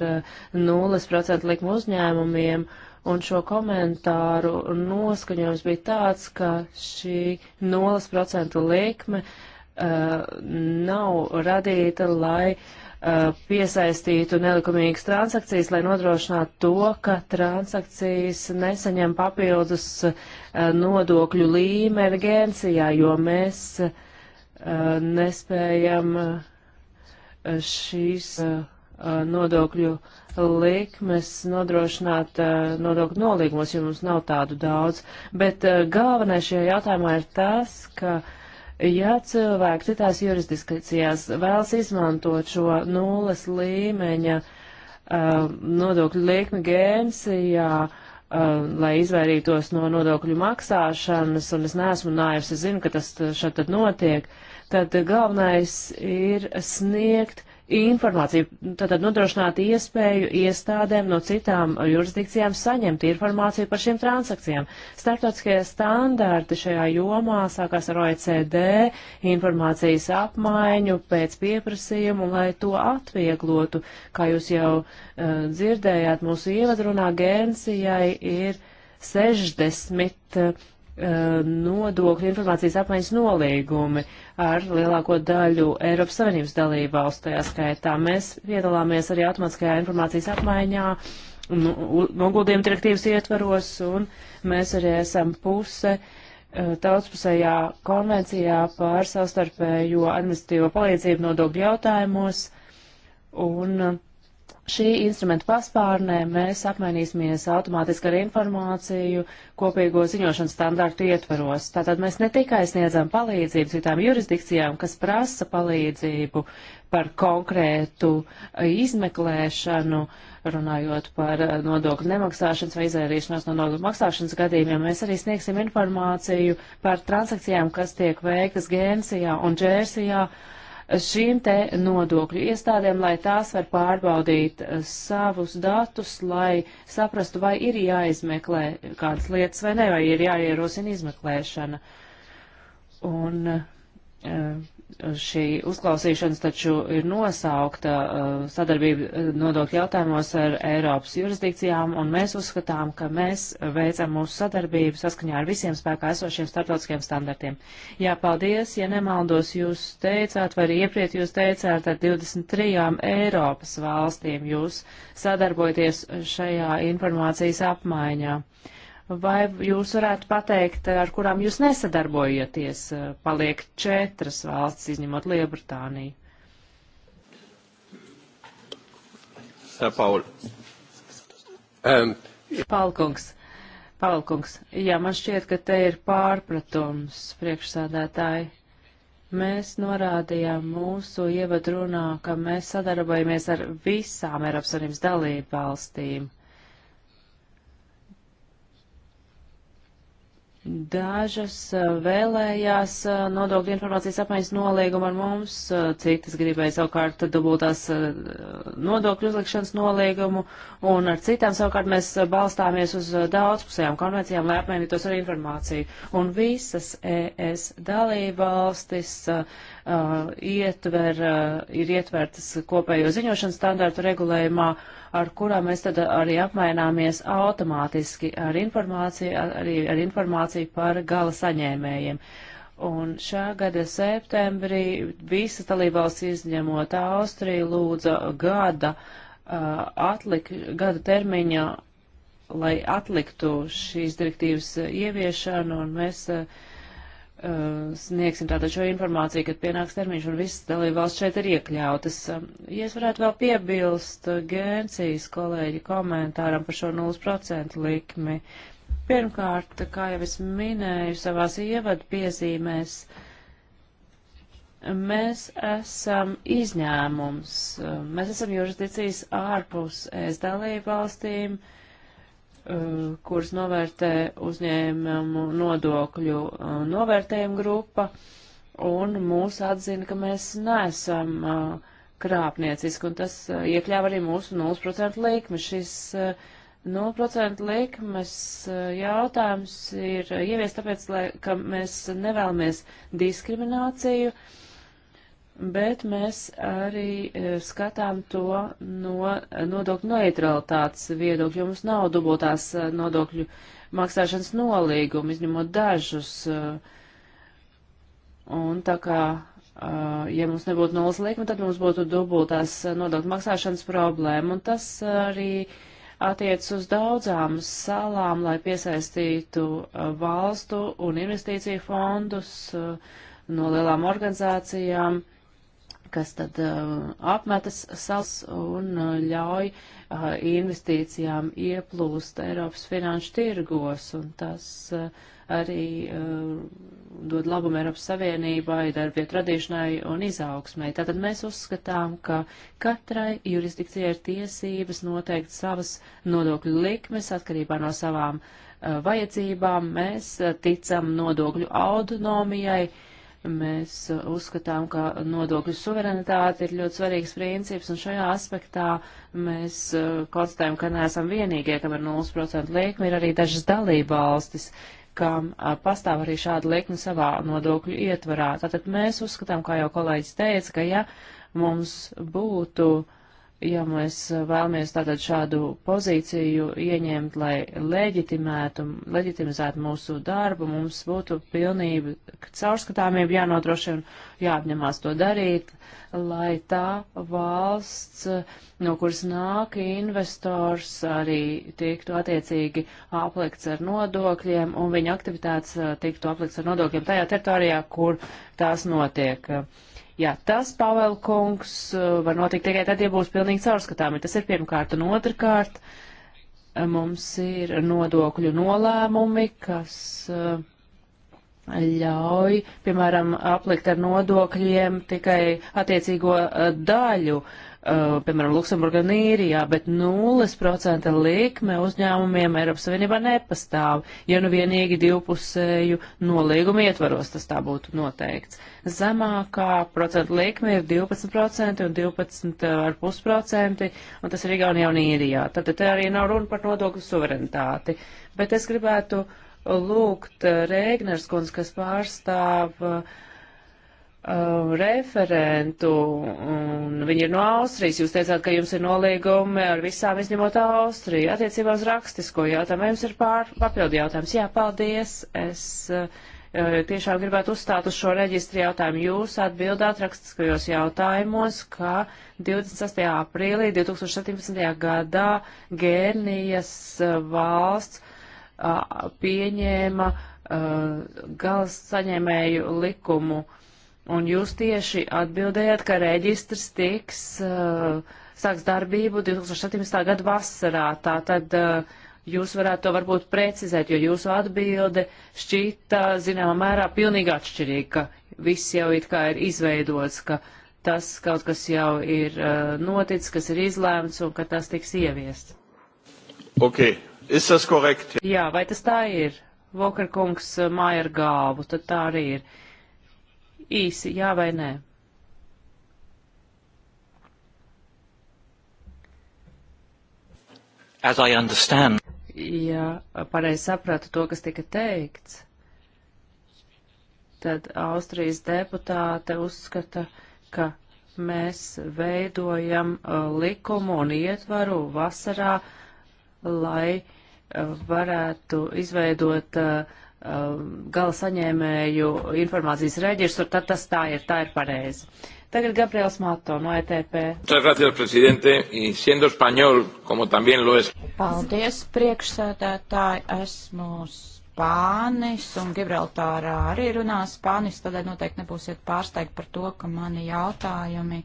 0% likmu uzņēmumiem, un šo komentāru noskaņojums bija tāds, ka šī 0% likme uh, nav radīta, lai uh, Uh, piesaistītu nelikumīgas transakcijas, lai nodrošinātu to, ka transakcijas nesaņem papildus uh, nodokļu līmeni Gēncijā, jo mēs uh, nespējam šīs nodokļu likmes nodrošināt nodokļu nolīgumus, jo mums nav tādu daudz. Bet galvenais šajā jautājumā ir tas, ka uh, Ja cilvēki citās jurisdikcijās vēlas izmantot šo nulles līmeņa uh, nodokļu liekmi Gēnsijā, uh, lai izvairītos no nodokļu maksāšanas, un es neesmu naivs, es zinu, ka tas uh, šeit tad notiek, tad galvenais ir sniegt informāciju, tātad nodrošināt iespēju iestādēm no citām jurisdikcijām saņemt informāciju par šīm transakcijām. Startautiskie standarti šajā jomā sākās ar OECD informācijas apmaiņu pēc pieprasījumu, lai to atvieglotu. Kā jūs jau uh, dzirdējāt, mūsu ievadrunā Gērnsijai ir 60 Eh, nodokļu informācijas apmaiņas nolīgumi ar lielāko daļu Eiropas Savienības dalību valstu tajā skaitā. Mēs piedalāmies arī automātiskajā informācijas apmaiņā nu, noguldījuma direktīvas ietvaros, un mēs arī esam puse tautspusējā eh, konvencijā par savstarpējo administratīvo palīdzību nodokļu jautājumos. Un, uh, šī instrumenta paspārnē mēs apmainīsimies automātiski ar informāciju kopīgo ziņošanas standārtu ietvaros. Tātad mēs ne tikai sniedzam palīdzību citām jurisdikcijām, kas prasa palīdzību par konkrētu e, izmeklēšanu, runājot par e, nodokļu nemaksāšanas vai izvairīšanās no nodokļu maksāšanas gadījumiem, mēs arī sniegsim informāciju par transakcijām, kas tiek veiktas Gēnsijā un Džērsijā šīm te nodokļu iestādēm, lai tās var pārbaudīt eh, savus datus, lai saprastu, vai ir jāizmeklē kādas lietas vai ne, vai ir jāierosina izmeklēšana. Un eh, šī uzklausīšanas taču ir nosaukta uh, sadarbība uh, nodokļu jautājumos ar Eiropas jurisdikcijām, un mēs uzskatām, ka mēs veicam mūsu sadarbību saskaņā ar visiem spēkā esošiem starptautiskiem standartiem. Jā, paldies, ja nemaldos, jūs teicāt, vai arī iepriet jūs teicāt, ar 23 Eiropas valstīm jūs sadarbojaties šajā informācijas apmaiņā. Uh, Vai jūs varētu pateikt, ar kurām jūs nesadarbojaties? Eh, paliek četras valsts, izņemot Liebritāniju. Paul. Um. Palkungs. Palkungs. Jā, man šķiet, ka te ir pārpratums priekšsādātāji. Mēs norādījām mūsu ievadrunā, ka mēs sadarbojamies ar visām Eiropas Savienības dalību valstīm Dažas eh, vēlējās eh, nodokļu informācijas apmaiņas nolīgumu ar mums, eh, citas gribēja savukārt dubultās nodokļu uzlikšanas nolīgumu, un ar citām savukārt mēs balstāmies uz daudzpusējām konvencijām, lai apmainītos ar informāciju. Un visas ES dalībvalstis uh, ietver, uh, ir ietvertas kopējo ziņošanas standārtu regulējumā, ar kurām mēs tad arī apmaināmies automātiski ar informāciju, ar, arī ar informāciju par gala saņēmējiem. Un šā gada septembrī visas dalībvalsts izņemot Austriju lūdza gada, uh, atlik, gada termiņa, lai atliktu šīs direktīvas ieviešanu, un mēs uh, Uh, sniegsim tātad šo informāciju, kad pienāks termiņš un visas dalībvalsts šeit ir iekļautas. Ja um, es varētu vēl piebilst uh, Gēncijas kolēģi komentāram par šo 0% likmi. Pirmkārt, kā jau es minēju savās ievadu piezīmēs, mēs esam izņēmums, uh, mēs esam jurisdikcijas ārpus ēst dalībvalstīm. valstīm Eh, kuras novērtē uzņēmumu nodokļu eh, novērtējuma grupa, un mūs atzina, ka mēs neesam eh, krāpnieciski, un tas iekļāva arī mūsu 0% likmi. Šis 0% likmes jautājums ir ievies tāpēc, lai, ka mēs nevēlamies diskrimināciju. Uh, bet mēs arī e, skatām to no nodokļu neutralitātes viedokļa, jo mums nav dubultās e, nodokļu maksāšanas nolīguma, izņemot dažus. E, un tā kā, ja mums nebūtu nulles likme, tad mums būtu dubultās nodokļu maksāšanas problēma. Un tas arī attiec uz daudzām salām, lai piesaistītu valstu un investīciju fondus no lielām organizācijām. Uh, kas tad uh, apmetas savs un uh, ļauj uh, investīcijām ieplūst Eiropas finanšu tirgos, un tas arī dod labumu Eiropas Savienībai, darbvietu radīšanai un izaugsmai. Tātad mēs uzskatām, ka katrai jurisdikcijai ir tiesības noteikt savas nodokļu likmes atkarībā no savām vajadzībām. Mēs ticam nodokļu autonomijai Mēs uh, uzskatām, ka nodokļu suverenitāte ir ļoti svarīgs princips, un šajā aspektā mēs uh, konstatējam, ka neesam vienīgie, kam ir 0% liekmi, ir arī dažas dalībvalstis, kam uh, pastāv arī šāda liekme savā nodokļu ietvarā. Tātad mēs uzskatām, kā jau kolēģis teica, ka ja mums būtu uh, ja mēs eh, vēlamies tātad šādu pozīciju ieņemt, lai leģitimētu, leģitimizētu mūsu darbu, mums būtu pilnība caurskatāmība jānodrošina jāapņemās to darīt, lai tā valsts, eh, no kuras nāk investors, arī tiktu attiecīgi aplikts ar nodokļiem un viņa aktivitātes eh, tiktu aplikts ar nodokļiem tajā teritorijā, kur tās notiek. Uh, Jā, tas, Pavel kungs, eh, var notikt tikai tad, ja būs pilnīgi caurskatāmi. Tas ir pirmkārt un otrkārt. Eh, mums ir nodokļu nolēmumi, kas eh, ļauj, piemēram, aplikt ar nodokļiem tikai attiecīgo daļu uh, uh, piemēram, Luksemburgā un Īrijā, bet 0% likme uzņēmumiem Eiropas Savienībā nepastāv, ja nu vienīgi divpusēju nolīgumu ietvaros tas tā būtu noteikts. Zemākā procenta likme ir 12% un 12,5%, un tas ir Igaunijā un Īrijā. Tad te arī nav runa par nodokļu suverenitāti, bet es gribētu lūgt eh, Rēgners kundz, kas pārstāv uh, uh, referentu, un viņi ir no Austrijas. Jūs teicāt, ka jums ir nolīgumi ar visām izņemot Austriju. Attiecībā uz rakstisko jautājumu jums ir pār, papildu jautājums. Jā, paldies. Es uh, tiešām gribētu uzstāt uz šo reģistru jautājumu. Jūs atbildāt rakstiskajos jautājumos, ka 28. aprīlī 2017. gadā Gērnijas uh, valsts uh, pieņēma uh, galas saņēmēju likumu Un jūs tieši atbildējāt, ka reģistrs tiks, uh, sāks darbību 2017. gada vasarā. Tātad uh, jūs varētu to varbūt precizēt, jo jūsu atbilde šķita, zināmā mērā, pilnīgi atšķirīga, ka viss jau it kā ir izveidots, ka tas kaut kas jau ir uh, noticis, kas ir izlēmts un ka tas tiks ieviests. Ok, ir tas korekt? Jā, vai tas tā ir? Vokarkungs uh, māja ar galvu, tad tā arī ir īsi, jā vai nē. As I understand. Ja pareizi sapratu to, kas tika teikts, tad Austrijas deputāte uzskata, ka mēs veidojam uh, likumu un ietvaru vasarā, lai uh, varētu izveidot uh, Um, gala saņēmēju informācijas reģistru, tad tas tā ir, tā ir pareizi. Tagad Gabriels Mato no ETP. Paldies, priekšsēdētāji, esmu spānis un Gibraltārā arī runā spānis, tādēļ noteikti nebūsiet pārsteigti par to, ka mani jautājumi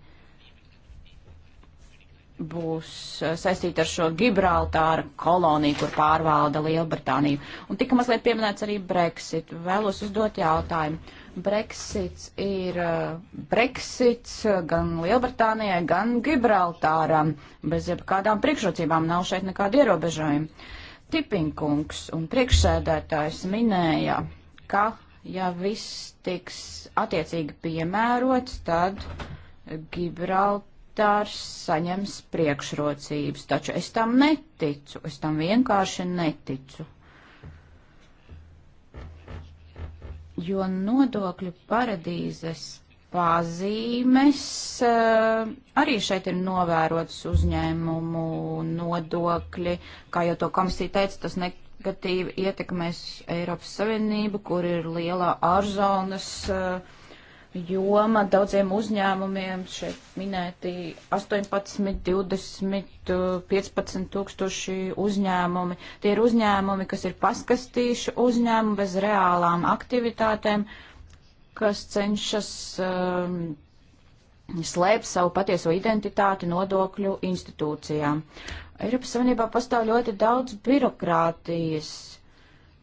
būs eh, saistīta ar šo Gibraltāra koloniju, kur pārvalda Lielbritānija. Un tika mazliet pieminēts arī Brexit. Vēlos uzdot jautājumu. Brexits ir eh, Brexits gan Lielbritānijai, gan Gibraltāram. Bez jebkādām priekšrocībām nav šeit nekāda ierobežojuma. Tipinkungs un priekšsēdētājs minēja, ka ja viss tiks attiecīgi piemērots, tad Gibraltāra militārs saņems priekšrocības, taču es tam neticu, es tam vienkārši neticu. Jo nodokļu paradīzes pazīmes eh, arī šeit ir novērotas uzņēmumu nodokļi, kā jau to komisija teica, tas ne, negatīvi ietekmēs Eiropas Savienību, kur ir lielā ārzonas uh, joma daudziem uzņēmumiem, šeit minēti 18, 20, 15 tūkstoši uzņēmumi. Tie ir uzņēmumi, kas ir paskastījuši uzņēmumu bez reālām aktivitātēm, kas cenšas um, slēpt savu patieso identitāti nodokļu institūcijām. Eiropas Savienībā pastāv ļoti daudz birokrātijas.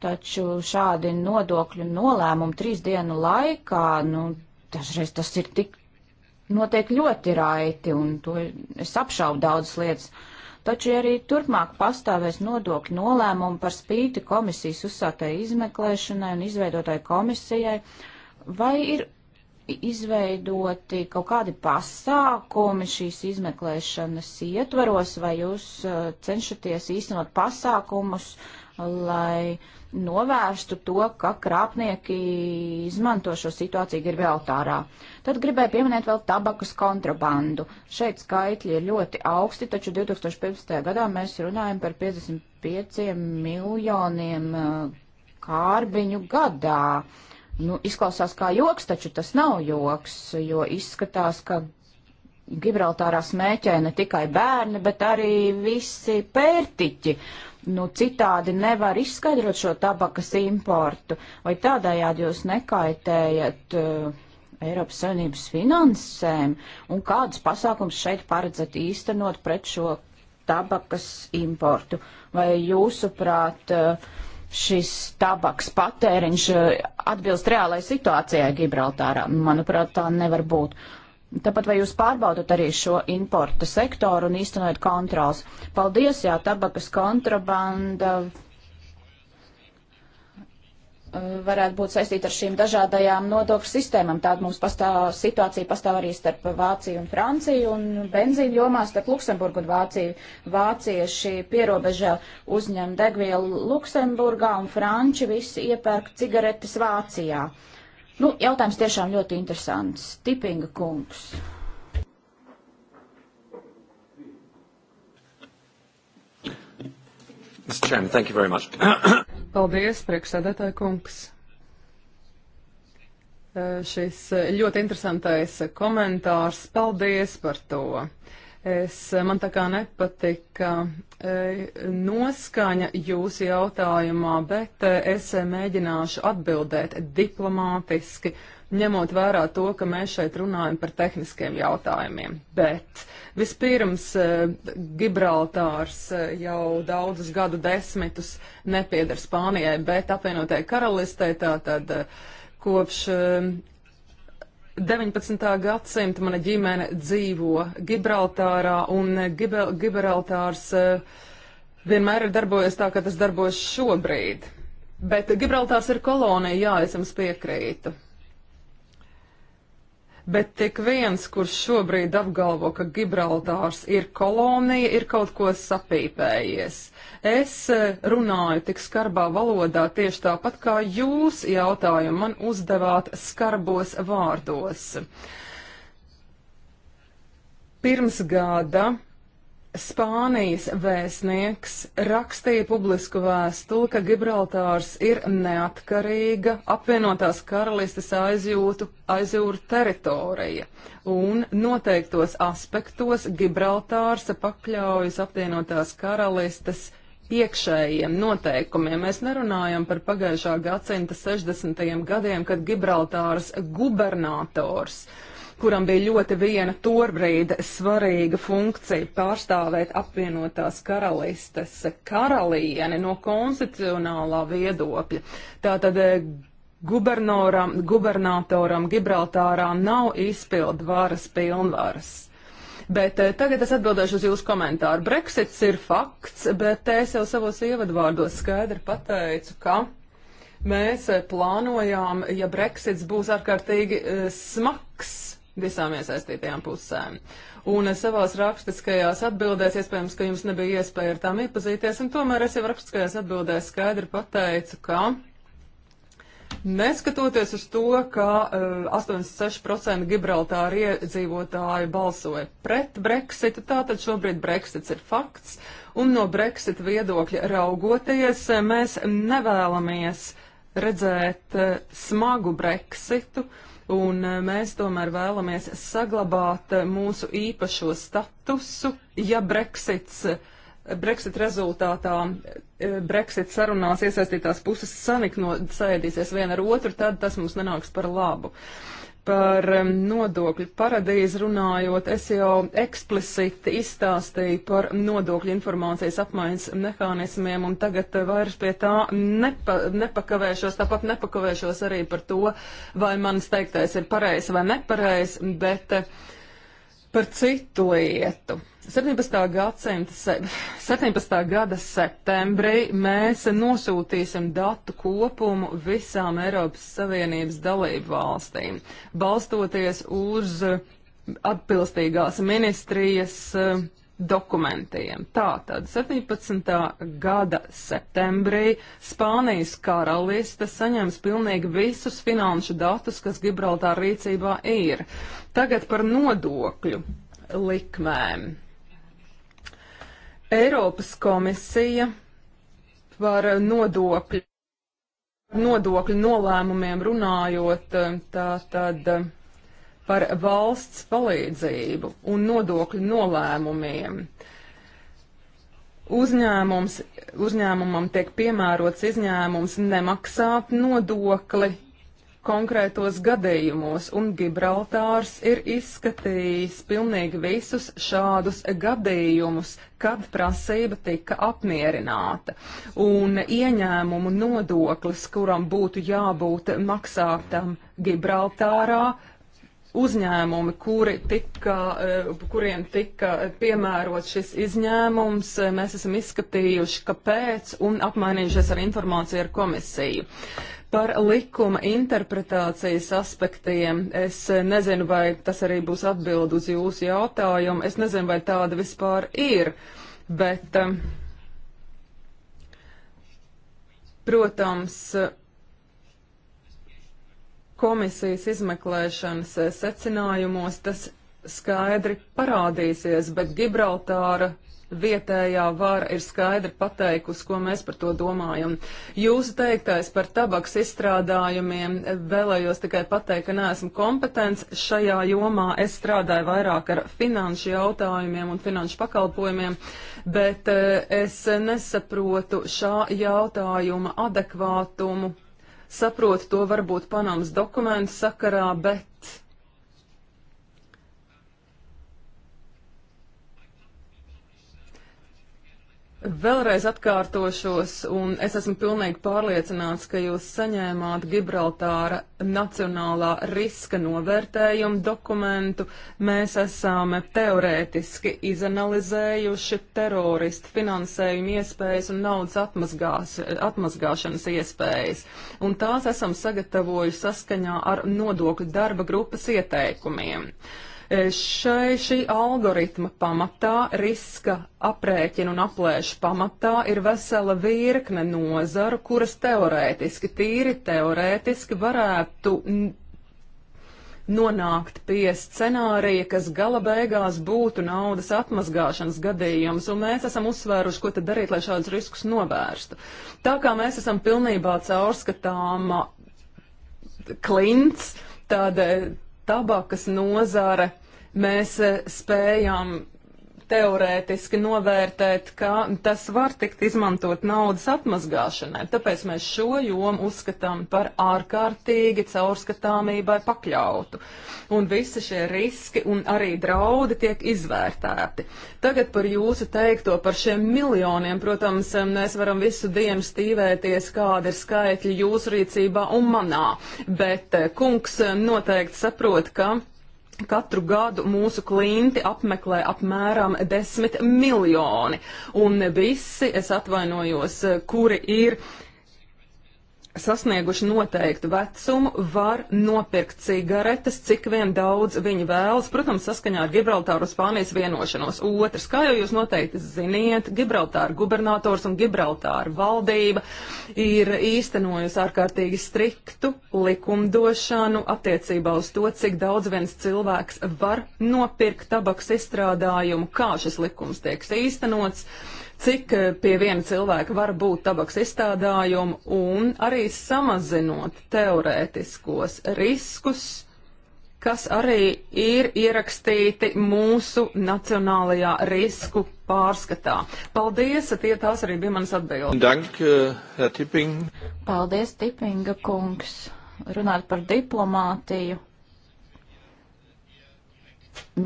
Taču šādi nodokļu nolēmumi trīs dienu laikā, nu, dažreiz tas ir tik notiek ļoti raiti, un to es apšaubu daudzas lietas. Taču arī turpmāk pastāvēs nodokļu nolēmumu par spīti komisijas uzsāktai izmeklēšanai un izveidotai komisijai, vai ir izveidoti kaut kādi pasākumi šīs izmeklēšanas ietvaros, vai jūs eh, cenšaties īstenot pasākumus, lai uh, novērstu to, ka krāpnieki izmanto šo situāciju ir vēl tārā. Tad gribēju pieminēt vēl tabakas kontrabandu. Šeit skaitļi ir ļoti augsti, taču 2015. gadā mēs runājam par 55 miljoniem uh, kārbiņu gadā. Nu, izklausās kā joks, taču tas nav joks, jo izskatās, ka Gibraltārā smēķē ne tikai bērni, bet arī visi pērtiķi. Uh, nu, citādi nevar izskaidrot šo tabakas importu, vai tādējādi jūs nekaitējat uh, Eiropas Savienības finansēm, un kādus pasākums šeit paredzat īstenot pret šo tabakas importu? Vai jūsuprāt, uh, šis tabaks patēriņš uh, atbilst reālai situācijai Gibraltārā? Manuprāt, tā nevar būt. Uh, Tāpat vai jūs pārbaudat arī šo importa sektoru un īstenojat kontrols? Paldies, jā, tabakas kontrabanda uh, varētu būt saistīta ar šīm dažādajām nodokļu sistēmām. Tāda mums pastāv, situācija pastāv arī starp Vāciju un Franciju un benzīnu jomā starp Luksemburgu un Vāciju. Vācieši pierobežā uzņem degvielu Luksemburgā un Franči visi iepērk cigaretes Vācijā. Uh, Nu, jautājums tiešām ļoti interesants. Tipinga kungs. Mr. Chairman, thank you very much. Paldies, priekšsēdētāja kungs. Šis ļoti interesantais komentārs. Paldies par to. Es, man tā kā nepatika e, noskaņa jūsu jautājumā, bet e, es e, mēģināšu atbildēt diplomātiski, ņemot vērā to, ka mēs šeit runājam par tehniskiem jautājumiem. Bet vispirms e, Gibraltārs e, jau daudzus gadu desmitus nepieder Spānijai, bet apvienotai karalistē tātad kopš 19. gadsimta mana ģimene dzīvo Gibraltārā, un eh, Gibraltārs eh, vienmēr ir darbojies tā, kā tas darbojas šobrīd. Bet Gibraltārs ir kolonija, jā, es jums piekrītu bet tik viens, kurš šobrīd apgalvo, ka Gibraltārs ir kolonija, ir kaut ko sapīpējies. Es e, runāju tik skarbā valodā tieši tāpat kā jūs jautājumu man uzdevāt skarbos vārdos. Pirms gada Spānijas vēstnieks rakstīja publisku vēstuli, ka Gibraltārs ir neatkarīga apvienotās karalistes aizjūtu, aizjūru teritorija, un noteiktos aspektos Gibraltārs pakļaujas apvienotās karalistes iekšējiem noteikumiem. Mēs nerunājam par pagājušā gadsimta 60. gadiem, kad Gibraltārs gubernators uh, kuram bija ļoti viena tobrīd svarīga funkcija pārstāvēt apvienotās karalistes karalieni no konstitucionālā viedokļa. Tātad eh, gubernoram, gubernatoram Gibraltārā nav izpildu varas pilnvaras. Bet eh, tagad es atbildēšu uz jūsu komentāru. Brexits ir fakts, bet es jau savos ievadvārdos skaidri pateicu, ka mēs eh, plānojām, ja Brexits būs ārkārtīgi smags visām iesaistītajām pusēm. Un savās rakstiskajās atbildēs, iespējams, ka jums nebija iespēja ar tām iepazīties, un tomēr es jau rakstiskajās atbildēs skaidri pateicu, ka neskatoties uz to, ka uh, eh, 86% Gibraltāra iedzīvotāji balsoja pret Brexitu, tātad šobrīd Brexits ir fakts, un no Brexit viedokļa raugoties, eh, mēs nevēlamies redzēt uh, smagu Brexitu. Uh, un eh, mēs tomēr vēlamies saglabāt eh, mūsu īpašo statusu, ja Brexits. Eh, Brexit rezultātā Brexit sarunās iesaistītās puses sanikno sēdīsies viena ar otru, tad tas mums nenāks par labu. Uh, Par nodokļu paradīzi runājot, es jau ekspliciti izstāstīju par nodokļu informācijas apmaiņas mehānismiem, un tagad eh, vairs pie tā nepa, nepakavēšos, tāpat nepakavēšos arī par to, vai manas teiktais ir pareizs vai nepareizs, bet eh, par citu lietu. 17. Gadsimta, se, 17. gada septembrī mēs nosūtīsim datu kopumu visām Eiropas Savienības dalību valstīm, balstoties uz atbilstīgās ministrijas uh, dokumentiem. Tātad 17. gada septembrī Spānijas karaliste saņems pilnīgi visus finanšu datus, kas Gibraltāra rīcībā ir. Tagad par nodokļu likmēm. Eiropas komisija par nodokļu, nodokļu nolēmumiem runājot, tā tad eh, par valsts palīdzību un nodokļu nolēmumiem. Uzņēmums, uzņēmumam tiek piemērots izņēmums nemaksāt nodokli konkrētos gadījumos, un Gibraltārs ir izskatījis pilnīgi visus šādus gadījumus, kad prasība tika apmierināta. Un ieņēmumu nodoklis, kuram būtu jābūt maksātam Gibraltārā, uzņēmumi, kuri tika, eh, kuriem tika piemērots šis izņēmums, eh, mēs esam izskatījuši, kāpēc un apmainījušies ar informāciju ar komisiju. Par likuma interpretācijas aspektiem es nezinu, vai tas arī būs atbild uz jūsu jautājumu. Es nezinu, vai tāda vispār ir, bet, um, protams, komisijas izmeklēšanas secinājumos tas skaidri parādīsies, bet Gibraltāra vietējā vara ir skaidri pateikusi, ko mēs par to domājam. Jūsu teiktais par tabaks izstrādājumiem vēlējos tikai pateikt, ka neesmu kompetents šajā jomā. Es strādāju vairāk ar finanšu jautājumiem un finanšu pakalpojumiem, bet eh, es nesaprotu šā jautājuma adekvātumu. Saprotu to varbūt Panamas dokumentu sakarā, bet Vēlreiz atkārtošos, un es esmu pilnīgi pārliecināts, ka jūs saņēmāt Gibraltāra nacionālā riska novērtējumu dokumentu. Mēs esam teorētiski izanalizējuši teroristu finansējumu iespējas un naudas atmazgāšanas iespējas, un tās esam sagatavojuši saskaņā ar nodokļu darba grupas ieteikumiem. Uh, E, šai šī algoritma pamatā, riska aprēķina un aplēša pamatā ir vesela virkne nozaru, kuras teorētiski, tīri teorētiski varētu nonākt pie scenārija, kas gala beigās būtu naudas atmazgāšanas gadījums, un mēs esam uzsvēruši, ko tad darīt, lai šādus riskus novērstu. Tā kā mēs esam pilnībā caurskatāma klints, tad e, tabakas nozare mēs eh, spējām teorētiski novērtēt, ka tas var tikt izmantot naudas atmazgāšanai. Tāpēc mēs šo jomu uzskatām par ārkārtīgi caurskatāmībai pakļautu. Un visi šie riski un arī draudi tiek izvērtēti. Tagad par jūsu teikto par šiem miljoniem. Protams, mēs varam visu dienu stīvēties, kāda ir skaitļa jūsu rīcībā un manā. Bet eh, kungs noteikti saprot, ka Katru gadu mūsu klienti apmeklē apmēram 10 miljoni, un visi, es atvainojos, kuri ir uh, sasnieguši noteiktu vecumu, var nopirkt cigaretes, cik vien daudz viņi vēlas, protams, saskaņā ar Gibraltāru Spānijas vienošanos. Otrs, kā jau jūs noteikti ziniet, Gibraltāra gubernators un Gibraltāra valdība ir īstenojusi ārkārtīgi striktu likumdošanu attiecībā uz to, cik daudz viens cilvēks var nopirkt tabaks izstrādājumu, kā šis likums tiek īstenots. Uh, cik eh, pie viena cilvēka var būt tabaks izstādājumu un arī samazinot teorētiskos riskus, kas arī ir ierakstīti mūsu nacionālajā risku pārskatā. Paldies, tie tās arī bija manas atbildes. Dank, eh, Herr Tipping. Paldies, Tippinga kungs. Runāt par diplomātiju.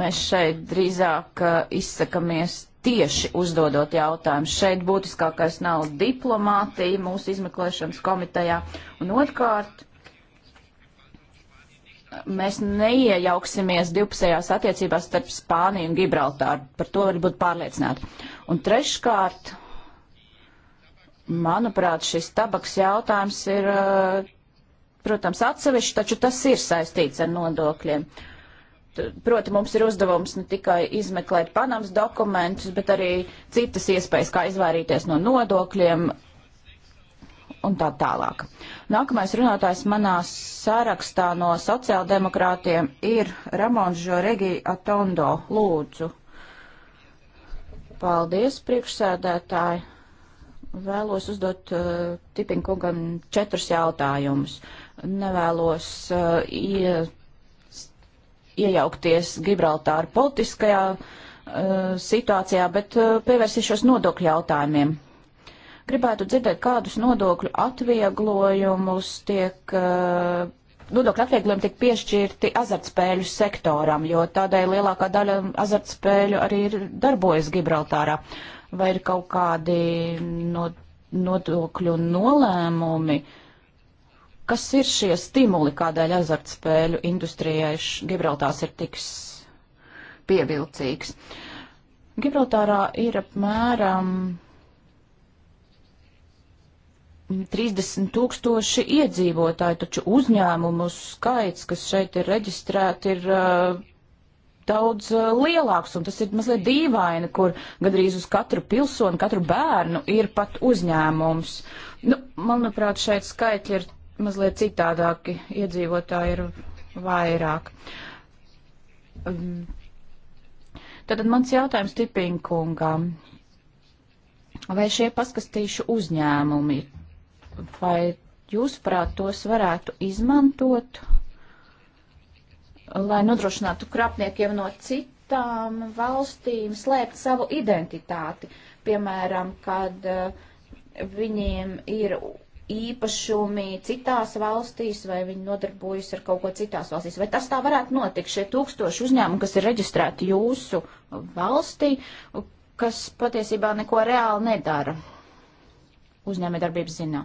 Mēs šeit drīzāk eh, izsakamies tieši uzdodot jautājumus. Šeit būtiskākais nav diplomātija mūsu izmeklēšanas komitejā. Un otrkārt, mēs neiejauksimies divpusējās attiecībās starp Spāniju un Gibraltāru. Par to var būt pārliecināti. Un treškārt, manuprāt, šis tabaks jautājums ir, eh, protams, atsevišķi, taču tas ir saistīts ar nodokļiem. Uh, Proti mums ir uzdevums ne tikai izmeklēt Panamas dokumentus, bet arī citas iespējas, kā izvairīties no nodokļiem un tā tālāk. Nākamais runātājs manā sārakstā no sociāldemokrātiem ir Ramons Žoregi Atondo. Lūdzu. Paldies, priekšsēdētāji. Vēlos uzdot uh, Tipinkungam četrus jautājumus. Nevēlos uh, iejaukties Gibraltāra politiskajā uh, situācijā, bet uh, pievērsīšos nodokļu jautājumiem. Gribētu dzirdēt, kādus nodokļu atvieglojumus tiek, uh, nodokļu atvieglojumi tiek piešķirti azartspēļu sektoram, jo tādēļ lielākā daļa azartspēļu arī ir darbojas Gibraltārā. Vai ir kaut kādi nodokļu nolēmumi? Uh, Kas ir šie stimuli, kādēļ azartspēļu industrijai Gibraltārs ir tiks pievilcīgs? Gibraltārā ir apmēram 30 tūkstoši iedzīvotāji, taču uzņēmumu skaits, kas šeit ir reģistrēti, ir uh, daudz uh, lielāks, un tas ir mazliet dīvaini, kur gadrīz uz katru pilsoni, katru bērnu ir pat uzņēmums. Nu, manuprāt, šeit skaitļi ir mazliet citādāki, iedzīvotāji ir vairāk. Um, tātad mans jautājums Tipinkungam. Vai šie paskastīšu uzņēmumi, vai jūsuprāt tos varētu izmantot, lai nodrošinātu krapniekiem no citām valstīm slēpt savu identitāti? Piemēram, kad uh, viņiem ir īpašumi citās valstīs, vai viņi nodarbojas ar kaut ko citās valstīs. Vai tas tā varētu notikt? Šie tūkstoši uzņēmumi, kas ir reģistrēti jūsu valstī, kas patiesībā neko reāli nedara uzņēmē darbības ziņā.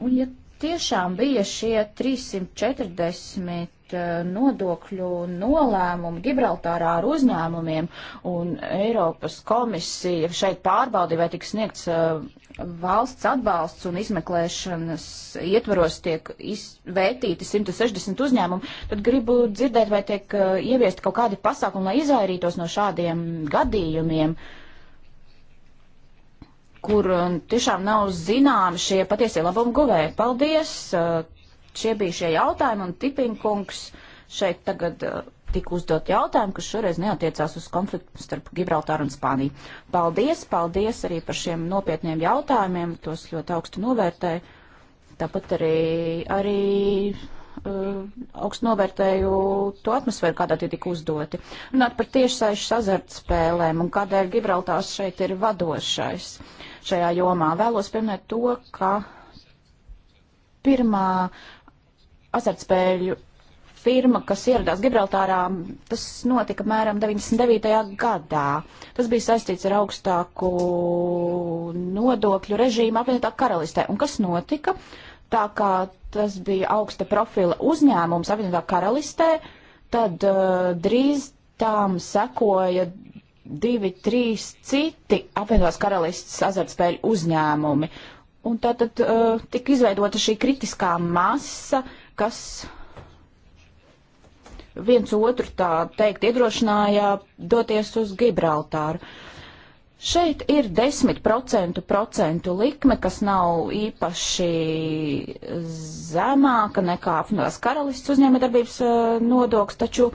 Un, ja tiešām bija šie 340 eh, nodokļu nolēmumi Gibraltārā ar uzņēmumiem, un Eiropas komisija šeit pārbaudīja, vai tiks sniegts eh, valsts atbalsts un izmeklēšanas ietvaros tiek vērtīti 160 uzņēmumi, tad gribu dzirdēt, vai tiek eh, ieviesti kaut kādi pasākumi, lai izvairītos no šādiem gadījumiem. Uh, kur uh, tiešām nav zināmi šie patiesie labumu guvēji. Paldies! Uh, šie bija šie jautājumi, un Tipinkungs šeit tagad uh, tika uzdot jautājumu, kas šoreiz neatiecās uz konfliktu starp Gibraltāru un Spāniju. Paldies, paldies arī par šiem nopietniem jautājumiem, tos ļoti augstu novērtēju. Tāpat arī, arī uh, augstu novērtēju to atmosfēru, kādā tie tika uzdoti. Runāt par tiešsaišu azartspēlēm un kādēļ Gibraltārs šeit ir vadošais. Uh, šajā jomā. Vēlos pieminēt to, ka pirmā azartspēļu firma, kas ieradās Gibraltārā, tas notika mēram 99. gadā. Tas bija saistīts ar augstāku nodokļu režīmu apvienotā karalistē. Un kas notika? Tā kā tas bija augsta profila uzņēmums apvienotā karalistē, tad uh, drīz tām sekoja divi, trīs citi apvienotās karalists azartspēļu uzņēmumi. Un tātad uh, tika izveidota šī kritiskā masa, kas viens otru tā teikt iedrošināja doties uz Gibraltāru. Uh, Šeit ir 10% procentu likme, kas nav īpaši zemāka nekā apvienotās karalists uzņēmējdarbības eh, nodoks, taču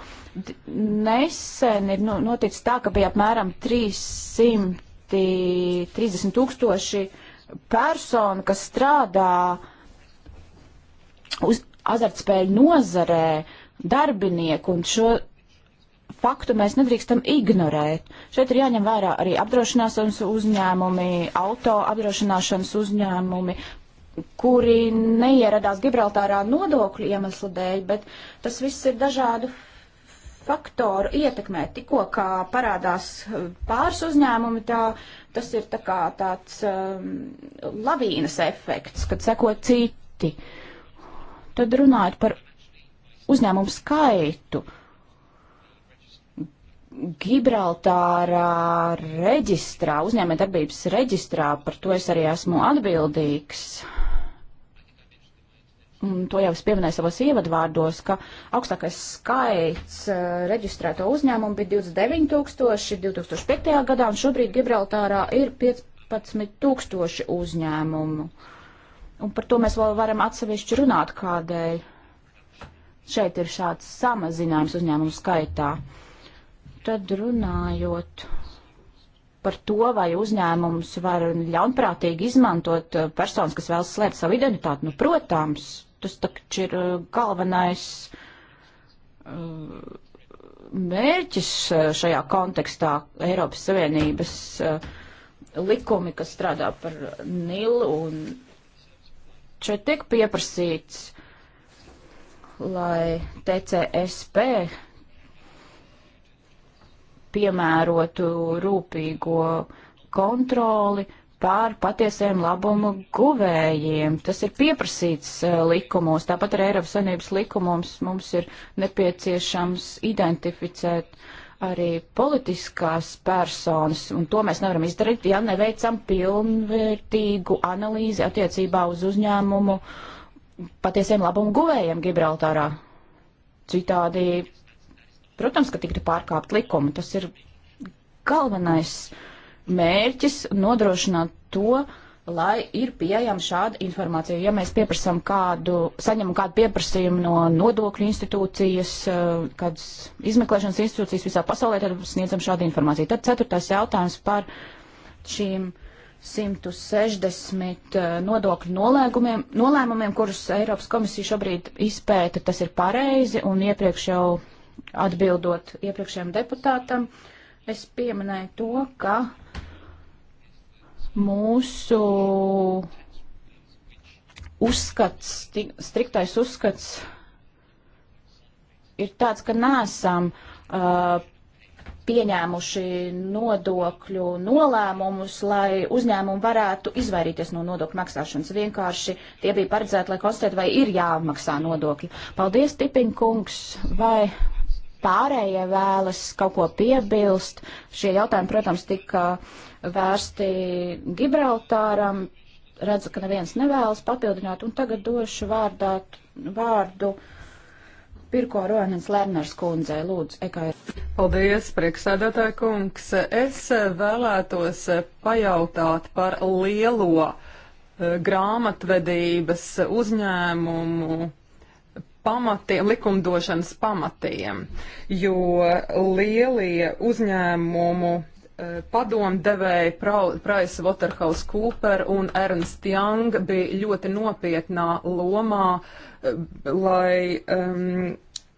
nesen ir noticis tā, ka bija apmēram 330 tūkstoši personu, kas strādā uz azartspēļu nozarē, darbinieku, un šo paktu mēs nedrīkstam ignorēt. Šeit ir jāņem vērā arī apdrošināšanas uzņēmumi, auto apdrošināšanas uzņēmumi, kuri neieradās Gibraltārā nodokļu iemeslu dēļ, bet tas viss ir dažādu faktoru ietekmē. Tikko kā parādās pāris uzņēmumi, tā, tas ir tā kā tāds um, lavīnas efekts, kad seko citi. Tad runājot par uzņēmumu skaitu. Uh, Gibraltārā reģistrā, uzņēmē darbības reģistrā, par to es arī esmu atbildīgs. Un to jau es pieminēju savos ievadvārdos, ka augstākais skaits eh, reģistrēto uzņēmumu bija 29 tūkstoši 2005. gadā, un šobrīd Gibraltārā ir 15 tūkstoši uzņēmumu. Un par to mēs vēl varam atsevišķi runāt, kādēļ šeit ir šāds samazinājums uzņēmumu skaitā. Uh, Tad runājot par to, vai uzņēmums var ļaunprātīgi izmantot eh, personas, kas vēlas slēpt savu identitāti, nu, protams, tas taču ir eh, galvenais eh, mērķis šajā kontekstā Eiropas Savienības likumi, kas strādā par Nilu, un šeit tiek pieprasīts, lai TCSP piemērotu rūpīgo kontroli pār patiesiem labumu guvējiem. Tas ir pieprasīts e, likumos, tāpat arī Eiropas Savienības likumos mums ir nepieciešams identificēt arī politiskās personas, un to mēs nevaram izdarīt, ja neveicam pilnvērtīgu analīzi attiecībā uz uzņēmumu patiesiem labumu guvējiem Gibraltārā. Citādi Protams, ka tiktu pārkāpt likumu. Tas ir galvenais mērķis nodrošināt to, lai ir pieejama šāda informācija. Ja mēs pieprasām kādu, saņemam kādu pieprasījumu no nodokļu institūcijas, eh, kādas izmeklēšanas institūcijas visā pasaulē, tad sniedzam šādu informāciju. Tad ceturtais jautājums par šīm 160 eh, nodokļu nolēgumiem, nolēmumiem, kurus Eiropas komisija šobrīd izpēta, tas ir pareizi, un iepriekš jau atbildot iepriekšējiem deputātam, es pieminēju to, ka mūsu uzskats, striktais uzskats ir tāds, ka nesam uh, pieņēmuši nodokļu nolēmumus, lai uzņēmumi varētu izvairīties no nodokļu maksāšanas. Vienkārši tie bija paredzēti, lai konstatētu, vai ir jāmaksā nodokļi. Paldies, Tipiņkungs, vai pārējie vēlas kaut ko piebilst. Šie jautājumi, protams, tika vērsti Gibraltāram. Redzu, ka neviens nevēlas papildināt, un tagad došu vārdāt, vārdu Pirko Rojanins Lerners kundzei. Lūdzu, Ekai. Paldies, priekšsēdētāja kungs. Es vēlētos pajautāt par lielo eh, grāmatvedības uzņēmumu pamatiem, likumdošanas pamatiem, jo lielie uzņēmumu e, padomdevēji Price Waterhouse Cooper un Ernst Young bija ļoti nopietnā lomā, e, lai um,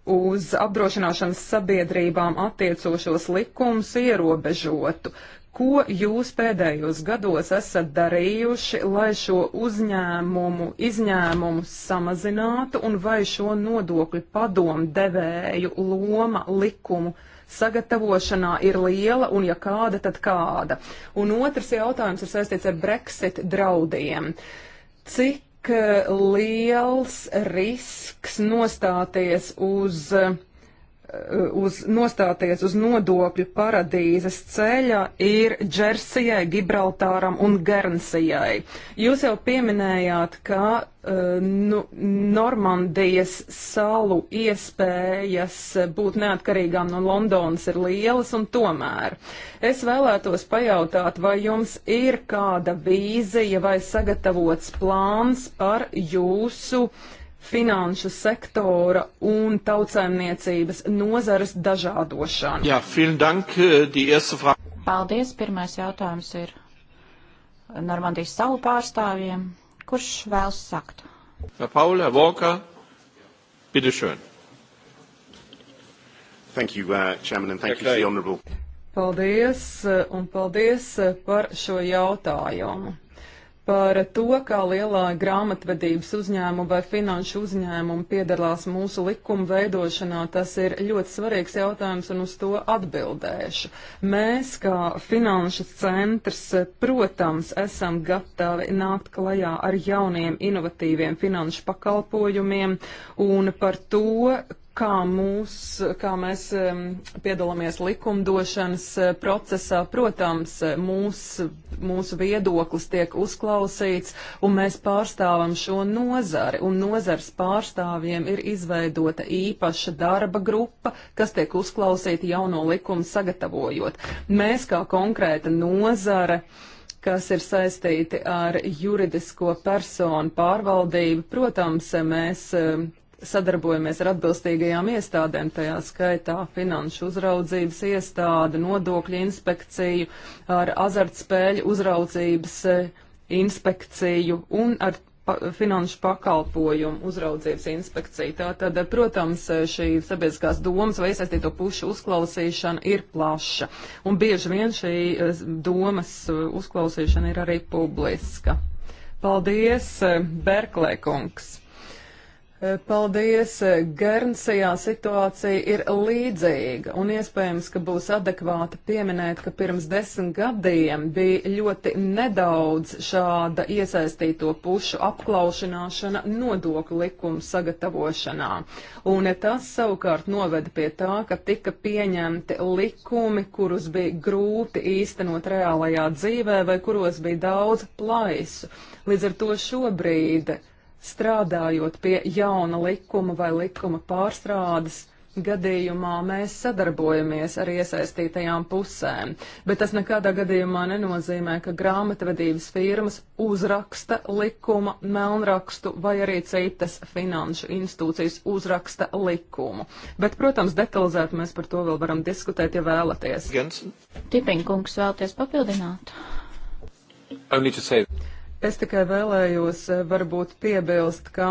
uz apdrošināšanas sabiedrībām attiecošos likumus ierobežotu. Uh, Ko jūs pēdējos gados esat darījuši, lai šo uzņēmumu izņēmumu samazinātu un vai šo nodokļu padomu devēju loma likumu sagatavošanā ir liela un ja kāda, tad kāda? Un otrs jautājums ir saistīts ar Brexit draudiem. Cik eh, liels risks nostāties uz uh, Eh, uz nostāties uz nodokļu paradīzes ceļa ir Džersijai, Gibraltāram un Guernsijai. Jūs jau pieminējāt, ka uh, nu, Normandijas salu iespējas būt neatkarīgām no Londonas ir lielas, un tomēr es vēlētos pajautāt, vai jums ir kāda vīzija vai sagatavots plāns par jūsu uh, finanšu sektora un tautsēmniecības nozares dažādošanu. Jā, dank, eh, Paldies. Pirmais jautājums ir Normandijas salu pārstāvjiem. Kurš vēlas sakt? Paula, Voka, bitteschön. Thank you, uh, Chairman, and thank okay. you for the honourable. Paldies, eh, un paldies eh, par šo jautājumu par to, kā lielā grāmatvedības uzņēmuma vai finanšu uzņēmuma piedalās mūsu likuma veidošanā, tas ir ļoti svarīgs jautājums un uz to atbildēšu. Mēs, kā finanšu centrs, protams, esam gatavi nākt klajā ar jauniem, inovatīviem finanšu pakalpojumiem un par to, kā, mūs, kā mēs piedalāmies likumdošanas eh, procesā. Protams, eh, mūs, mūsu viedoklis tiek uzklausīts, un mēs pārstāvam šo nozari, un nozars pārstāvjiem ir izveidota īpaša darba grupa, kas tiek uzklausīta jauno likumu sagatavojot. Mēs kā konkrēta nozare kas ir saistīti ar juridisko personu pārvaldību. Protams, eh, mēs sadarbojamies ar atbilstīgajām iestādēm, tajā skaitā finanšu uzraudzības iestādi, nodokļu inspekciju, ar azartspēļu uzraudzības e, inspekciju un ar pa finanšu pakalpojumu uzraudzības inspekciju. Tātad, e, protams, e, šī sabiedriskās domas vai iesaistīto pušu uzklausīšana ir plaša, un bieži vien šī domas uzklausīšana ir arī publiska. Paldies, Berklē kungs! Eh, paldies! Eh, Guernsijā situācija ir līdzīga, un iespējams, ka būs adekvāti pieminēt, ka pirms desmit gadiem bija ļoti nedaudz šāda iesaistīto pušu apklaušanāšana nodokļu likumu sagatavošanā. Un tas savukārt noveda pie tā, ka tika pieņemti likumi, kurus bija grūti īstenot reālajā dzīvē vai kuros bija daudz plaisu. Līdz ar to šobrīd strādājot pie jauna likuma vai likuma pārstrādes gadījumā mēs sadarbojamies ar iesaistītajām pusēm, bet tas nekādā gadījumā nenozīmē, ka grāmatvedības firmas uzraksta likuma melnrakstu vai arī citas finanšu institūcijas uzraksta likumu. Bet, protams, detalizēt mēs par to vēl varam diskutēt, ja vēlaties. Gensen. Tipiņkungs vēlties papildināt? Es tikai vēlējos eh, varbūt piebilst, ka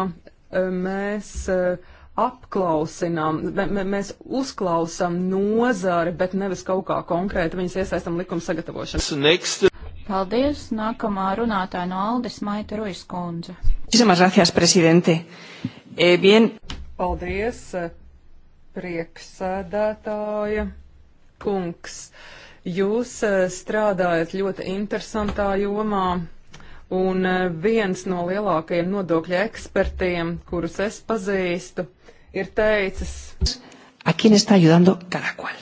eh, mēs eh, apklausinām, mēs uzklausām nozari, bet nevis kaut kā konkrēti viņas iesaistam likuma sagatavošanu. Paldies. Nākamā runātāja no Aldis Maita Ruiskundze. Gracias, presidente. E, bien. Paldies, prieksēdētāja kungs. Jūs strādājat ļoti interesantā jomā Un eh, viens no lielākajiem nodokļu ekspertiem, kurus es pazīstu, ir teicis. A quién está ayudando cada cual.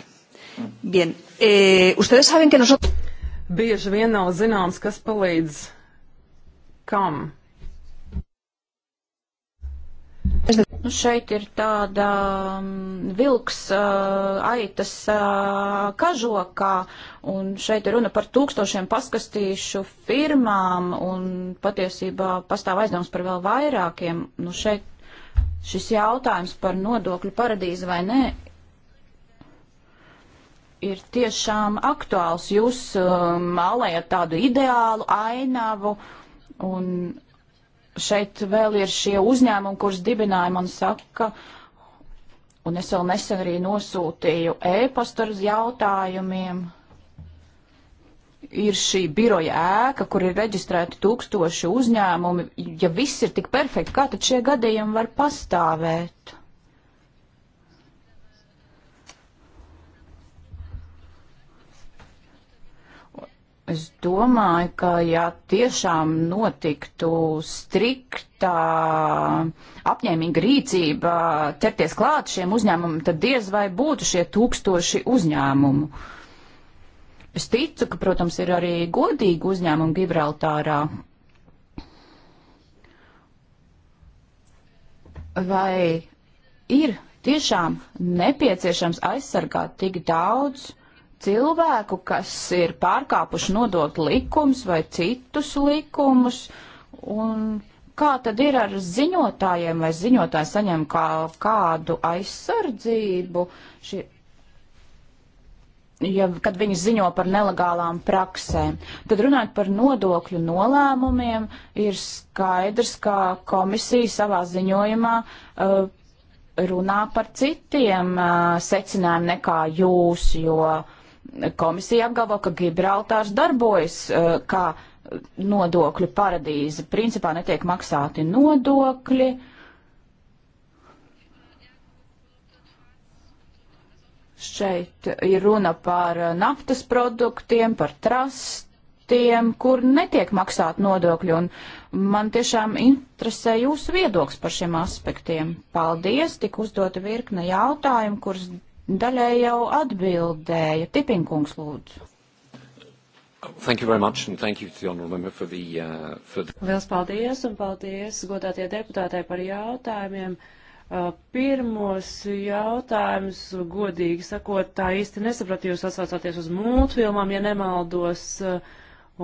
Bien, eh, ustedes saben que nosotros. Bieži vien nav zināms, kas palīdz kam. Nu, šeit ir tāda mm, vilks uh, aitas uh, kažokā, un šeit ir runa par tūkstošiem paskastīšu firmām, un patiesībā pastāv aizdoms par vēl vairākiem. Nu, šeit šis jautājums par nodokļu paradīzi vai nē ir tiešām aktuāls. Jūs uh, mālējat tādu ideālu ainavu, un šeit vēl ir šie uzņēmumi, kurus dibināja man saka, un es vēl nesen arī nosūtīju ēpastu ar jautājumiem. Ir šī biroja ēka, kur ir reģistrēti tūkstoši uzņēmumi. Ja viss ir tik perfekti, kā tad šie gadījumi var pastāvēt? Es domāju, ka ja tiešām notiktu striktā apņēmīga rīcība ķerties klāt šiem uzņēmumiem, tad diez vai būtu šie tūkstoši uzņēmumu. Es ticu, ka, protams, ir arī godīgi uzņēmumi Gibraltārā. Vai ir tiešām nepieciešams aizsargāt tik daudz? cilvēku, kas ir pārkāpuši nodokļu likums vai citus likumus. Un kā tad ir ar ziņotājiem, vai ziņotāji saņem kā, kādu aizsardzību, šī, ja, kad viņi ziņo par nelegālām praksēm? Tad runājot par nodokļu nolēmumiem, ir skaidrs, ka komisija savā ziņojumā uh, runā par citiem uh, secinājumiem nekā jūs, jo Komisija apgalvo, ka Gibraltārs darbojas e, kā nodokļu paradīze. Principā netiek maksāti nodokļi. Šeit ir runa par naftas produktiem, par trastiem, kur netiek maksāt nodokļi. Un man tiešām interesē jūsu viedoklis par šiem aspektiem. Paldies, tik uzdota virkne jautājumu, kurus Daļai jau atbildēja. Tipinkungs lūdzu. Thank you very much and thank you to the honorable member for the, uh, for the... Liels paldies un paldies godātie deputātē par jautājumiem. Uh, pirmos jautājumus, godīgi sakot, tā īsti nesapratu, jūs atsaucāties uz multfilmām, ja nemaldos, uh,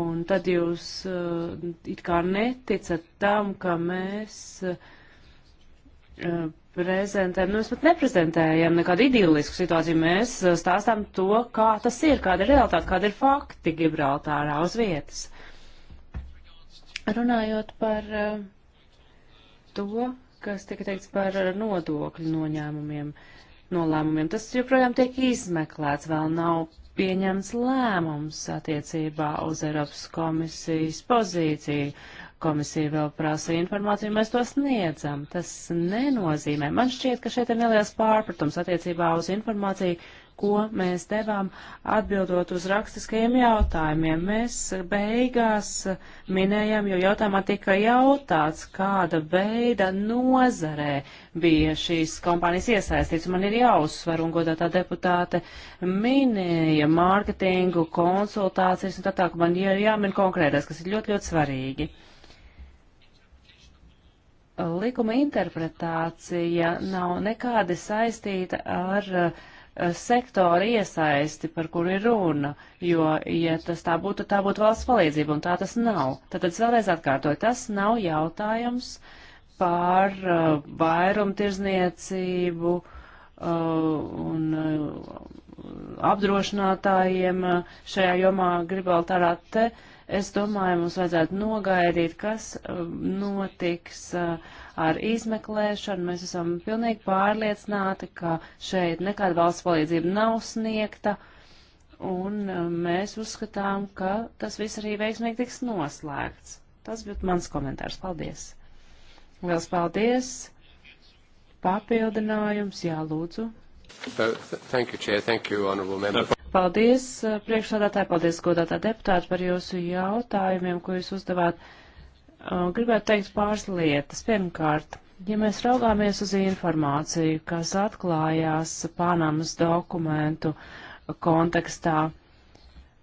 un tad jūs uh, it kā neticat tam, ka mēs uh, prezentējam, nu mēs pat neprezentējam nekādu idīlisku situāciju, mēs eh, stāstām to, kā tas ir, kāda ir realitāte, kāda ir fakti Gibraltārā uz vietas. Runājot par eh, to, kas tika teikts par nodokļu noņēmumiem, nolēmumiem, tas joprojām tiek izmeklēts, vēl nav pieņemts lēmums attiecībā uz Eiropas komisijas pozīciju komisija vēl prasa informāciju, mēs to sniedzam. Tas nenozīmē. Man šķiet, ka šeit ir neliels pārpratums attiecībā uz informāciju, ko mēs devām atbildot uz rakstiskajiem jautājumiem. Mēs beigās minējām, jo jautājumā tika jautāts, kāda veida nozarē bija šīs kompānijas iesaistīts. Man ir jāuzsver, un godātā deputāte minēja mārketingu, konsultācijas un tā tā, ka man ir jāmin konkrētais, kas ir ļoti, ļoti svarīgi likuma interpretācija nav nekādi saistīta ar uh, sektora iesaisti, par kuru ir runa, jo, ja tas tā būtu, tā būtu valsts palīdzība, un tā tas nav. Tātad es vēlreiz atkārtoju, tas nav jautājums par uh, eh, vairumtirzniecību uh, eh, un uh, apdrošinātājiem uh, šajā jomā gribēl tādā te. Uh, Es domāju, mums vajadzētu nogaidīt, kas um, notiks uh, ar izmeklēšanu. Mēs esam pilnīgi pārliecināti, ka šeit nekāda valsts palīdzība nav sniegta, un uh, mēs uzskatām, ka tas viss arī veiksmīgi tiks noslēgts. Tas būtu mans komentārs. Paldies! Liels paldies! Papildinājums, jā, lūdzu. Uh, th thank you, Chair. Thank you, Honourable Member. Paldies, eh, priekšsādātāji, paldies, godātā deputāta, par jūsu jautājumiem, ko jūs uzdevāt. Eh, gribētu teikt pāris lietas. Pirmkārt, ja mēs raugāmies uz informāciju, kas atklājās Panamas dokumentu kontekstā,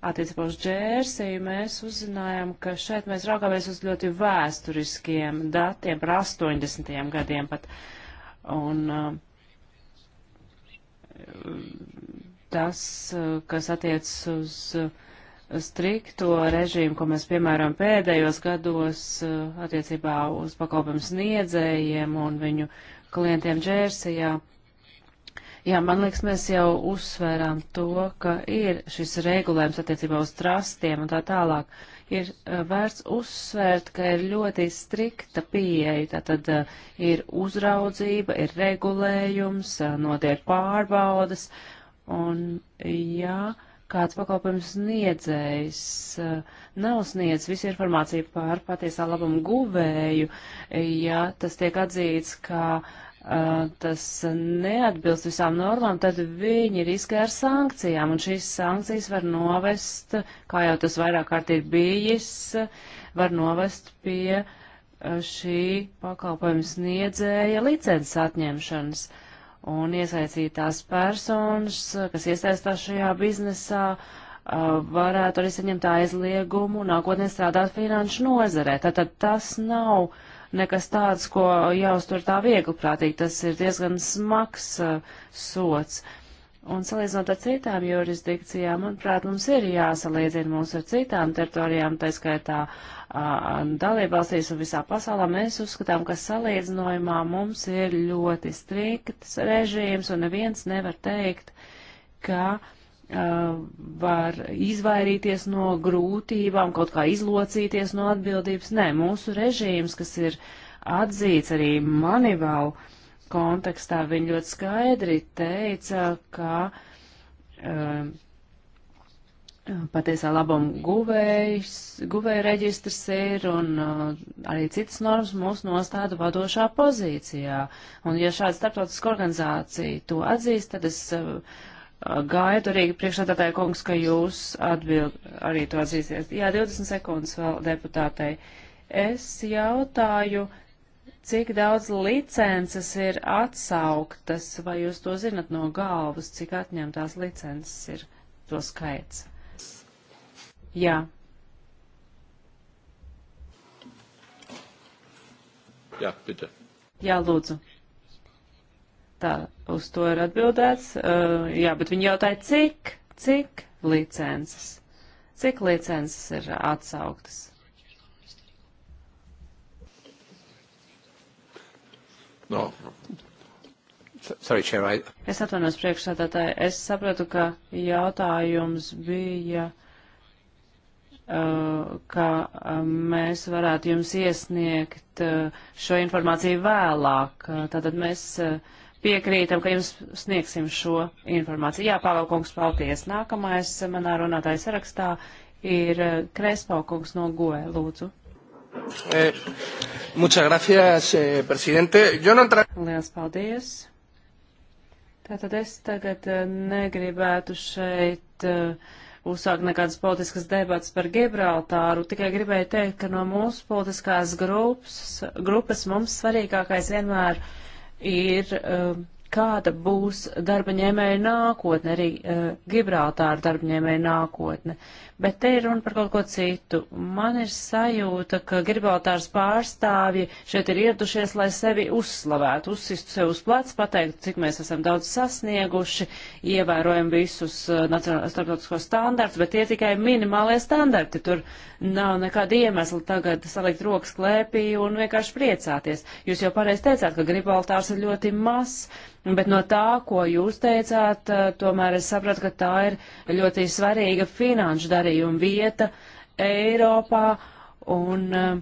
Attiecībā uz Džērsiju mēs uzzinājām, ka šeit mēs raugāmies uz ļoti vēsturiskiem datiem par 80. gadiem pat. Un uh, tas, eh, kas attiecas uz eh, strikto režīmu, ko mēs piemēram pēdējos gados eh, attiecībā uz pakalpojumu sniedzējiem un viņu klientiem Džērsijā. Jā, man liekas, mēs jau uzsvērām to, ka ir šis regulējums attiecībā uz trastiem un tā tālāk. Ir vērts uzsvērt, ka ir ļoti strikta pieeja, tātad ir uzraudzība, ir regulējums, notiek pārbaudas, Un, ja kāds pakalpojums sniedzējs eh, nav sniedz visu informāciju par patiesā labumu guvēju, ja tas tiek atzīts, ka eh, tas neatbilst visām normām, tad viņi riskē ar sankcijām, un šīs sankcijas var novest, kā jau tas vairāk kārt ir bijis, var novest pie eh, šī pakalpojuma sniedzēja licences atņemšanas. Uh, un iesaicītās personas, kas iesaistās šajā biznesā, varētu arī saņemt aizliegumu nākotnē strādāt finanšu nozarē. Tātad tas nav nekas tāds, ko jāuztur tā viegli prātīgi, tas ir diezgan smags sots. Uh, Un salīdzinot ar citām jurisdikcijām, manuprāt, mums ir jāsalīdzina mūs ar citām teritorijām, tā skaitā dalībvalstīs un visā pasaulā. Mēs uzskatām, ka salīdzinojumā mums ir ļoti strikts režīms, un neviens nevar teikt, ka a, var izvairīties no grūtībām, kaut kā izlocīties no atbildības. Nē, mūsu režīms, kas ir atzīts arī manivālu, uh, kontekstā viņi ļoti skaidri teica, ka um, patiesā labuma guvējs, guvēja reģistrs ir un uh, arī citas normas mūs nostāda vadošā pozīcijā. Un ja šāda starptautiska organizācija to atzīst, tad es uh, gaidu arī priekšstādātāju kungs, ka jūs atbild arī to atzīsiet. Jā, 20 sekundes vēl deputātei. Es jautāju, uh, cik daudz licences ir atsauktas, vai jūs to zinat no galvas, cik atņemtās licences ir to skaits? Jā. Jā, bitte. Jā, lūdzu. Tā, uz to ir atbildēts. Uh, jā, bet viņi jautāja, cik, cik licences, cik licences ir atsauktas? No. Sorry, Chair, I... Es atvainojos priekšsādātāji. Es sapratu, ka jautājums bija, uh, ka uh, mēs varētu jums iesniegt uh, šo informāciju vēlāk. Uh, tātad mēs uh, piekrītam, ka jums sniegsim šo informāciju. Jā, Pāvēl kungs, paldies. Nākamais manā runātāja sarakstā ir uh, Krespau kungs no Goe. Lūdzu. Eh, muchas gracias, eh, presidente. Yo no entra... Lielas paldies. Tātad es tagad eh, negribētu šeit uh, uzsākt nekādas politiskas debatas par Gibraltāru, tikai gribēju teikt, ka no mūsu politiskās grupas, grupas mums svarīgākais vienmēr ir, uh, kāda būs darba ņēmēja nākotne, arī uh, Gibraltāra darba ņēmēja nākotne. Uh, Bet te ir runa par kaut ko citu. Man ir sajūta, ka Gibraltārs pārstāvji šeit ir ieradušies, lai sevi uzslavētu, uzsistu sev uz pleca, pateikt, cik mēs esam daudz sasnieguši, ievērojam visus uh, starptautiskos standartus, bet tie tikai minimālie standarti. Tur nav nekāda iemesla tagad salikt rokas klēpī un vienkārši priecāties. Jūs jau pareiz teicāt, ka Gibraltārs ir ļoti mazs. Bet no tā, ko jūs teicāt, uh, tomēr es sapratu, ka tā ir ļoti svarīga finanšu darījuma darījuma vieta Eiropā. Un, eh,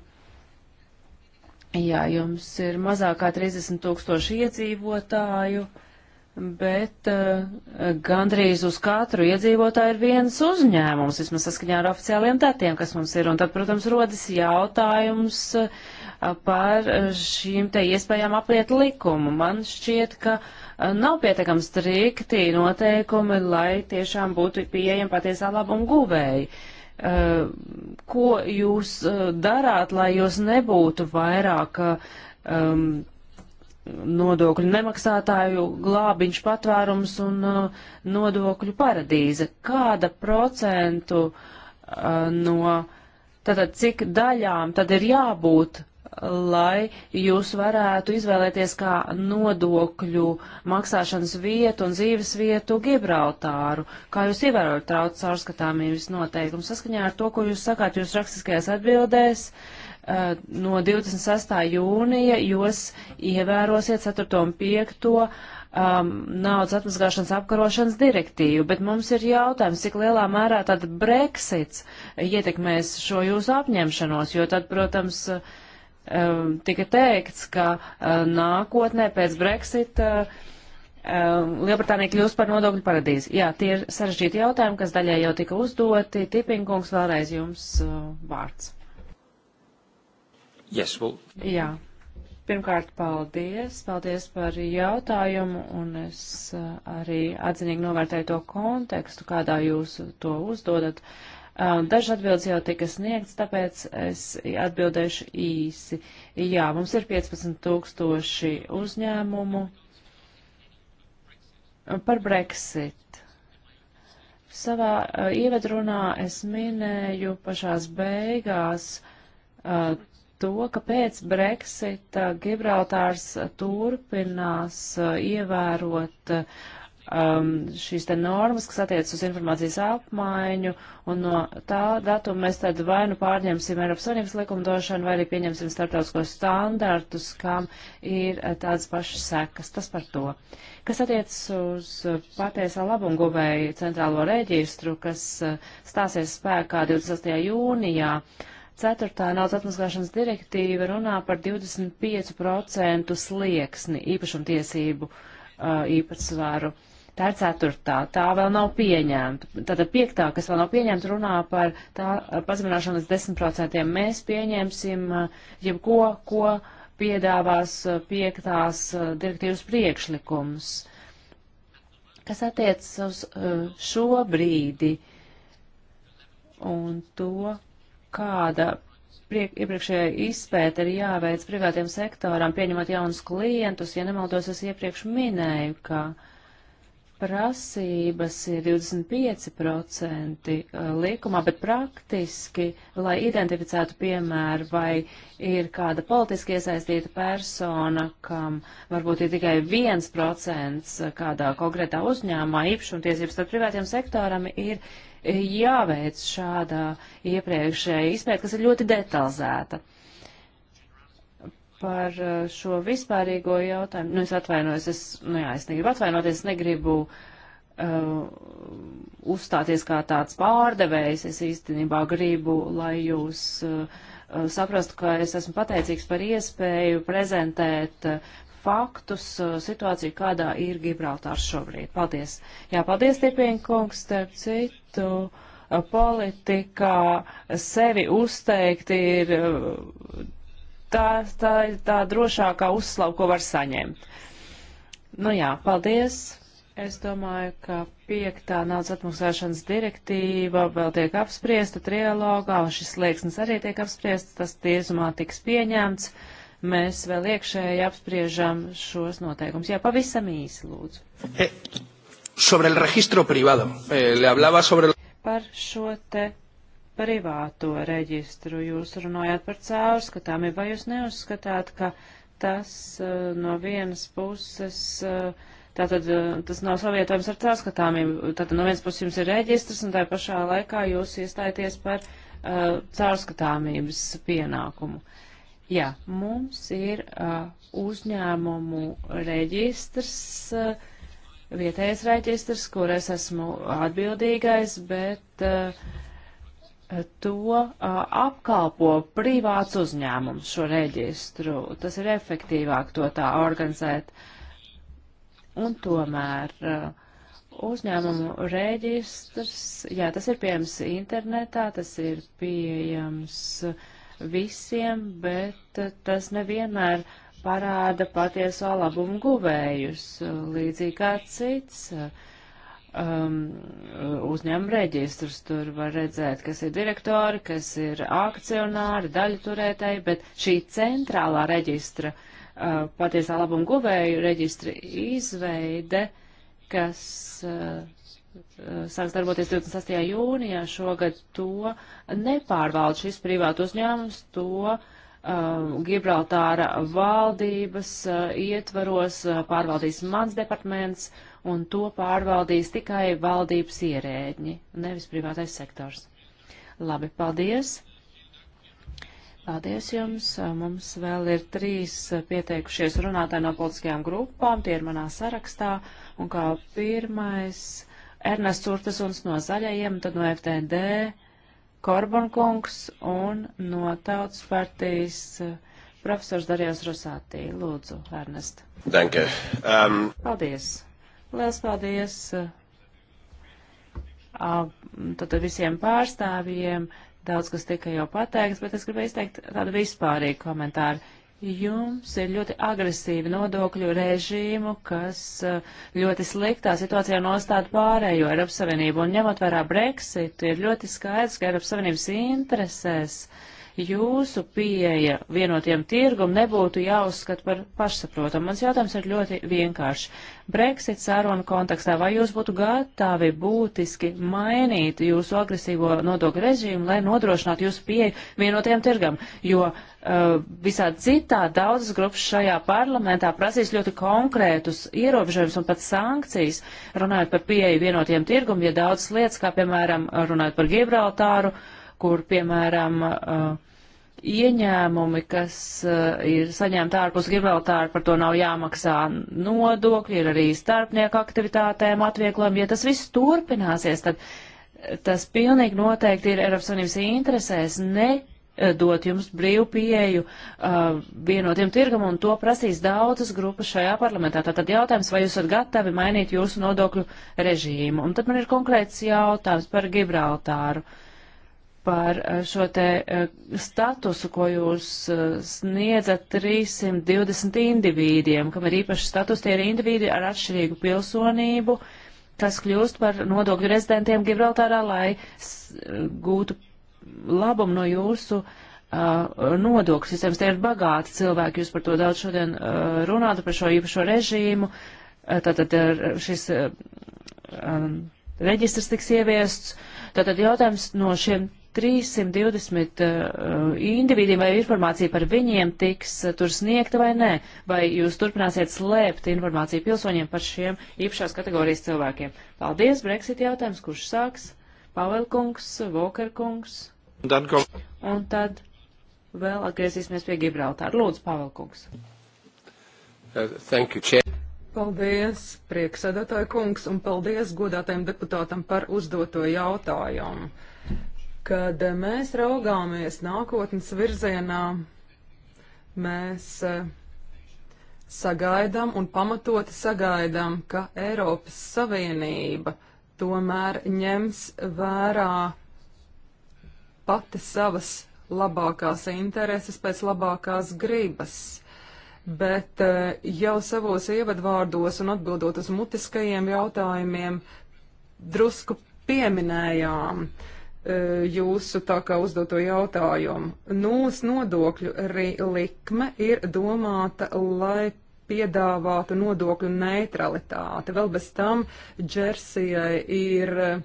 jā, jums ir mazāk kā 30 tūkstoši iedzīvotāju, bet eh, gandrīz uz katru iedzīvotāju ir viens uzņēmums, vismaz saskaņā ar oficiāliem datiem, kas mums ir. Un tad, protams, rodas jautājums eh, par šīm te iespējām apliet likumu. Man šķiet, ka uh, nav pietiekami strikti noteikumi, lai tiešām būtu pieejami patiesā labuma guvēji. Eh, ko jūs eh, darāt, lai jūs nebūtu vairāk um, nodokļu nemaksātāju glābiņš patvērums un eh, nodokļu paradīze? Kāda procentu uh, no, tātad cik daļām tad ir jābūt lai jūs varētu izvēlēties kā nodokļu maksāšanas vietu un dzīves vietu Gibraltāru. Kā jūs ievērojat trauc caurskatāmības noteikumu saskaņā ar to, ko jūs sakāt jūs rakstiskajās atbildēs? Eh, no 26. jūnija jūs ievērosiet 4. un 5. Um, naudas atmazgāšanas apkarošanas direktīvu, bet mums ir jautājums, cik lielā mērā tad Brexits ietekmēs šo jūsu apņemšanos, jo tad, protams, uh, tika teikts, ka nākotnē pēc Brexita Lielbritānija kļūst par nodokļu paradīzi. Jā, tie ir sarežģīti jautājumi, kas daļai jau tika uzdoti. Tipinkungs, vēlreiz jums vārds. Yes, well... Jā. Pirmkārt, paldies. Paldies par jautājumu, un es arī atzinīgi novērtēju to kontekstu, kādā jūs to uzdodat. Uh, Dažas atbildes jau tika sniegts, tāpēc es atbildēšu īsi. Jā, mums ir 15 tūkstoši uzņēmumu. Par Brexit. Savā uh, ievadrunā es minēju pašās beigās uh, to, ka pēc Brexita Gibraltārs turpinās uh, ievērot uh, um, šīs te normas, kas attiecas uz informācijas apmaiņu, un no tā datuma mēs tad vai nu pārņemsim Eiropas Savienības likumdošanu, vai arī pieņemsim starptautiskos standartus, kam ir eh, tādas pašas sekas. Tas par to. Kas attiecas uz eh, patiesā labumguvēju centrālo reģistru, kas eh, stāsies spēkā 28. jūnijā, Ceturtā naudas atmaskāšanas direktīva runā par 25% slieksni īpašumtiesību uh, īpatsvaru. Tā ir ceturtā, tā vēl nav pieņemta. Tātad piektā, kas vēl nav pieņemta, runā par tā pazemināšanu līdz 10%. Mēs pieņemsim jebko, ko piedāvās piektās direktīvas priekšlikums. Kas attiecas uz šo brīdi un to, kāda iepriekšējā izpēta ir jāveic privātiem sektoram, pieņemot jaunus klientus. Ja nemaldos, es iepriekš minēju, ka uh, prasības ir 25% eh, likumā, bet praktiski, lai identificētu piemēru, vai ir kāda politiski iesaistīta persona, kam varbūt ir tikai 1% eh, kādā konkrētā uzņēmumā īpašumtiesības, tad privātiem sektoram ir jāveic šādā iepriekšēja izpēta, kas ir ļoti detalizēta par eh, šo vispārīgo jautājumu. Nu, es atvainojos, es, nu jā, es negribu atvainoties, es negribu uh, uzstāties kā tāds pārdevējs. Es īstenībā gribu, lai jūs uh, saprastu, ka es esmu pateicīgs par iespēju prezentēt uh, faktus, uh, situāciju, kādā ir Gibraltārs šobrīd. Paldies. Jā, paldies, Tipienkungs, starp citu. Uh, politikā sevi uzteikt ir tā, tā ir tā drošākā uzslavu, ko var saņemt. Nu jā, paldies. Es domāju, ka piektā naudas atmaksāšanas direktīva vēl tiek apspriesta trialogā, un šis slieksnis arī tiek apspriests, tas tiesumā tiks pieņemts. Mēs vēl iekšēji apspriežam šos noteikumus. Jā, pavisam īsi, lūdzu. E, sobre el registro privado. E, le hablaba sobre... Par šo te privāto reģistru. Jūs runājāt par caurskatāmību, vai jūs neuzskatāt, ka tas uh, no vienas puses, uh, tātad uh, tas nav savietojams ar caurskatāmību, tātad no vienas puses jums ir reģistrs un tā pašā laikā jūs iestājaties par uh, caurskatāmības pienākumu. Jā, mums ir uh, uzņēmumu reģistrs. Uh, vietējais reģistrs, kur es esmu atbildīgais, bet uh, to apkalpo privāts uzņēmums šo reģistru. Tas ir efektīvāk to tā organizēt. Un tomēr uzņēmumu reģistrs, jā, tas ir pieejams internetā, tas ir pieejams visiem, bet tas nevienmēr parāda patieso labumu guvējus, līdzīgi kā cits uh, um, uzņēmuma reģistrus. Tur var redzēt, kas ir direktori, kas ir akcionāri, daļturētāji, bet šī centrālā reģistra, uh, patiesā labuma guvēju reģistra izveide, kas uh, uh sāks darboties 28. jūnijā šogad, to nepārvalda šis privātu uzņēmums, to uh, Gibraltāra valdības uh, ietvaros uh, pārvaldīs mans departaments un to pārvaldīs tikai valdības ierēģi, nevis privātais sektors. Labi, paldies! Paldies jums! Mums vēl ir trīs pieteikušies runātāji no politiskajām grupām, tie ir manā sarakstā, un kā pirmais Ernests Urtasuns no Zaļajiem, tad no FTD, Korbonkungs un no Tautas partijas eh, profesors Darījos Rosātī. Lūdzu, Ernest. Danke. Um... Paldies! Liels paldies tātad visiem pārstāvjiem. Daudz, kas tika jau pateikts, bet es gribēju izteikt tādu vispārīgu komentāru. Jums ir ļoti agresīvi nodokļu režīmu, kas ļoti sliktā situācijā nostāda pārējo Eiropas Savienību. Un ņemot vērā Brexit, ir ļoti skaidrs, ka Eiropas Savienības interesēs uh, jūsu pieeja vienotiem tirgum nebūtu jāuzskata par pašsaprotamu. Mans jautājums ir ļoti vienkāršs. Brexit sarunu kontekstā vai jūs būtu gatavi būtiski mainīt jūsu agresīvo nodokļu režīmu, lai nodrošinātu jūsu pieeju vienotiem tirgam? Jo uh, visādi citā daudzas grupas šajā parlamentā prasīs ļoti konkrētus ierobežojumus un pat sankcijas, runājot par pieeju vienotiem tirgum, ja daudzas lietas, kā piemēram runājot par Gibraltāru, uh, kur, piemēram, uh, ieņēmumi, kas uh, ir saņemti ārpus Gibraltāra, par to nav jāmaksā nodokļi, ir arī starpnieku aktivitātēm atvieglojumi. Ja tas viss turpināsies, tad tas pilnīgi noteikti ir Eiropas Savienības interesēs ne uh, dot jums brīvu pieeju uh, vienotiem tirgam, un to prasīs daudzas grupas šajā parlamentā. Tātad jautājums, vai jūs esat gatavi mainīt jūsu nodokļu režīmu? Un tad man ir konkrēts jautājums par Gibraltāru. Uh, par eh, šo te eh, statusu, ko jūs eh, sniedzat 320 individiem, kam ir īpaši status, tie ir individi ar atšķirīgu pilsonību, kas kļūst par nodokļu rezidentiem Gibraltārā, lai gūtu labumu no jūsu uh, nodokļu sistēmas. Tie ir bagāti cilvēki, jūs par to daudz šodien uh, runātu, par šo īpašo režīmu. Uh, tātad šis um, reģistrs tiks ieviests. Tātad jautājums no šiem 320 uh, indivīdiem vai informācija par viņiem tiks uh, tur sniegta vai nē? Vai jūs turpināsiet slēpt informāciju pilsoņiem par šiem īpašās kategorijas cilvēkiem? Paldies, Brexit jautājums, kurš sāks? Pavelkungs, Vokerkungs. Un tad vēl atgriezīsimies pie Gibraltāra. Lūdzu, Pavelkungs. Uh, thank you, Chair. Paldies, prieksēdētāja kungs, un paldies godātajam deputātam par uzdoto jautājumu. Kad mēs raugāmies nākotnes virzienā, mēs eh, sagaidām un pamatoti sagaidām, ka Eiropas Savienība tomēr ņems vērā pati savas labākās intereses pēc labākās gribas. Bet eh, jau savos ievadvārdos un atbildot uz mutiskajiem jautājumiem drusku pieminējām, uh, E, jūsu tā kā uzdoto jautājumu. Nūs nu, nodokļu likme ir domāta, lai piedāvātu nodokļu neutralitāti. Vēl bez tam Džersijai ir uh,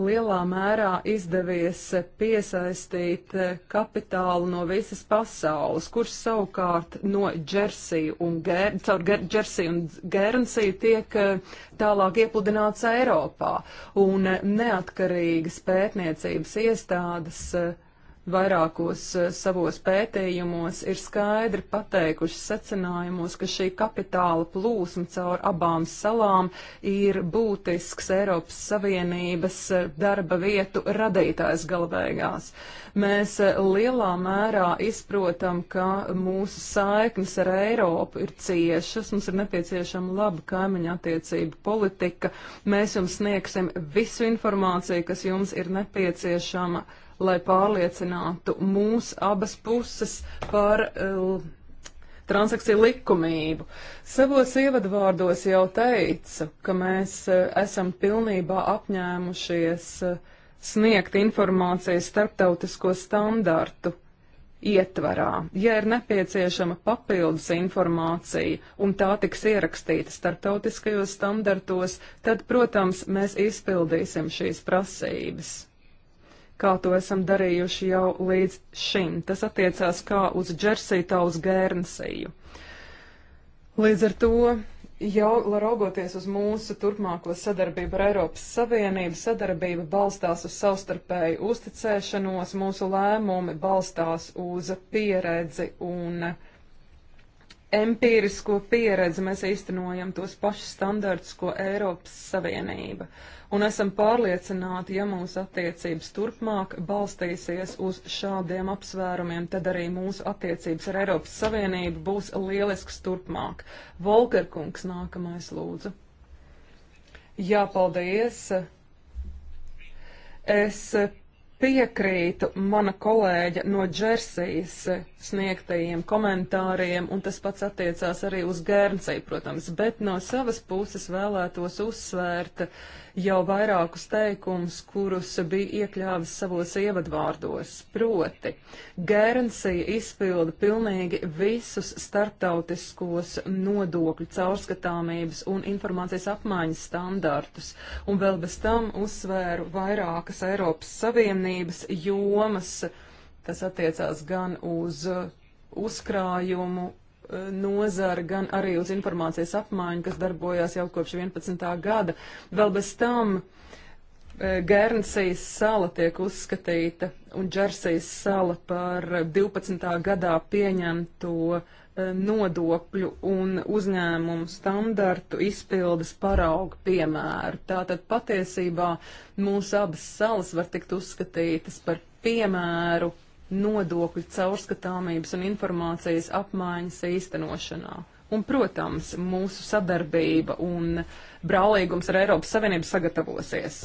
lielā mērā izdevies piesaistīt eh, kapitālu no visas pasaules, kurš savukārt no Džersija un, Ger, Džersija un Gernsija tiek eh, tālāk iepludināts Eiropā. Un eh, neatkarīgas pētniecības iestādes vairākos eh, savos pētījumos ir skaidri pateikuši secinājumos, ka šī kapitāla plūsma caur abām salām ir būtisks Eiropas Savienības eh, darba vietu radītājs galvēgās. Mēs eh, lielā mērā izprotam, ka mūsu saiknes ar Eiropu ir ciešas, mums ir nepieciešama laba kaimiņa attiecība politika. Mēs jums sniegsim visu informāciju, kas jums ir nepieciešama lai pārliecinātu mūs abas puses par uh, transakciju likumību. Savos ievadvārdos jau teicu, ka mēs uh, esam pilnībā apņēmušies uh, sniegt informāciju starptautisko standartu ietvarā. Ja ir nepieciešama papildus informācija un tā tiks ierakstīta starptautiskajos standartos, tad, protams, mēs izpildīsim šīs prasības kā to esam darījuši jau līdz šim. Tas attiecās kā uz Džersiju, tā uz Gērnsiju. Līdz ar to jau raugoties uz mūsu turpmāko sadarbību ar Eiropas Savienību, sadarbība balstās uz savstarpēju uzticēšanos, mūsu lēmumi balstās uz pieredzi un uh, empīrisko pieredzi mēs īstenojam tos pašus standartus, ko Eiropas Savienība. Un esam pārliecināti, ja mūsu attiecības turpmāk balstīsies uz šādiem apsvērumiem, tad arī mūsu attiecības ar Eiropas Savienību būs lielisks turpmāk. Volkerkungs nākamais lūdzu. Jā, paldies. Es piekrītu mana kolēģa no Džersijas sniegtajiem komentāriem, un tas pats attiecās arī uz Gērncei, protams, bet no savas puses vēlētos uzsvērt jau vairākus teikumus, kurus bija iekļāvis savos ievadvārdos. Proti, Gērnsija izpilda pilnīgi visus starptautiskos nodokļu caurskatāmības un informācijas apmaiņas standartus, un vēl bez tam uzsvēru vairākas Eiropas Savienības jomas, Tas attiecās gan uz uh, uzkrājumu uh, nozara, gan arī uz informācijas apmaiņu, kas darbojās jau kopš 11. gada. Vēl bez tam uh, Gērnsijas sala tiek uzskatīta un Džersijas sala par 12. gadā pieņemto nodokļu un uzņēmumu standartu izpildes parauga piemēru. Tātad patiesībā mūsu abas salas var tikt uzskatītas par piemēru nodokļu caurskatāmības un informācijas apmaiņas īstenošanā. Un, protams, mūsu sadarbība un brālīgums ar Eiropas Savienību sagatavosies.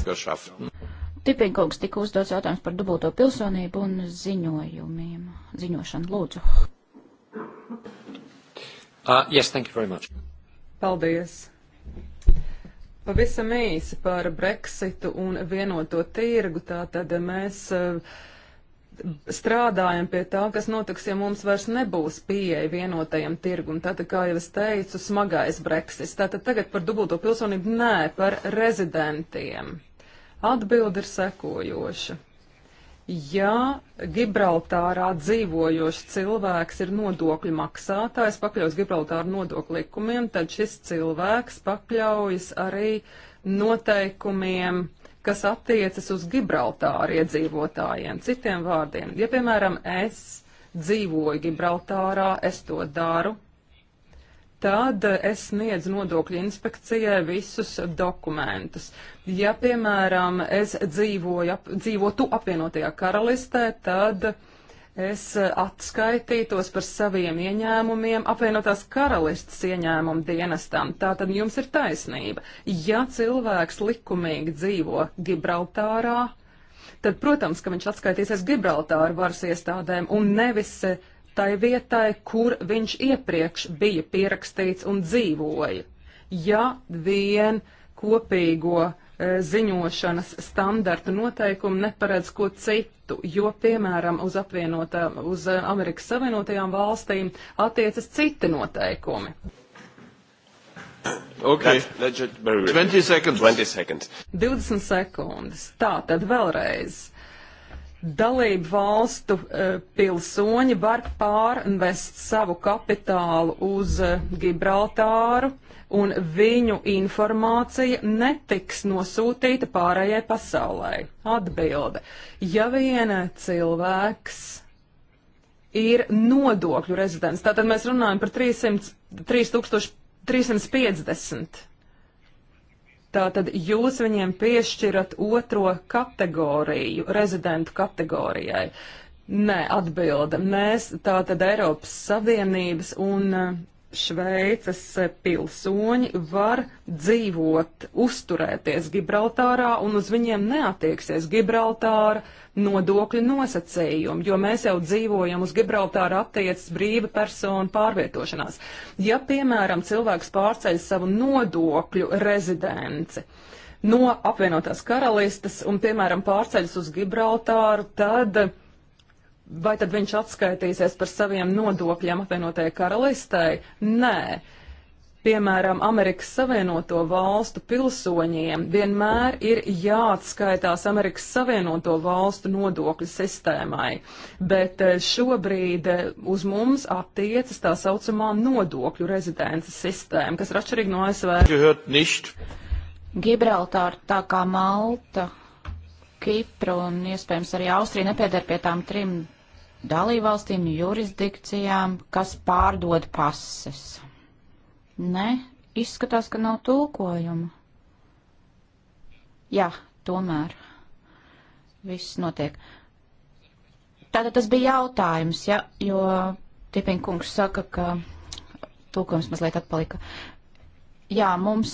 Tipinkungs tika uzdots jautājums par dubulto pilsonību un ziņojumiem. Ziņošanu lūdzu. Uh, yes, thank you very much. Paldies. Pavisam īsi par Brexitu un vienoto tirgu. Tātad mēs uh, strādājam pie tā, kas notiks, ja mums vairs nebūs pieeja vienotajam tirgum. Tātad, kā jau es teicu, smagais breksis. Tātad tagad par dubulto pilsonību nē, par rezidentiem. Atbildi ir sekojoša. Ja Gibraltārā dzīvojošs cilvēks ir nodokļu maksātājs, pakļauts Gibraltāra nodokļu likumiem, tad šis cilvēks pakļaujas arī noteikumiem kas attiecas uz Gibraltāra iedzīvotājiem. Citiem vārdiem, ja piemēram es dzīvoju Gibraltārā, es to daru, tad es sniedzu nodokļu inspekcijai visus dokumentus. Ja, piemēram, es dzīvoju, ap, dzīvotu apvienotajā karalistē, tad es e, atskaitītos par saviem ieņēmumiem apvienotās karalistas ieņēmumu dienestam. Tātad jums ir taisnība. Ja cilvēks likumīgi dzīvo Gibraltārā, tad, protams, ka viņš atskaitīsies Gibraltāru varas iestādēm un nevis e, tai vietai, kur viņš iepriekš bija pierakstīts un dzīvoja. Ja vien kopīgo uh, E, ziņošanas standartu noteikumi neparedz ko citu, jo, piemēram, uz, apvienotā, uz e, Amerikas Savienotajām valstīm attiecas citi noteikumi. Okay. That's, that's 20 seconds. 20 seconds. 20 sekundes. Tā tad vēlreiz. Dalību valstu uh, pilsoņi var pārvest savu kapitālu uz uh, Gibraltāru, uh, un viņu informācija netiks nosūtīta pārējai pasaulē. Atbilde. Ja vien cilvēks ir nodokļu rezidents, tātad mēs runājam par 300, 3350. Tātad jūs viņiem piešķirat otro kategoriju, rezidentu kategorijai. Nē, atbilda. Mēs tātad Eiropas Savienības un Šveices pilsoņi var dzīvot, uzturēties Gibraltārā un uz viņiem neatieksies Gibraltāra nodokļu nosacījumi, jo mēs jau dzīvojam uz Gibraltāra attiecas brīva persona pārvietošanās. Ja, piemēram, cilvēks pārceļ savu nodokļu rezidenci no apvienotās karalistes un, piemēram, pārceļas uz Gibraltāru, tad vai tad viņš atskaitīsies par saviem nodokļiem apvienotajai karalistei? Nē. Piemēram, Amerikas Savienoto valstu pilsoņiem vienmēr ir jāatskaitās Amerikas Savienoto valstu nodokļu sistēmai, bet eh, šobrīd eh, uz mums attiecas tā saucamā nodokļu rezidences sistēma, kas ir atšķirīga no ASV. Gibraltāra, tā kā Malta, Kipra un iespējams arī Austrija nepiedar pie tām trim dalībvalstīm, jurisdikcijām, kas pārdod pases. Nē, izskatās, ka nav tulkojuma. Jā, tomēr viss notiek. Tātad tas bija jautājums, ja, jo Tipiņkungs saka, ka tulkojums mazliet atpalika. Jā, mums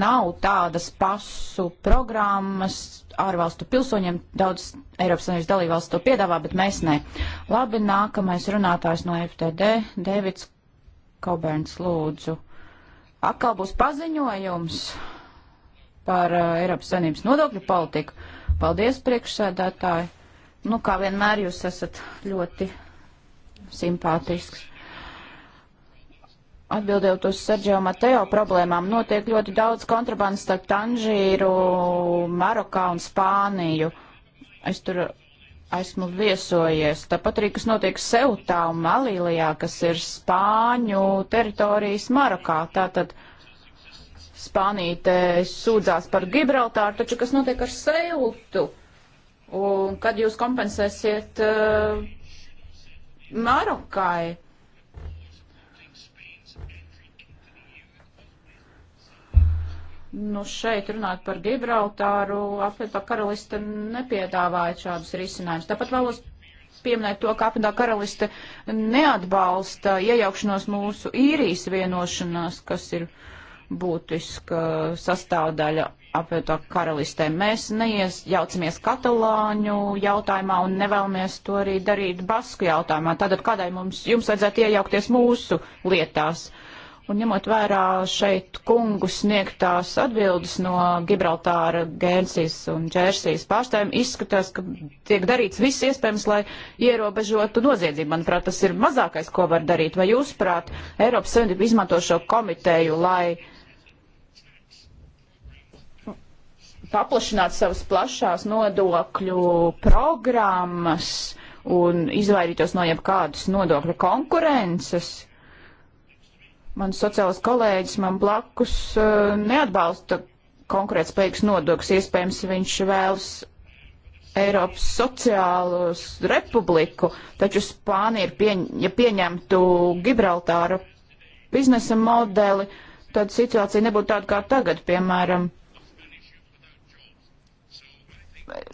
nav tādas pasu programmas ārvalstu pilsoņiem. Daudz Eiropas Savienības dalībvalsts to piedāvā, bet mēs ne. Labi, nākamais runātājs no FTD, Dēvids Kauberns, lūdzu. Atkal būs paziņojums par uh, Eiropas Savienības nodokļu politiku. Paldies, priekšsēdētāji. Nu, kā vienmēr, jūs esat ļoti simpātisks. Atbildot uz Sergio Mateo problēmām, notiek ļoti daudz kontrabandas starp Tanžīru, Marokā un Spāniju. Es tur esmu viesojies. Tāpat arī, kas notiek Seutā un Malīlijā, kas ir Spāņu teritorijas Marokā. Tātad Spānija te sūdzās par Gibraltāru, taču kas notiek ar Seutu? Un kad jūs kompensēsiet uh, Marokai? nu šeit runāt par Gibraltāru, apvienotā karaliste nepiedāvāja šādus risinājumus. Tāpat vēlos pieminēt to, ka apvienotā karaliste neatbalsta iejaukšanos mūsu īrijas vienošanās, kas ir būtiska sastāvdaļa apvienotā karalistē. Mēs neiejaucamies katalāņu jautājumā un nevēlamies to arī darīt basku jautājumā. Tātad kādai mums, jums vajadzētu iejaukties mūsu lietās? Uh, Un ņemot vērā šeit kungu sniegtās atbildes no Gibraltāra, Gēnsijas un Džērsijas pārstāvjiem, izskatās, ka tiek darīts viss iespējams, lai ierobežotu noziedzību. Manuprāt, tas ir mazākais, ko var darīt. Vai jūs, prāt, Eiropas Savienība izmanto šo komiteju, lai paplašinātu savas plašās nodokļu programmas un izvairītos no jebkādas nodokļu konkurences? man sociāls kolēģis man blakus uh, neatbalsta konkurētspējīgs nodoklis. Iespējams, viņš vēlas Eiropas sociālus republiku, taču Spānija ir pieņ, ja pieņemtu Gibraltāra biznesa modeli, tad situācija nebūtu tāda kā tagad, piemēram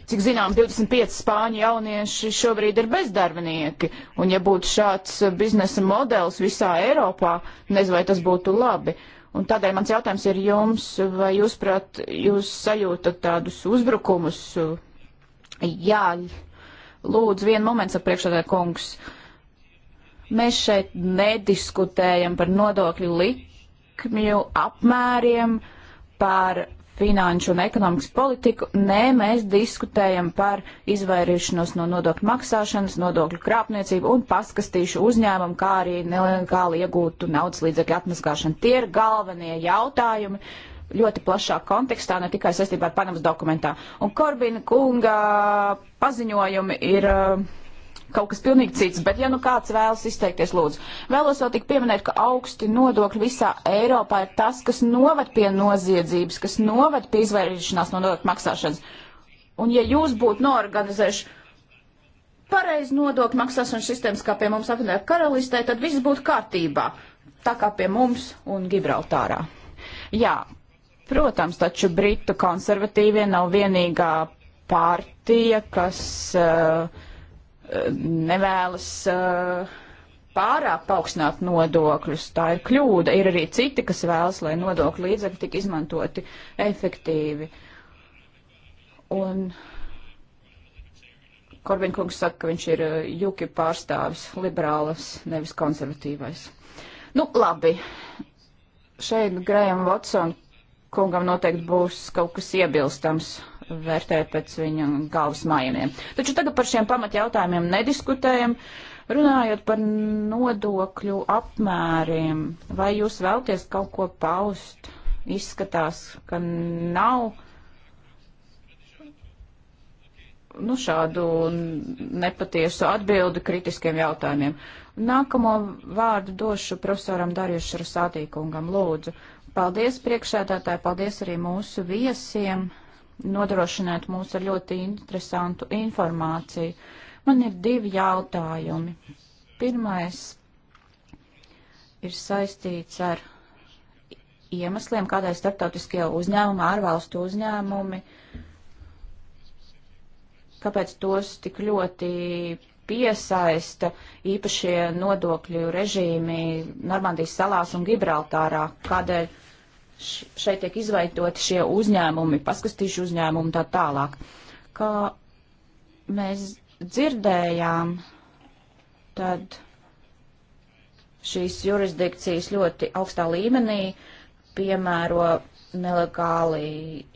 cik zinām, 25 spāņu jaunieši šobrīd ir bezdarbnieki, un ja būtu šāds eh, biznesa modelis visā Eiropā, nezinu, vai tas būtu labi. Un tādēļ mans jautājums ir jums, vai jūs, prāt, jūs sajūtat tādus uzbrukumus? Jā, lūdzu, vienu momentu, priekšādā kungs. Mēs šeit nediskutējam par nodokļu likmju apmēriem, par finanšu un ekonomikas politiku. Nē, mēs diskutējam par izvairīšanos no nodokļu maksāšanas, nodokļu krāpniecību un paskastīšu uzņēmumu, kā arī nelegāli iegūtu naudas līdzekļu atmaskāšanu. Tie ir galvenie jautājumi ļoti plašā kontekstā, ne tikai saistībā ar Panamas dokumentā. Un Korbina kunga paziņojumi ir. Uh, kaut kas pilnīgi cits, bet ja nu kāds vēlas izteikties, lūdzu. Vēlos vēl tik pieminēt, ka augsti nodokļi visā Eiropā ir tas, kas novad pie noziedzības, kas novad pie izvairīšanās no nodokļu maksāšanas. Un ja jūs būtu norganizējuši pareizi nodokļu maksāšanas sistēmas, kā pie mums apvienotajā karalistē, tad viss būtu kārtībā, tā kā pie mums un Gibraltārā. Jā, protams, taču Britu konservatīvie nav vienīgā partija, kas. Uh, nevēlas eh, pārāk paaugstināt nodokļus. Tā ir kļūda. Ir arī citi, kas vēlas, lai nodokļu līdzekļi tik izmantoti efektīvi. Un Korbinkungs saka, ka viņš ir eh, juki pārstāvis, liberālas, nevis konservatīvais. Nu, labi. Šeit Graham Watson kungam noteikti būs kaut kas iebilstams vērtēt pēc viņa galvas mājumiem. Taču tagad par šiem pamatjautājumiem nediskutējam. Runājot par nodokļu apmēriem, vai jūs vēlties kaut ko paust? Izskatās, ka nav nu, šādu nepatiesu atbildi kritiskiem jautājumiem. Nākamo vārdu došu profesoram Darjušaru Sātīkungam lūdzu. Paldies priekšētātāji, paldies arī mūsu viesiem nodrošināt mūs ar ļoti interesantu informāciju. Man ir divi jautājumi. Pirmais ir saistīts ar iemesliem, kādēļ starptautiskie uzņēmumi, ārvalstu uzņēmumi, kāpēc tos tik ļoti piesaista īpašie nodokļu režīmi Normandijas salās un Gibraltārā, kādēļ šeit tiek izvaitoti šie uzņēmumi, paskastīšu uzņēmumi tā tālāk. Kā mēs dzirdējām, tad šīs jurisdikcijas ļoti augstā līmenī piemēro nelegāli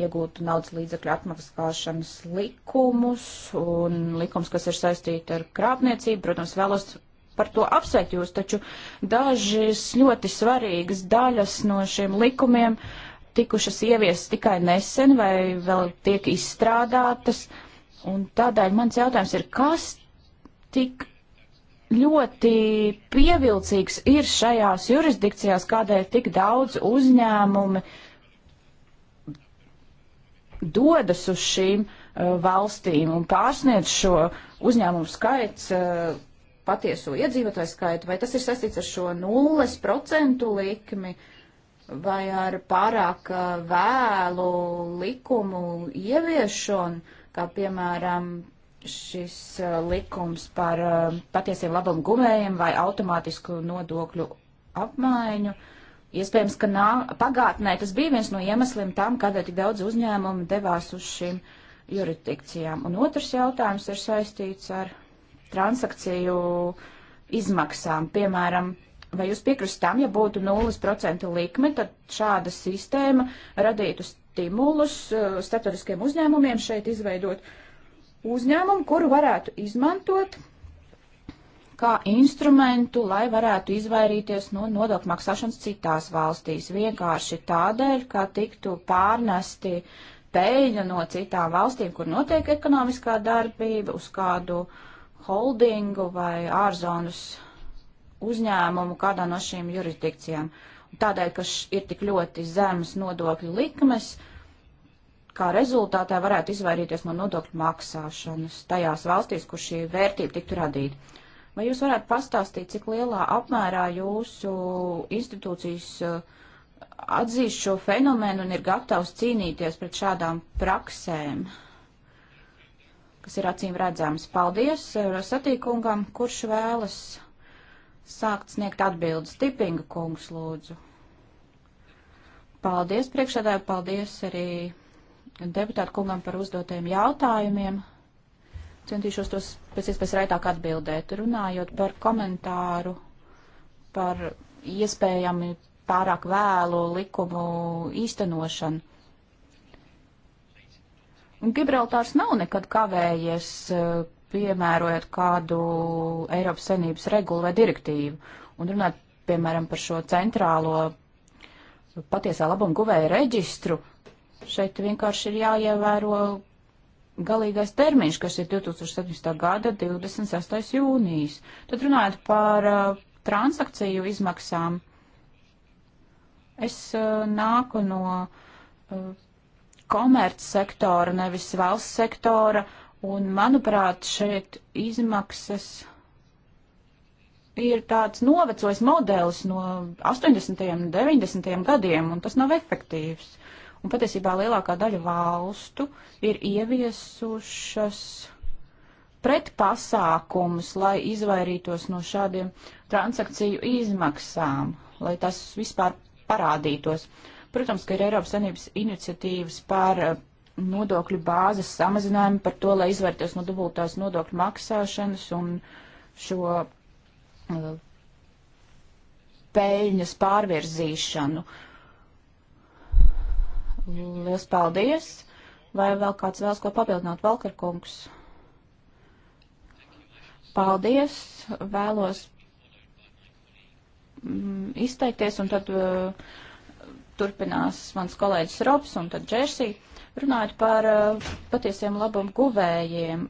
iegūtu naudas līdzekļu atmaksāšanas likumus un likums, kas ir saistīti ar krāpniecību. Protams, vēlos par to apsveikt jūs, taču dažas ļoti svarīgas daļas no šiem likumiem tikušas ieviesas tikai nesen vai vēl tiek izstrādātas. Un tādēļ mans jautājums ir, kas tik ļoti pievilcīgs ir šajās jurisdikcijās, kādēļ tik daudz uzņēmumi dodas uz šīm uh, valstīm un pārsniedz šo uzņēmumu skaits. Uh, patieso iedzīvotāju skaitu, vai tas ir sasīts ar šo nulles procentu likmi, vai ar pārāk uh, vēlu likumu ieviešanu, kā piemēram šis uh, likums par uh, patiesiem labumu gumējiem vai automātisku nodokļu apmaiņu. Iespējams, ka nā, pagātnē tas bija viens no iemesliem tam, kādēļ tik daudz uzņēmumu devās uz šīm jurisdikcijām. Un otrs jautājums ir saistīts ar transakciju izmaksām. Piemēram, vai jūs piekristu tam, ja būtu 0% likme, tad šāda sistēma radītu stimulus uh, starptautiskiem uzņēmumiem šeit izveidot uzņēmumu, kuru varētu izmantot kā instrumentu, lai varētu izvairīties no nodokļu maksāšanas citās valstīs. Vienkārši tādēļ, ka tiktu pārnesti peļņa no citām valstīm, kur notiek ekonomiskā darbība, uz kādu uh, holdingu vai ārzonas uzņēmumu kādā no šīm jurisdikcijām. Tādēļ, ka ir tik ļoti zemes nodokļu likmes, kā rezultātā varētu izvairīties no nodokļu maksāšanas tajās valstīs, kur šī vērtība tiktu radīta. Vai jūs varētu pastāstīt, cik lielā apmērā jūsu institūcijas uh, atzīst šo fenomenu un ir gatavs cīnīties pret šādām praksēm? Uh, kas ir acīm redzams. Paldies eh, Rosatīkungam, kurš vēlas sākt sniegt atbildes. Tipinga kungs, lūdzu. Paldies priekšādāju, paldies arī deputātu kungam par uzdotajiem jautājumiem. Centīšos tos pēc iespējas raitāk atbildēt, runājot par komentāru, par iespējami pārāk vēlu likumu īstenošanu. Gibraltārs nav nekad kavējies eh, piemērojot kādu Eiropas senības regulu vai direktīvu. Un runāt, piemēram, par šo centrālo patiesā labuma guvēja reģistru, šeit vienkārši ir jāievēro galīgais termiņš, kas ir 2017. gada 26. jūnijas. Tad runājot par uh, transakciju izmaksām, es uh, nāku no uh, komerc sektora, nevis valsts sektora, un manuprāt, šeit izmaksas ir tāds novecojis modelis no 80. un 90. gadiem, un tas nav efektīvs. Un patiesībā lielākā daļa valstu ir ieviesušas pretpasākumus, lai izvairītos no šādiem transakciju izmaksām, lai tas vispār parādītos. Uh, Protams, ka ir Eiropas Sanības iniciatīvas par eh, nodokļu bāzes samazinājumu, par to, lai izvērties no dubultās nodokļu maksāšanas un šo eh, peļņas pārvirzīšanu. Lielas paldies! Vai vēl kāds vēlas ko papildināt, Valkarkungs? Paldies! Vēlos mm, izteikties un tad uh, turpinās mans kolēģis Robs un tad Džersī, runājot par uh, patiesiem labumu guvējiem.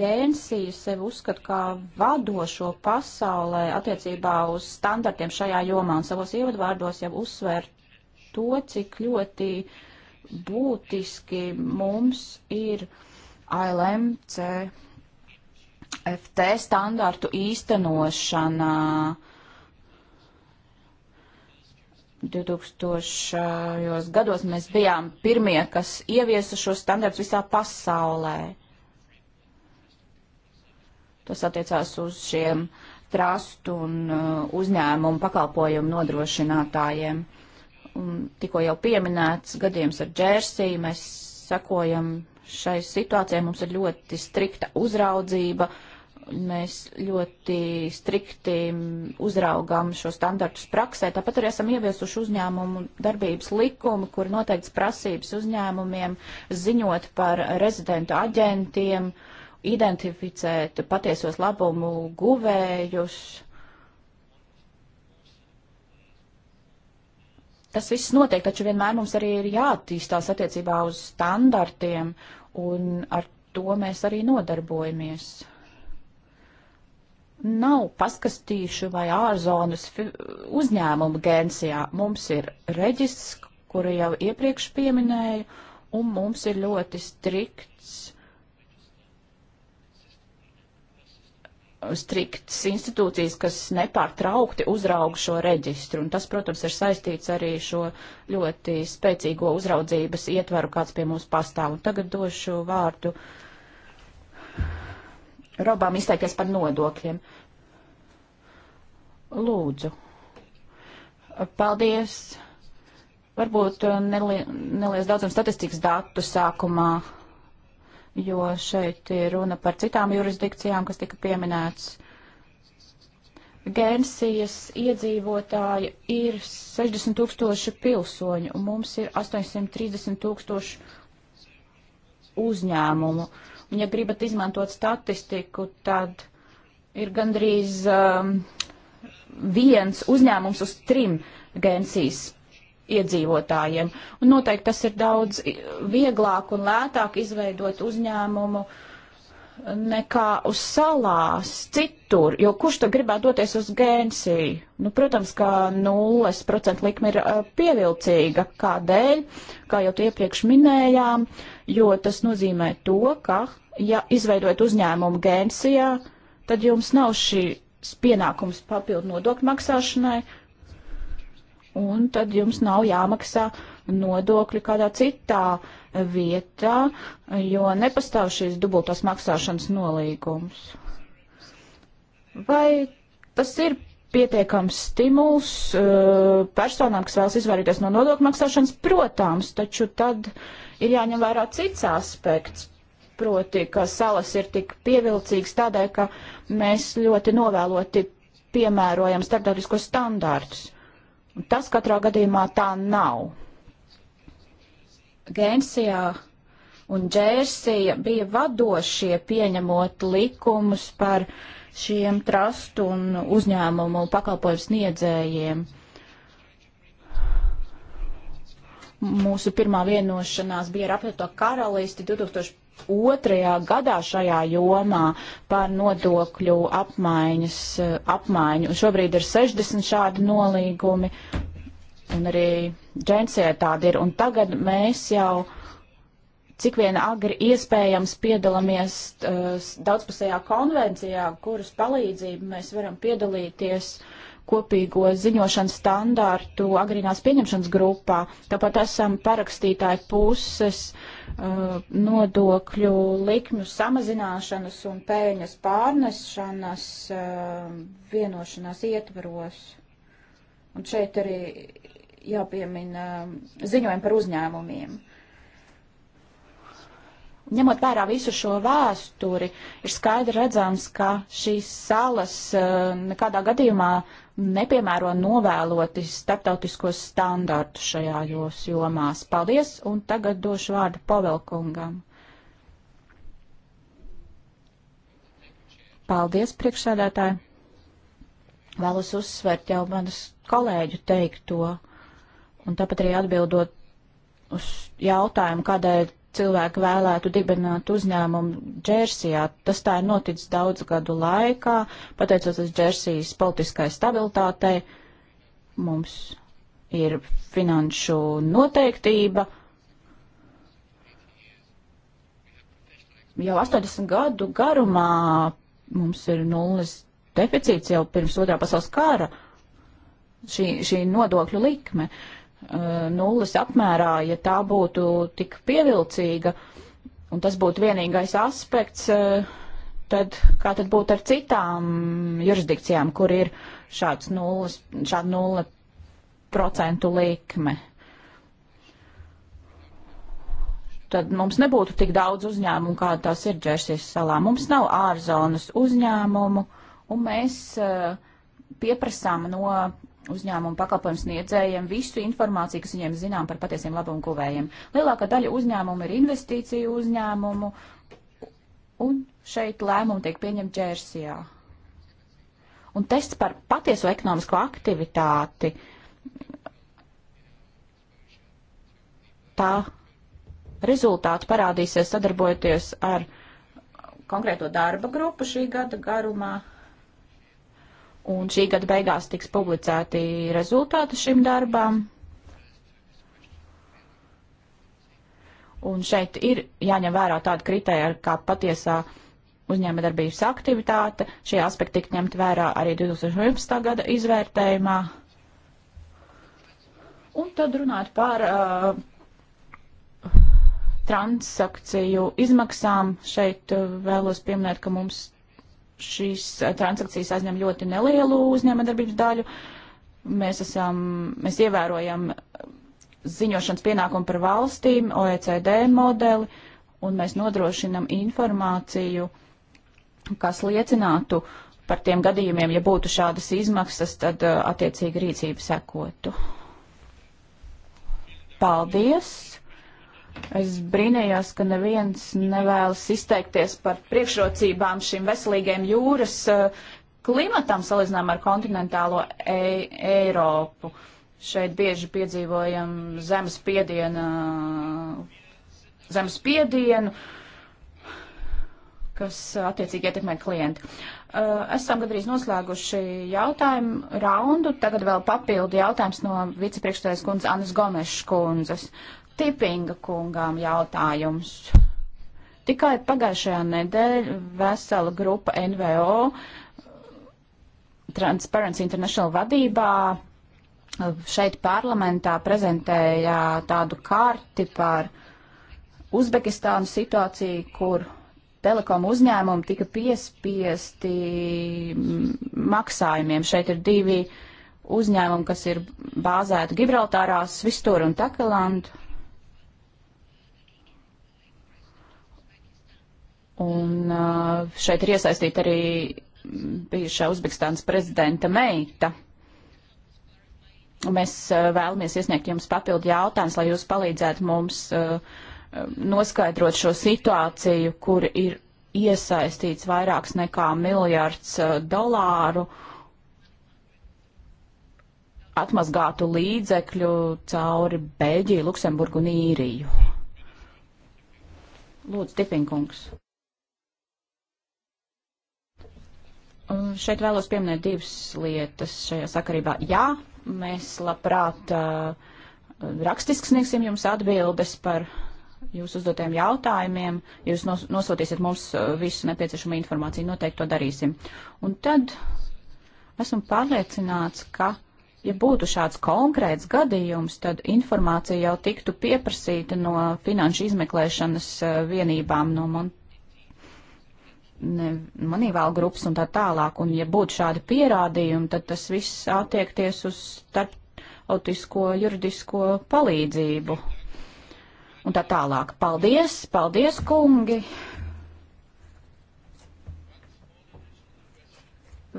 Gēnsiju sev uzskat kā vadošo pasaulē attiecībā uz standartiem šajā jomā un savos ievadvārdos jau uzsver to, cik ļoti būtiski mums ir ALMC FT standartu īstenošana uh, 2000. gados mēs bijām pirmie, kas ieviesa šo standartu visā pasaulē. Tas attiecās uz šiem trastu un uh, uzņēmumu pakalpojumu nodrošinātājiem. Un tikko jau pieminēts gadījums ar Džērsiju, mēs sekojam šai situācijai, mums ir ļoti strikta uzraudzība. Uh, Mēs ļoti strikti uzraugām šo standartus praksē. Tāpat arī esam ieviesuši uzņēmumu darbības likumu, kur noteikts prasības uzņēmumiem ziņot par rezidentu aģentiem, identificēt patiesos labumu guvējus. Tas viss notiek, taču vienmēr mums arī ir jāattīstās attiecībā uz standartiem, un ar to mēs arī nodarbojamies nav paskastīšu vai ārzonas uzņēmumu Gensijā. Mums ir reģis, kuru jau iepriekš pieminēju, un mums ir ļoti strikts, strikts institūcijas, kas nepārtraukti uzrauga šo reģistru. Un tas, protams, ir saistīts arī šo ļoti spēcīgo uzraudzības ietvaru, kāds pie mums pastāv. Un tagad došu vārdu Robām izteikties par nodokļiem. Lūdzu. Paldies. Varbūt uh, nelie, nelies daudzam statistikas datu sākumā, jo šeit ir runa par citām jurisdikcijām, kas tika pieminēts. Gēnsijas iedzīvotāji ir 60 tūkstoši pilsoņu, un mums ir 830 tūkstoši uzņēmumu. Uh, ja gribat izmantot statistiku, tad ir gandrīz um, viens uzņēmums uz trim Gensijas iedzīvotājiem. Un noteikti tas ir daudz vieglāk un lētāk izveidot uzņēmumu nekā uz salās, citur, jo kurš tad gribētu doties uz Gensiju? Nu, protams, ka nulles procentu likme ir uh, pievilcīga. Kādēļ? Kā jau iepriekš minējām, uh, jo tas nozīmē to, ka, ja izveidojat uzņēmumu Gēnsijā, tad jums nav šīs pienākums papildu nodokļu maksāšanai, un tad jums nav jāmaksā nodokļi kādā citā vietā, jo nepastāv šīs dubultās maksāšanas nolīgums. Vai tas ir pietiekams stimuls uh, personām, kas vēlas izvairīties no nodokļu maksāšanas? Protams, taču tad ir jāņem vērā cits aspekts. Proti, ka salas ir tik pievilcīgas tādēļ, ka mēs ļoti novēloti piemērojam starptautiskos standārtus. Un tas katrā gadījumā tā nav. Gensijā un Džērsija bija vadošie pieņemot likumus par šiem trustu un uzņēmumu pakalpojumu sniedzējiem. Uh, Mūsu pirmā vienošanās bija ar apvienoto karalisti 2002. gadā šajā jomā par nodokļu apmaiņas, eh, apmaiņu. Šobrīd ir 60 šādi nolīgumi, un arī džensē tādi ir. Un tagad mēs jau cik vien agri iespējams piedalāmies uh, daudzpusējā konvencijā, kuras palīdzību mēs varam piedalīties uh, kopīgo ziņošanas standārtu agrīnās pieņemšanas grupā. Tāpat esam parakstītāji puses uh, nodokļu likmju samazināšanas un pēļņas pārnešanas uh, vienošanās ietvaros. Un šeit arī jāpiemina uh, ziņojumi par uzņēmumiem. Ņemot vērā visu šo vēsturi, ir skaidri redzams, ka šīs salas uh, nekādā gadījumā nepiemēro novēloti starptautiskos standartus šajās jomās. Paldies, un tagad došu vārdu Pavelkungam. Paldies, priekšsēdētāji. Vēlos uzsvērt jau manas kolēģu teikto, un tāpat arī atbildot uz jautājumu, kādēļ cilvēki vēlētu dibināt uzņēmumu Džersijā. Tas tā ir noticis daudzu gadu laikā, pateicoties Džersijas politiskai stabilitātei. Mums ir finanšu noteiktība. Jau 80 gadu garumā mums ir nulles deficīts jau pirms otrā pasaules kara šī, šī nodokļu likme. Uh, Eh, nulles apmērā, ja tā būtu tik pievilcīga, un tas būtu vienīgais aspekts, eh, tad kā tad būtu ar citām jurisdikcijām, kur ir šāds nulles, šāda nulle procentu likme? Tad mums nebūtu tik daudz uzņēmumu, kā tās ir Džersijas salā. Mums nav ārzonas uzņēmumu, un mēs eh, pieprasām no uzņēmumu pakalpojumu sniedzējiem visu informāciju, kas viņiem zinām par patiesiem labumu guvējiem. Lielākā daļa uzņēmumu ir investīciju uzņēmumu, un šeit lēmumu tiek pieņemta Džērsijā. Un tests par patieso ekonomisko aktivitāti. Tā rezultāts parādīsies sadarbojoties ar konkrēto darba grupu šī gada garumā un šī gada beigās tiks publicēti rezultāti šim darbam. Un šeit ir jāņem vērā tāda kritērija, kā patiesā uzņēmējdarbības aktivitāte. Šie aspekti tika ņemti vērā arī 2011. gada izvērtējumā. Un tad runāt par uh, transakciju izmaksām. Šeit uh, vēlos pieminēt, ka mums šīs eh, transakcijas aizņem ļoti nelielu uzņēmējdarbības daļu. Mēs, esam, mēs ievērojam ziņošanas pienākumu par valstīm, OECD modeli, un mēs nodrošinam informāciju, kas liecinātu par tiem gadījumiem, ja būtu šādas izmaksas, tad eh, attiecīgi rīcība sekotu. Paldies! Es brīnījos, ka neviens nevēlas izteikties par priekšrocībām šim veselīgiem jūras eh, klimatam salīdzinām ar kontinentālo e Eiropu. Šeit bieži piedzīvojam zemes piedienu, zemes piedienu, kas attiecīgi ietekmē klientu. Eh, esam gadrīz noslēguši jautājumu raundu. Tagad vēl papildu jautājums no vicepriekšstājas kundzes Anas Gomešas kundzes. Uh, Tipinga kungām jautājums. Tikai pagājušajā nedēļā vesela grupa NVO Transparency International vadībā šeit parlamentā prezentēja tādu karti par Uzbekistānu situāciju, kur telekom uzņēmumi tika piespiesti maksājumiem. Šeit ir divi uzņēmumi, kas ir bāzēti Gibraltārā, Svistur un Takalandu. Un uh, šeit ir iesaistīta arī bijušā Uzbekistānas prezidenta meita. Mēs uh, vēlamies iesniegt jums papildu jautājumus, lai jūs palīdzētu mums uh, noskaidrot šo situāciju, kur ir iesaistīts vairāks nekā miljards dolāru atmazgātu līdzekļu cauri Beļģiju, Luksemburgu un Īriju. Lūdzu, Tipinkungs. Um, šeit vēlos pieminēt divas lietas šajā sakarībā. Jā, mēs labprāt uh, rakstiski sniegsim jums atbildes par jūsu uzdotiem jautājumiem. Jūs nosūtīsiet mums uh, visu nepieciešamo informāciju, noteikti to darīsim. Un tad esmu pārliecināts, ka, ja būtu šāds konkrēts gadījums, tad informācija jau tiktu pieprasīta no finanšu izmeklēšanas uh, vienībām, no Montenegro ne, manīvēl grupas un tā tālāk. Un ja būtu šādi pierādījumi, tad tas viss attiekties uz starptautisko juridisko palīdzību. Un tā tālāk. Paldies, paldies, kungi!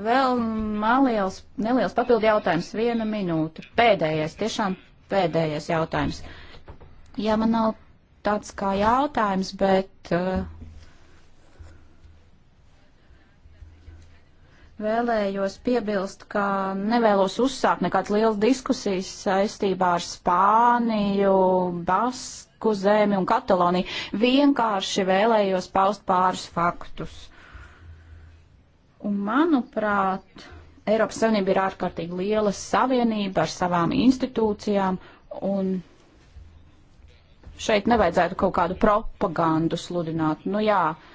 Vēl neliels, neliels papildu jautājums, viena minūte. Pēdējais, tiešām pēdējais jautājums. Jā, man nav tāds kā jautājums, bet uh, Vēlējos piebilst, ka nevēlos uzsākt nekādas lielas diskusijas saistībā ar Spāniju, Basku zemi un Kataloniju. Vienkārši vēlējos paust pāris faktus. Un manuprāt, Eiropas Savienība ir ārkārtīgi liela savienība ar savām institūcijām, un šeit nevajadzētu kaut kādu propagandu sludināt. Nu jā, uh,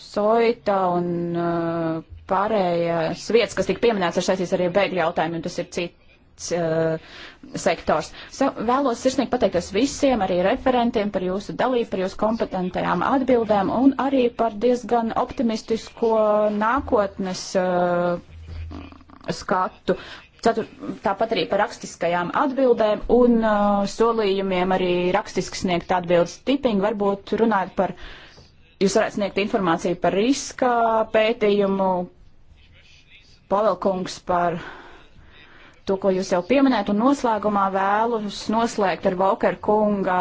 soita un uh, pārējās vietas, kas tika pieminēts, ir saistīts arī ar bēgļu jautājumiem, tas ir cits uh, sektors. So, vēlos sirsnīgi pateikties visiem, arī referentiem par jūsu dalību, par jūsu kompetentajām atbildēm un arī par diezgan optimistisko nākotnes uh, skatu. Cetur, tāpat arī par rakstiskajām atbildēm un uh, solījumiem arī rakstiski sniegt atbildes. Tiping varbūt runājot par uh, jūs varētu sniegt informāciju par riska pētījumu, pavilkungs par to, ko jūs jau pieminējat, un noslēgumā vēlos noslēgt ar Volker kunga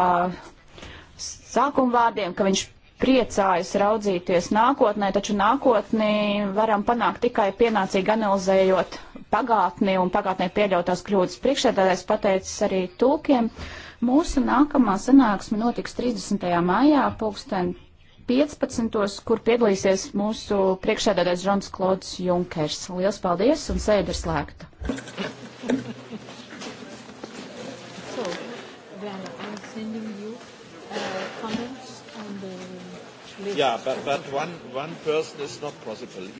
sākumvārdiem, ka viņš priecājas raudzīties nākotnē, taču nākotnī varam panākt tikai pienācīgi analizējot pagātni un pagātnē pieļautās kļūdas. Priekšsēdētājs pateicis arī tūkiem. Mūsu nākamā sanāksme notiks 30. maijā, pulksten 15. kur piedalīsies mūsu priekšsēdētājs Žons Klods Junkers. Lielas paldies un sēde ir slēgta. so, Werner, I'm sending you uh, comments on the list. Yeah, but, but one, one person is not possible.